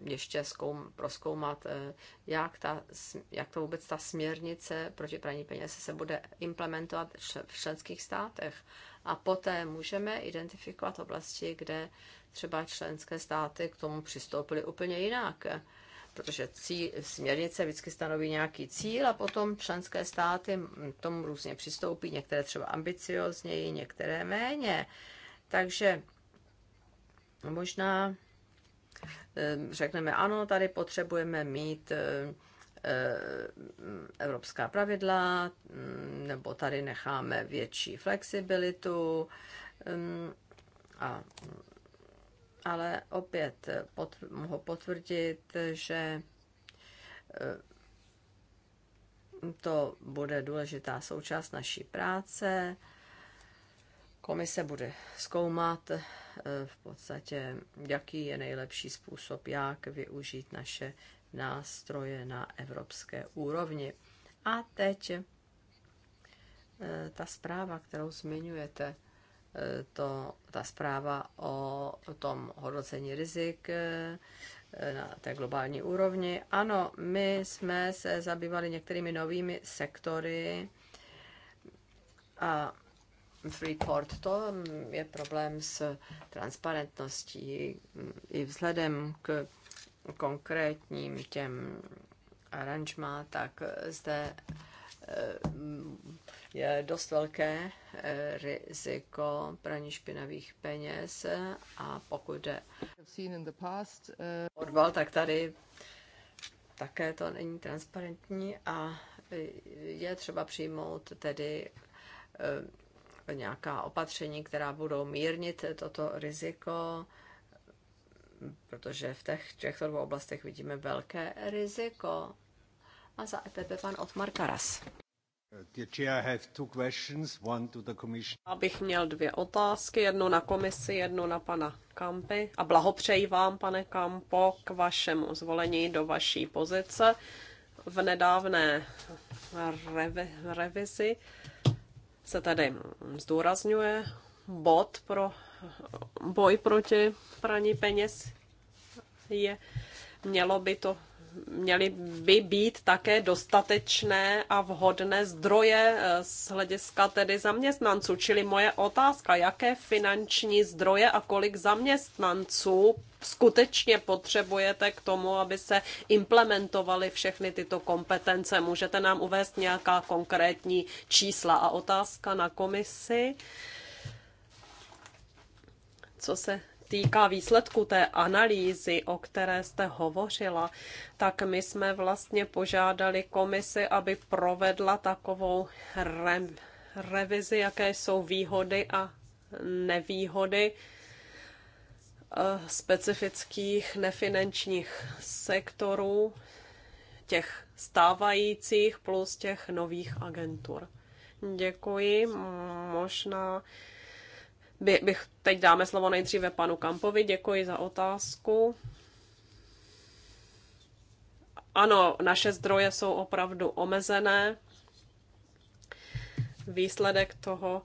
Speaker 3: ještě zkoum, proskoumat, eh, jak, ta, jak to vůbec ta směrnice proti praní peněz se bude implementovat v členských státech. A poté můžeme identifikovat oblasti, kde třeba členské státy k tomu přistoupily úplně jinak. Protože cíl, směrnice vždycky stanoví nějaký cíl a potom členské státy k tomu různě přistoupí, některé třeba ambiciozněji, některé méně. Takže No, možná řekneme ano, tady potřebujeme mít evropská pravidla, nebo tady necháme větší flexibilitu. A, ale opět potv- mohu potvrdit, že to bude důležitá součást naší práce Komise bude zkoumat eh, v podstatě, jaký je nejlepší způsob, jak využít naše nástroje na evropské úrovni. A teď eh, ta zpráva, kterou zmiňujete, eh, to, ta zpráva o tom hodnocení rizik na té globální úrovni. Ano, my jsme se zabývali některými novými sektory a Freeport, to je problém s transparentností i vzhledem k konkrétním těm aranžmá, tak zde eh, je dost velké eh, riziko praní špinavých peněz a pokud jde eh, odbal, tak tady také to není transparentní a je třeba přijmout tedy nějaká opatření, která budou mírnit toto riziko, protože v těch, těchto dvou oblastech vidíme velké riziko.
Speaker 1: A za EPP pan Otmar Karas. Abych měl dvě otázky, jednu na komisi, jednu na pana Kampy. A blahopřeji vám, pane Kampo, k vašemu zvolení do vaší pozice v nedávné revi- revizi se tady zdůrazňuje bod pro boj proti praní peněz je, mělo by to měly by být také dostatečné a vhodné zdroje eh, z hlediska tedy zaměstnanců. Čili moje otázka, jaké finanční zdroje a kolik zaměstnanců skutečně potřebujete k tomu, aby se implementovaly všechny tyto kompetence. Můžete nám uvést nějaká konkrétní čísla a otázka na komisi? Co se týká výsledku té analýzy, o které jste hovořila, tak my jsme vlastně požádali komisi, aby provedla takovou re, revizi, jaké jsou výhody a nevýhody eh, specifických nefinančních sektorů, těch stávajících plus těch nových agentur. Děkuji. Možná by, bych teď dáme slovo nejdříve panu Kampovi. Děkuji za otázku. Ano, naše zdroje jsou opravdu omezené. Výsledek toho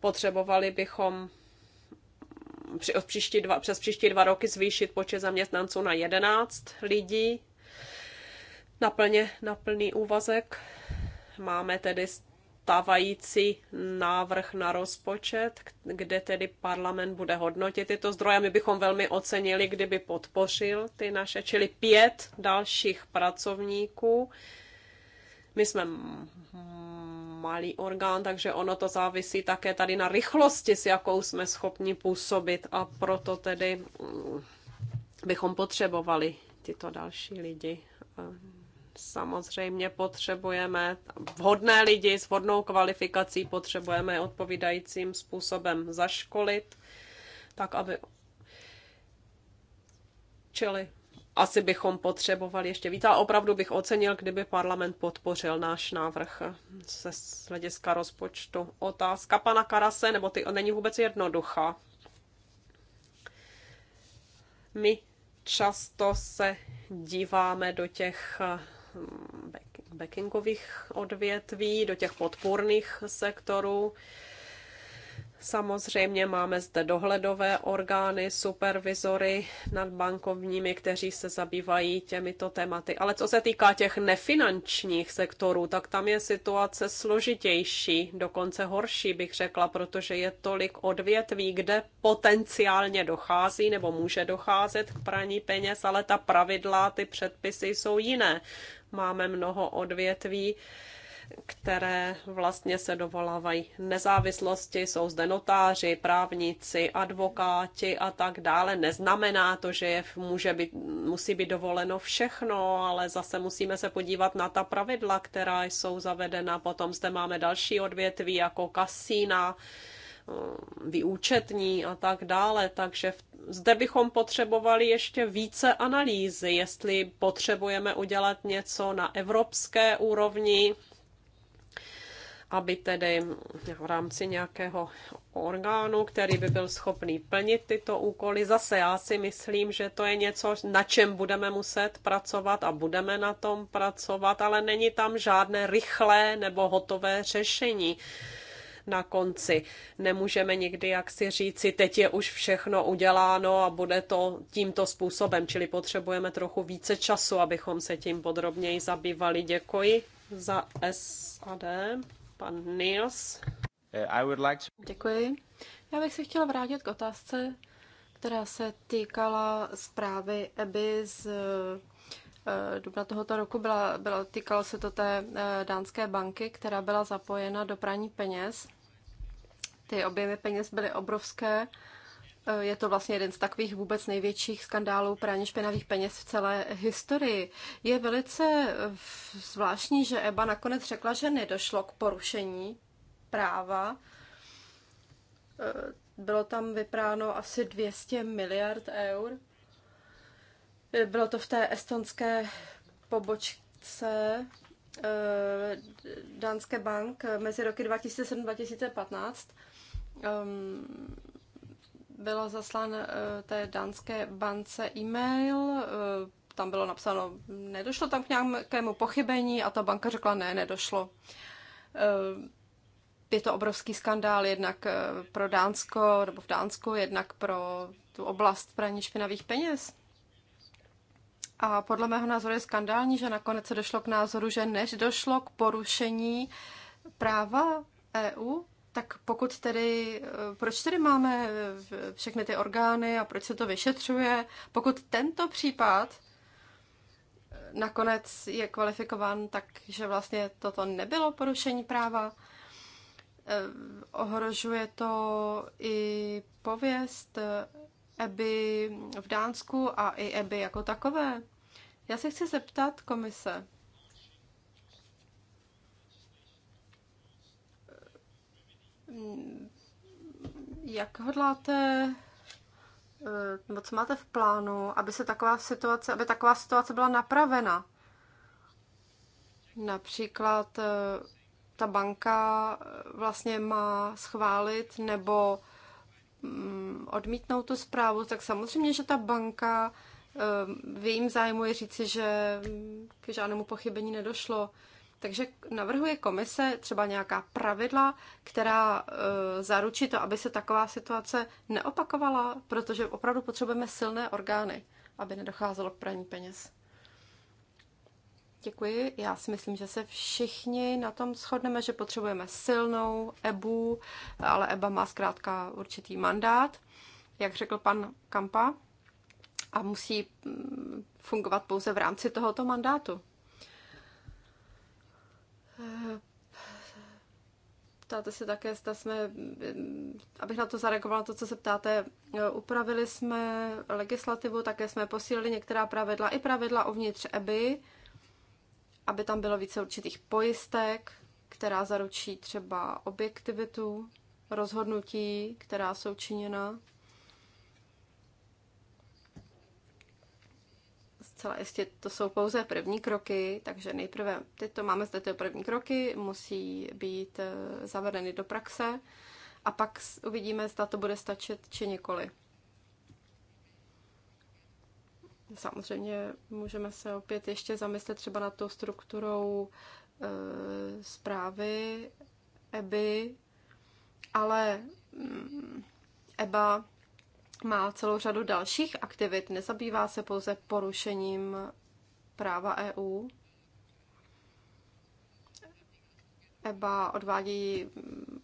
Speaker 1: potřebovali bychom při, od příští dva, přes příští dva roky zvýšit počet zaměstnanců na 11 lidí na, plně, na plný úvazek. Máme tedy stávající návrh na rozpočet, kde tedy parlament bude hodnotit tyto zdroje. My bychom velmi ocenili, kdyby podpořil ty naše, čili pět dalších pracovníků. My jsme malý orgán, takže ono to závisí také tady na rychlosti, s jakou jsme schopni působit a proto tedy mm, bychom potřebovali tyto další lidi. Ehm, samozřejmě potřebujeme vhodné lidi s vhodnou kvalifikací, potřebujeme odpovídajícím způsobem zaškolit, tak aby čili asi bychom potřebovali ještě víc. A opravdu bych ocenil, kdyby parlament podpořil náš návrh se hlediska rozpočtu. Otázka pana Karase, nebo ty, není vůbec jednoduchá. My často se díváme do těch backingových odvětví, do těch podpůrných sektorů Samozřejmě máme zde dohledové orgány, supervizory nad bankovními, kteří se zabývají těmito tématy. Ale co se týká těch nefinančních sektorů, tak tam je situace složitější, dokonce horší bych řekla, protože je tolik odvětví, kde potenciálně dochází nebo může docházet k praní peněz, ale ta pravidla, ty předpisy jsou jiné. Máme mnoho odvětví, které vlastně se dovolávají nezávislosti, jsou zde notáři, právníci, advokáti a tak dále. Neznamená to, že je, může být, musí být dovoleno všechno, ale zase musíme se podívat na ta pravidla, která jsou zavedena. Potom zde máme další odvětví jako kasína, um, výúčetní a tak dále, takže v, zde bychom potřebovali ještě více analýzy, jestli potřebujeme udělat něco na evropské úrovni, aby tedy v rámci nějakého orgánu, který by byl schopný plnit tyto úkoly. Zase já si myslím, že to je něco, na čem budeme muset pracovat a budeme na tom pracovat, ale není tam žádné rychlé nebo hotové řešení na konci. Nemůžeme nikdy jak si říci, teď je už všechno uděláno a bude to tímto způsobem, čili potřebujeme trochu více času, abychom se tím podrobněji zabývali. Děkuji za SAD. Pan Niels.
Speaker 2: Eh, I would like to...
Speaker 1: Děkuji. Já bych se chtěla vrátit k otázce,
Speaker 2: která se týkala zprávy EBI z eh, dubna tohoto roku. Byla, byla, týkalo se to té eh, dánské banky, která byla zapojena do praní peněz. Ty objemy peněz byly obrovské Eh, je to vlastně jeden z takových vůbec největších skandálů praní špinavých peněz v celé historii. Je velice eh, zvláštní, že EBA nakonec řekla, že nedošlo k porušení práva. Eh, bylo tam vypráno asi 200 miliard eur. Bylo to v té estonské pobočce Danske bank mezi roky 2007-2015 byla zaslán eh, té dánské bance e-mail, eh, tam bylo napsáno, nedošlo tam k nějakému pochybení a ta banka řekla, ne, nedošlo. Eh, je to obrovský skandál jednak pro Dánsko, nebo v Dánsku, jednak pro tu oblast praní špinavých peněz. A podle mého názoru je skandální, že nakonec se došlo k názoru, že než došlo k porušení práva EU, tak pokud tedy, eh, proč tedy máme eh, všechny ty orgány a proč se to vyšetřuje, pokud tento případ eh, nakonec je kvalifikován tak, že vlastně toto nebylo porušení práva, ohrožuje to i pověst EBY v Dánsku a i EBY jako takové. Já se chci zeptat komise, Jak hodláte, eh, nebo co máte v plánu, aby se taková situace, aby taková situace byla napravena? Například eh, ta banka eh, vlastně má schválit nebo mm, odmítnout tu zprávu, tak samozřejmě, že ta banka v jejím zájmu je říci, že mm, k žádnému pochybení nedošlo. Takže navrhuje komise třeba nějaká pravidla, která e, zaručí to, aby se taková situace neopakovala, protože opravdu potřebujeme silné orgány, aby nedocházelo k praní peněz. Děkuji. Já si myslím, že se všichni na tom shodneme, že potřebujeme silnou EBU, ale EBA má zkrátka určitý mandát, jak řekl pan Kampa, a musí mm, fungovat pouze v rámci tohoto mandátu. Ptáte se také, zda jsme, abych na to zareagovala, to, co se ptáte, upravili jsme legislativu, také jsme posílili některá pravidla, i pravidla uvnitř EBY, aby tam bylo více určitých pojistek, která zaručí třeba objektivitu rozhodnutí, která jsou činěna. zcela jistě to jsou pouze první kroky, takže nejprve tyto máme zde ty první kroky, musí být eh, zavedeny do praxe a pak uvidíme, zda to bude stačit či nikoli. Samozřejmě můžeme se opět ještě zamyslet třeba nad tou strukturou eh, e, zprávy EBY, ale mm, EBA má celou řadu dalších aktivit, nezabývá se pouze porušením práva EU. EBA odvádí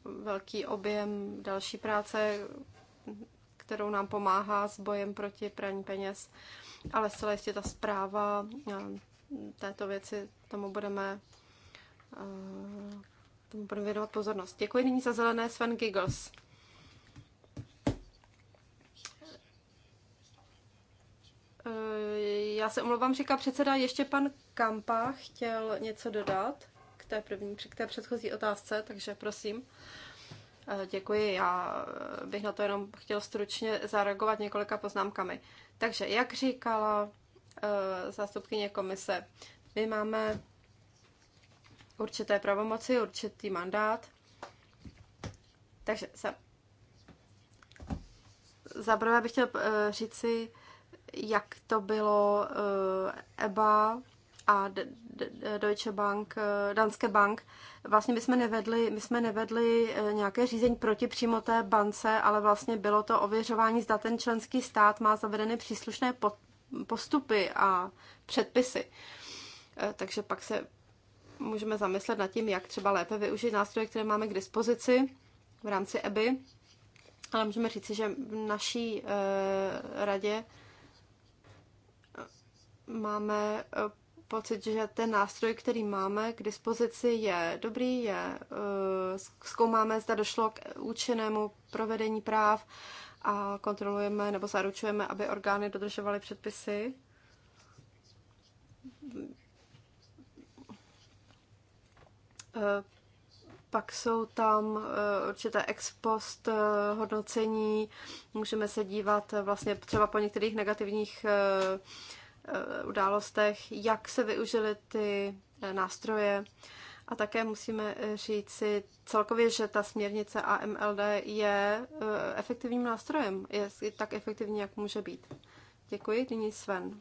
Speaker 2: velký objem další práce, kterou nám pomáhá s bojem proti praní peněz, ale zcela jistě ta zpráva eh, této věci, tomu budeme eh, tomu budeme věnovat pozornost. Děkuji nyní za zelené Sven Giggles. Eh, já se omlouvám, říká předseda, ještě pan Kampa chtěl něco dodat k té první, k té předchozí otázce, takže prosím. Eh, děkuji, já bych na to jenom chtěl stručně zareagovat několika poznámkami. Takže, jak říkala eh, zástupkyně komise, my máme určité pravomoci, určitý mandát, takže se... Zaprvé bych chtěl říci, jak to bylo EBA eh, e a Deutsche Bank, eh, Danske Bank. Vlastně my jsme nevedli, my jsme nevedli eh, nějaké řízení proti přímo té bance, ale vlastně bylo to ověřování, zda ten členský stát má zavedeny příslušné postupy a předpisy. Takže pak se můžeme zamyslet nad tím, jak třeba lépe využít nástroje, které máme k dispozici v rámci EBY. Ale můžeme říci, že v naší radě máme eh, pocit, že ten nástroj, který máme k dispozici, je dobrý, je, eh, zkoumáme, zda došlo k účinnému provedení práv a kontrolujeme nebo zaručujeme, aby orgány dodržovaly předpisy. Eh, pak jsou tam určité ex post hodnocení, můžeme se dívat vlastně třeba po některých negativních Eh, událostech, jak se využily ty eh, nástroje. A také musíme eh, říci celkově, že ta směrnice AMLD je efektivním nástrojem. Je tak efektivní, jak může být. Děkuji, nyní Sven.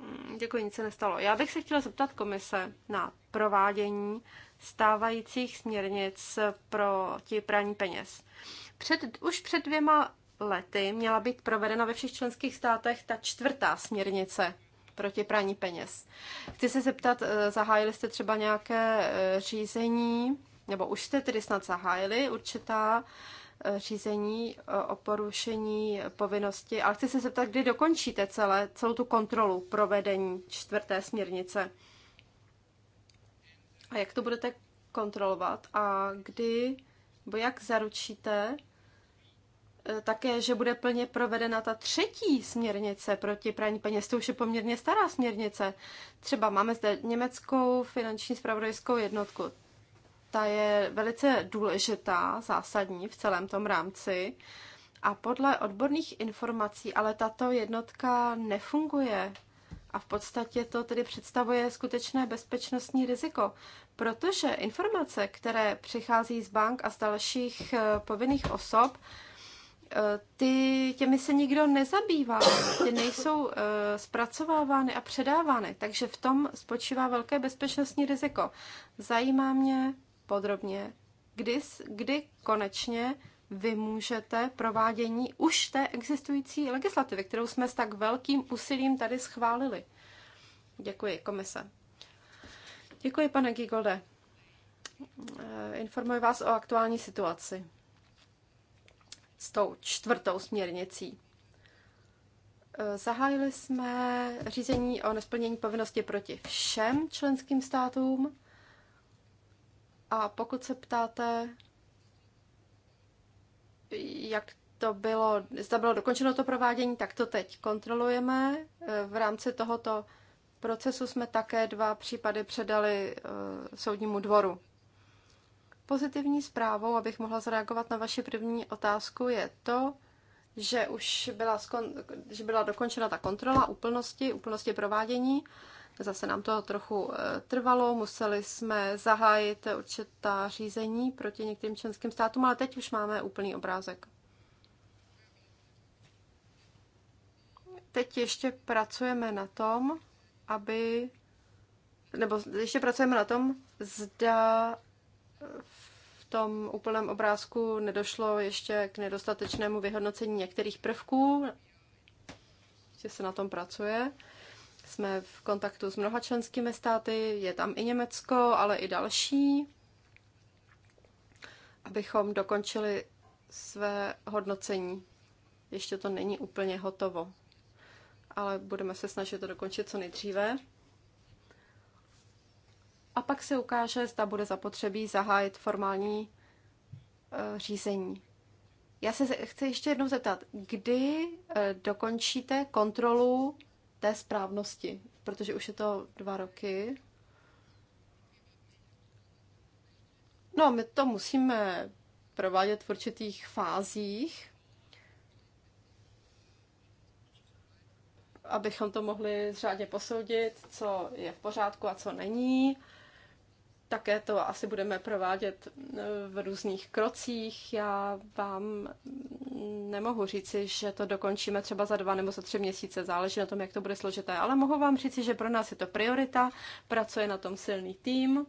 Speaker 2: Mm, děkuji, nic se nestalo. Já bych se chtěla zeptat komise na provádění stávajících směrnic pro ti praní peněz. Před, už před dvěma lety měla být provedena ve všech členských státech ta čtvrtá směrnice proti praní peněz. Chci se zeptat, eh, zahájili jste třeba nějaké eh, řízení, nebo už jste tedy snad zahájili určitá eh, řízení o porušení povinnosti, ale chci se zeptat, kdy dokončíte celé, celou tu kontrolu provedení čtvrté směrnice. A jak to budete kontrolovat a kdy, bo jak zaručíte, Eh, také, že bude plně provedena ta třetí směrnice proti praní peněz. To už je poměrně stará směrnice. Třeba máme zde německou finanční spravodajskou jednotku. Ta je velice důležitá, zásadní v celém tom rámci. A podle odborných informací, ale tato jednotka nefunguje. A v podstatě to tedy představuje skutečné bezpečnostní riziko, protože informace, které přichází z bank a z dalších eh, povinných osob, Eh, ty, těmi se nikdo nezabývá, ty nejsou eh, zpracovávány a předávány, takže v tom spočívá velké bezpečnostní riziko. Zajímá mě podrobně, kdy, kdy konečně vy můžete provádění už té existující legislativy, kterou jsme s tak velkým úsilím tady schválili. Děkuji, komise. Děkuji, pane Gigolde. Eh, informuji vás o aktuální situaci s tou čtvrtou směrnicí. E, zahájili jsme řízení o nesplnění povinnosti proti všem členským státům. A pokud se ptáte, jak to bylo, zda bylo dokončeno to provádění, tak to teď kontrolujeme. E, v rámci tohoto procesu jsme také dva případy předali e, soudnímu dvoru. Pozitivní zprávou, abych mohla zareagovat na vaši první otázku, je to, že už byla, skon, že byla dokončena ta kontrola úplnosti, úplnosti provádění. Zase nám to trochu e, trvalo, museli jsme zahájit určitá řízení proti některým členským státům, ale teď už máme úplný obrázek. Teď ještě pracujeme na tom, aby, nebo ještě pracujeme na tom, zda tom úplném obrázku nedošlo ještě k nedostatečnému vyhodnocení některých prvků, že se na tom pracuje. Jsme v kontaktu s mnoha členskými státy, je tam i Německo, ale i další, abychom dokončili své hodnocení. Ještě to není úplně hotovo, ale budeme se snažit to dokončit co nejdříve a pak se ukáže, zda bude zapotřebí zahájit formální eh, řízení. Já se chci ještě jednou zeptat, kdy eh, dokončíte kontrolu té správnosti? Protože už je to dva roky. No, my to musíme provádět v určitých fázích, abychom to mohli řádně posoudit, co je v pořádku a co není. Také to asi budeme provádět eh, v různých krocích. Já vám nemohu říci, že to dokončíme třeba za dva nebo za tři měsíce, záleží na tom, jak to bude složité, ale mohu vám říci, že pro nás je to priorita, pracuje na tom silný tým.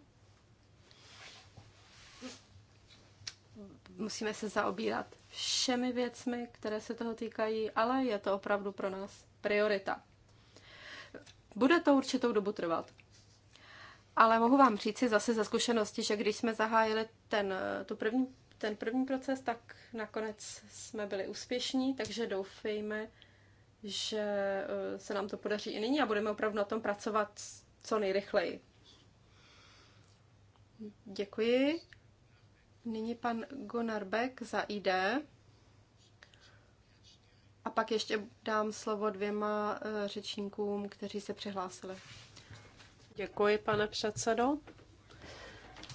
Speaker 2: Musíme se zaobírat všemi věcmi, které se toho týkají, ale je to opravdu pro nás priorita. Bude to určitou dobu trvat. Ale mohu vám říci zase ze zkušenosti, že když jsme zahájili ten, eh, tu první, ten první proces, tak nakonec jsme byli úspěšní, takže doufejme, že eh, se nám to podaří i nyní a budeme opravdu na tom pracovat co nejrychleji. Děkuji. Nyní pan Gonarbek za ID. A pak ještě dám slovo dvěma eh, řečníkům, kteří se přihlásili.
Speaker 1: Děkuji, pane předsedo.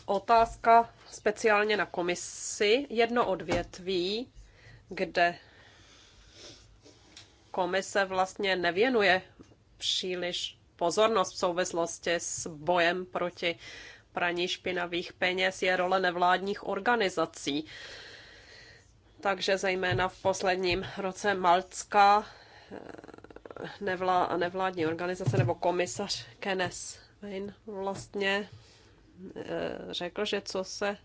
Speaker 1: Otázka speciálně na komisi. Jedno odvětví, kde komise vlastně nevěnuje příliš pozornost v souvislosti s bojem proti praní špinavých peněz je role nevládních organizací. Takže zejména v posledním roce Malcka eh, nevládní organizace nebo komisař Kenes Wayne vlastně eh, řekl, že co se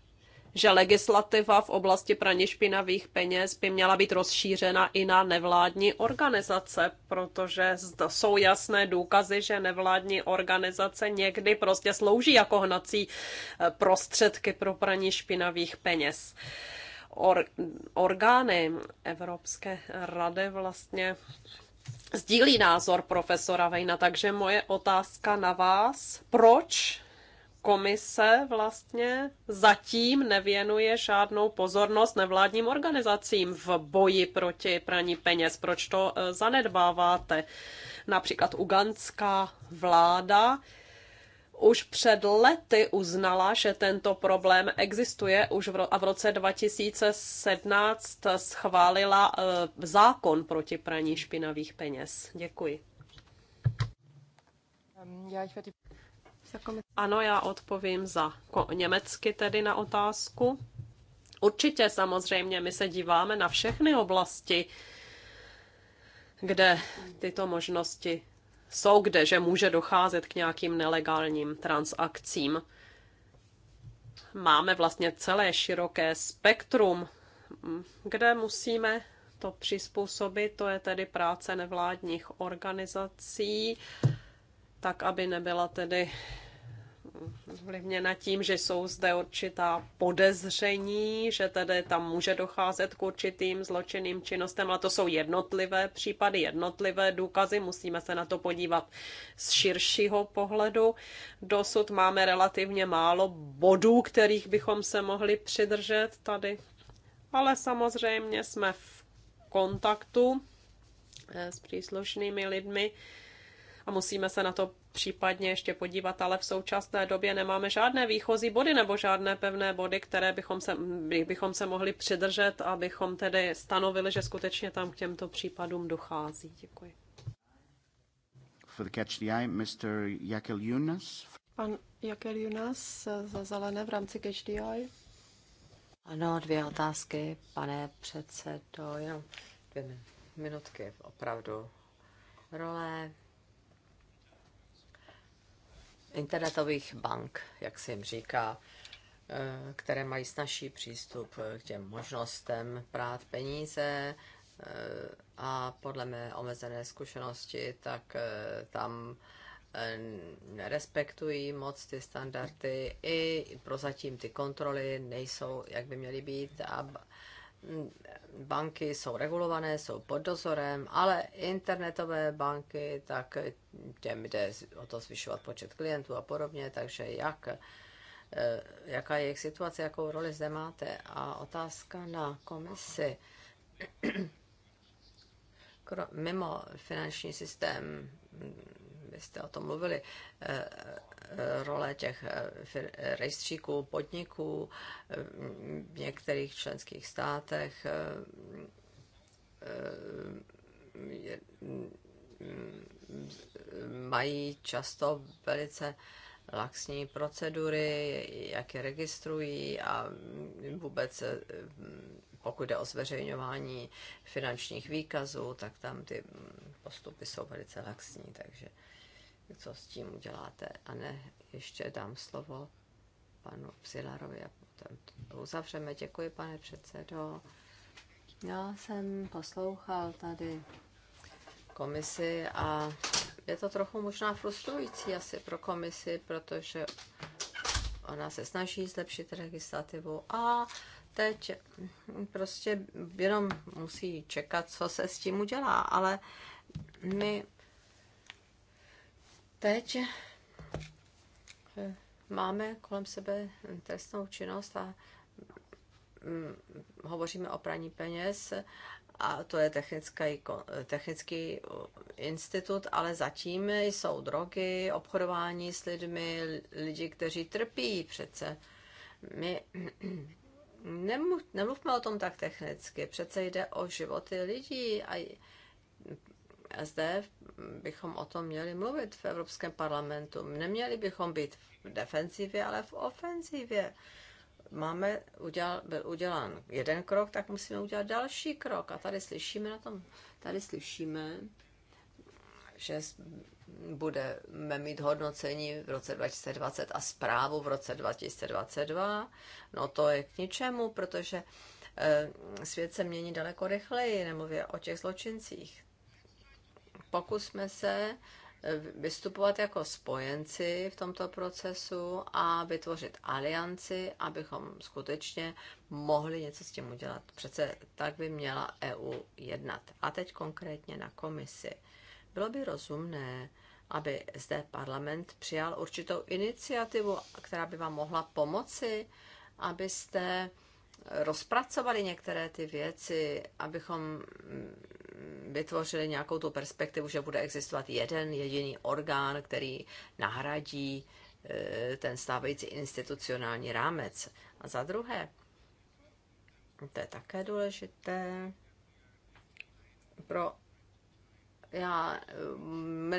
Speaker 1: že legislativa v oblasti praní špinavých peněz by měla být rozšířena i na nevládní organizace, protože jsou jasné důkazy, že nevládní organizace někdy prostě slouží jako hnací eh, prostředky pro praní špinavých peněz. Or, orgány Evropské rady vlastně sdílí názor profesora Vejna, takže moje otázka na vás, proč komise vlastně zatím nevěnuje žádnou pozornost nevládním organizacím v boji proti praní peněz. Proč to eh, zanedbáváte? Například uganská vláda už před lety uznala, že tento problém existuje už v a v roce 2017 schválila eh, zákon proti praní špinavých peněz. Děkuji. Um, ano, já odpovím za německy tedy na otázku. Určitě samozřejmě my se díváme na všechny oblasti, kde tyto možnosti jsou kde, že může docházet k nějakým nelegálním transakcím. Máme vlastně celé široké spektrum, kde musíme to přizpůsobit, to je tedy práce nevládních organizací, tak aby nebyla tedy vlivněna tím, že jsou zde určitá podezření, že tedy tam může docházet k určitým zločinným činnostem, ale to jsou jednotlivé případy, jednotlivé důkazy, musíme se na to podívat z širšího pohledu. Dosud máme relativně málo bodů, kterých bychom se mohli přidržet tady, ale samozřejmě jsme v kontaktu eh, s příslušnými lidmi a musíme se na to případně ještě podívat, ale v současné době nemáme žádné výchozí body nebo žádné pevné body, které bychom se, bychom se mohli přidržet, abychom tedy stanovili, že skutečně tam k těmto případům dochází. Děkuji.
Speaker 3: For the catch the eye, Mr. Jakel
Speaker 1: Pan Jakel
Speaker 2: Yunas za zelené v rámci catch the eye.
Speaker 3: Ano, dvě otázky, pane předsedo, jenom dvě minutky, opravdu. Role internetových bank, jak se jim říká, eh, které mají snažší přístup k těm možnostem prát peníze eh, a podle mé omezené zkušenosti, tak eh, tam nerespektují moc ty standardy, i prozatím ty kontroly nejsou, jak by měly být a banky jsou regulované, jsou pod dozorem, ale internetové banky, tak těm jde o to zvyšovat počet klientů a podobně, takže jak, eh, jaká je jejich situace, jakou roli zde máte. A otázka na komisi. Mimo finanční systém vy jste o tom mluvili, eh, eh, role těch eh, rejstříků, podniků v některých členských státech mm, mají často velice laxní procedury, jak je registrují a vůbec pokud jde o zveřejňování finančních výkazů, tak tam ty postupy jsou velice laxní, takže co s tím uděláte. A ne, ještě dám slovo panu Psilarovi a potom to uzavřeme. Děkuji, pane předsedo. Já jsem poslouchal tady komisi a je to trochu možná frustrující asi pro komisi, protože ona se snaží zlepšit legislativu a teď prostě jenom musí čekat, co se s tím udělá, ale my Teď eh, máme kolem sebe trestnou činnost a mm, hovoříme o praní peněz a to je technický, technický eh, institut, ale zatím jsou drogy, obchodování s lidmi, lidi, kteří trpí přece. My nemluvme o tom tak technicky, přece jde o životy lidí a zde bychom o tom měli mluvit v Evropském parlamentu. Neměli bychom být v defenzivě, ale v ofenzivě. Máme, udělal, byl udělán jeden krok, tak musíme udělat další krok. A tady slyšíme na tom, tady slyšíme, že budeme mít hodnocení v roce 2020 a zprávu v roce 2022. No to je k ničemu, protože eh, svět se mění daleko rychleji, nemluvě o těch zločincích pokusme se eh, vystupovat jako spojenci v tomto procesu a vytvořit alianci, abychom skutečně mohli něco s tím udělat. Přece tak by měla EU jednat. A teď konkrétně na komisi. Bylo by rozumné, aby zde parlament přijal určitou iniciativu, která by vám mohla pomoci, abyste rozpracovali některé ty věci, abychom mm, vytvořili nějakou tu perspektivu, že bude existovat jeden jediný orgán, který nahradí eh, ten stávající institucionální rámec. A za druhé, to je také důležité, pro já, eh,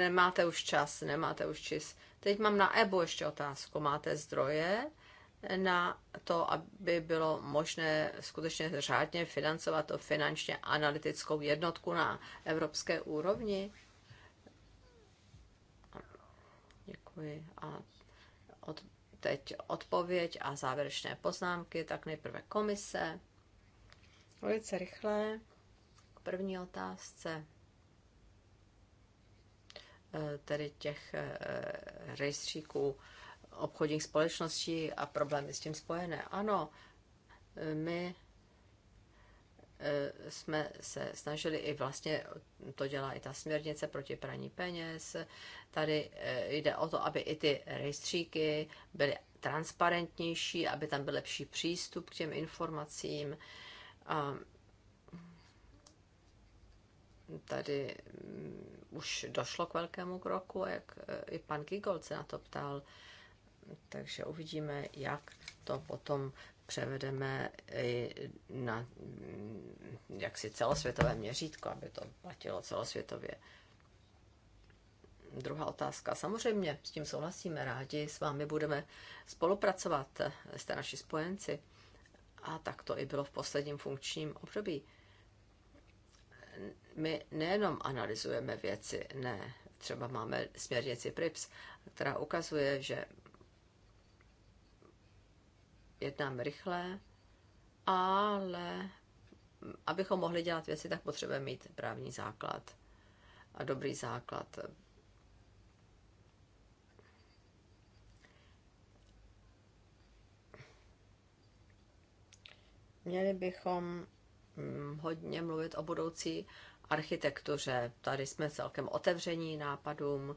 Speaker 3: nemáte už čas, nemáte už čas. Teď mám na EBO ještě otázku. Máte zdroje na to, aby bylo možné skutečně řádně financovat to finančně analytickou jednotku na evropské úrovni? Děkuji. A od, teď odpověď a závěrečné poznámky, tak nejprve komise. Velice rychle. K první otázce. E, tedy těch e, rejstříků obchodních společností a problémy s tím spojené. Ano, my eh, jsme se snažili i vlastně, to dělá i ta směrnice proti praní peněz, tady eh, jde o to, aby i ty rejstříky byly transparentnější, aby tam byl lepší přístup k těm informacím. A tady mm, už došlo k velkému kroku, jak eh, i pan Gigold se na to ptal, takže uvidíme, jak to potom převedeme i na jaksi celosvětové měřítko, aby to platilo celosvětově. Druhá otázka. Samozřejmě, s tím souhlasíme rádi, s vámi budeme spolupracovat, jste naši spojenci. A tak to i bylo v posledním funkčním období. My nejenom analyzujeme věci, ne, třeba máme směrnici PRIPS, která ukazuje, že jednáme rychle, ale abychom mohli dělat věci, tak potřebujeme mít právní základ a dobrý základ. Měli bychom mm, hodně mluvit o budoucí architektuře. Tady jsme celkem otevření nápadům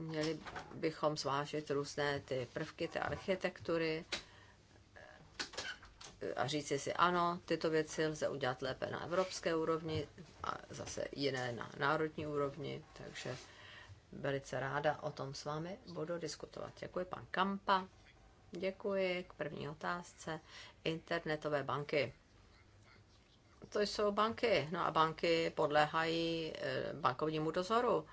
Speaker 3: měli bychom zvážit různé ty prvky té architektury a říci si ano, tyto věci lze udělat lépe na evropské úrovni a zase jiné na národní úrovni, takže velice ráda o tom s vámi budu diskutovat. Děkuji pan Kampa, děkuji k první otázce. Internetové banky. To jsou banky, no a banky podléhají eh, bankovnímu dozoru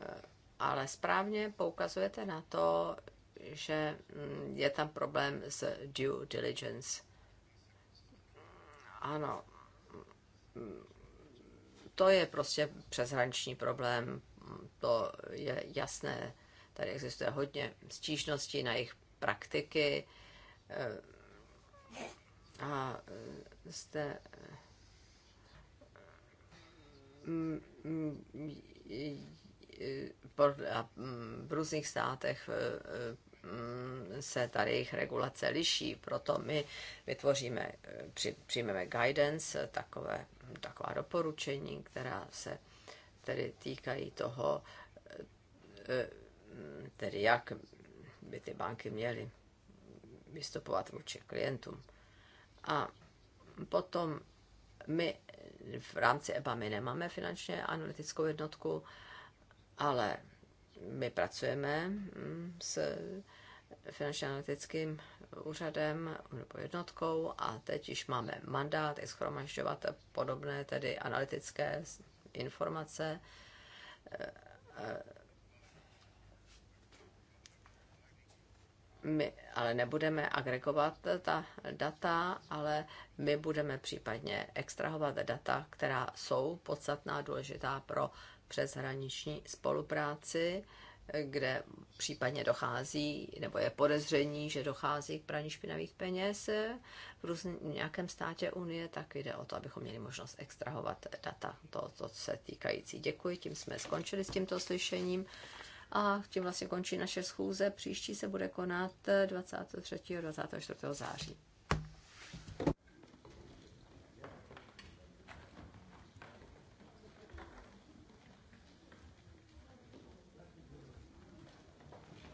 Speaker 3: eh, ale správně poukazujete na to, že mm, je tam problém s due diligence. Ano, to je prostě přeshraniční problém, to je jasné. Tady existuje hodně stížností na jejich praktiky. Eh, a eh, zde eh, mm, mm, Mm, v různých státech e, e, mm, se ta jejich regulace liší, proto my vytvoříme, e, přijmeme guidance, takové, taková doporučení, která se tedy týkají toho, mm, tedy jak by ty banky měly vystupovat vůči klientům. A potom my v rámci EBA my nemáme finančně analytickou jednotku, ale my pracujeme mm, s finančně analytickým úřadem nebo jednotkou a teď již máme mandát i schromažďovat podobné tedy analytické informace e, e, my ale nebudeme agregovat ta data, ale my budeme případně extrahovat data, která jsou podstatná, důležitá pro přeshraniční spolupráci, kde případně dochází, nebo je podezření, že dochází k praní špinavých peněz v, různ, v nějakém státě Unie, tak jde o to, abychom měli možnost extrahovat data, to, to se týkající. Děkuji, tím jsme skončili s tímto slyšením. A tím vlastně končí naše schůze. Příští se bude konat 23. a 24. září.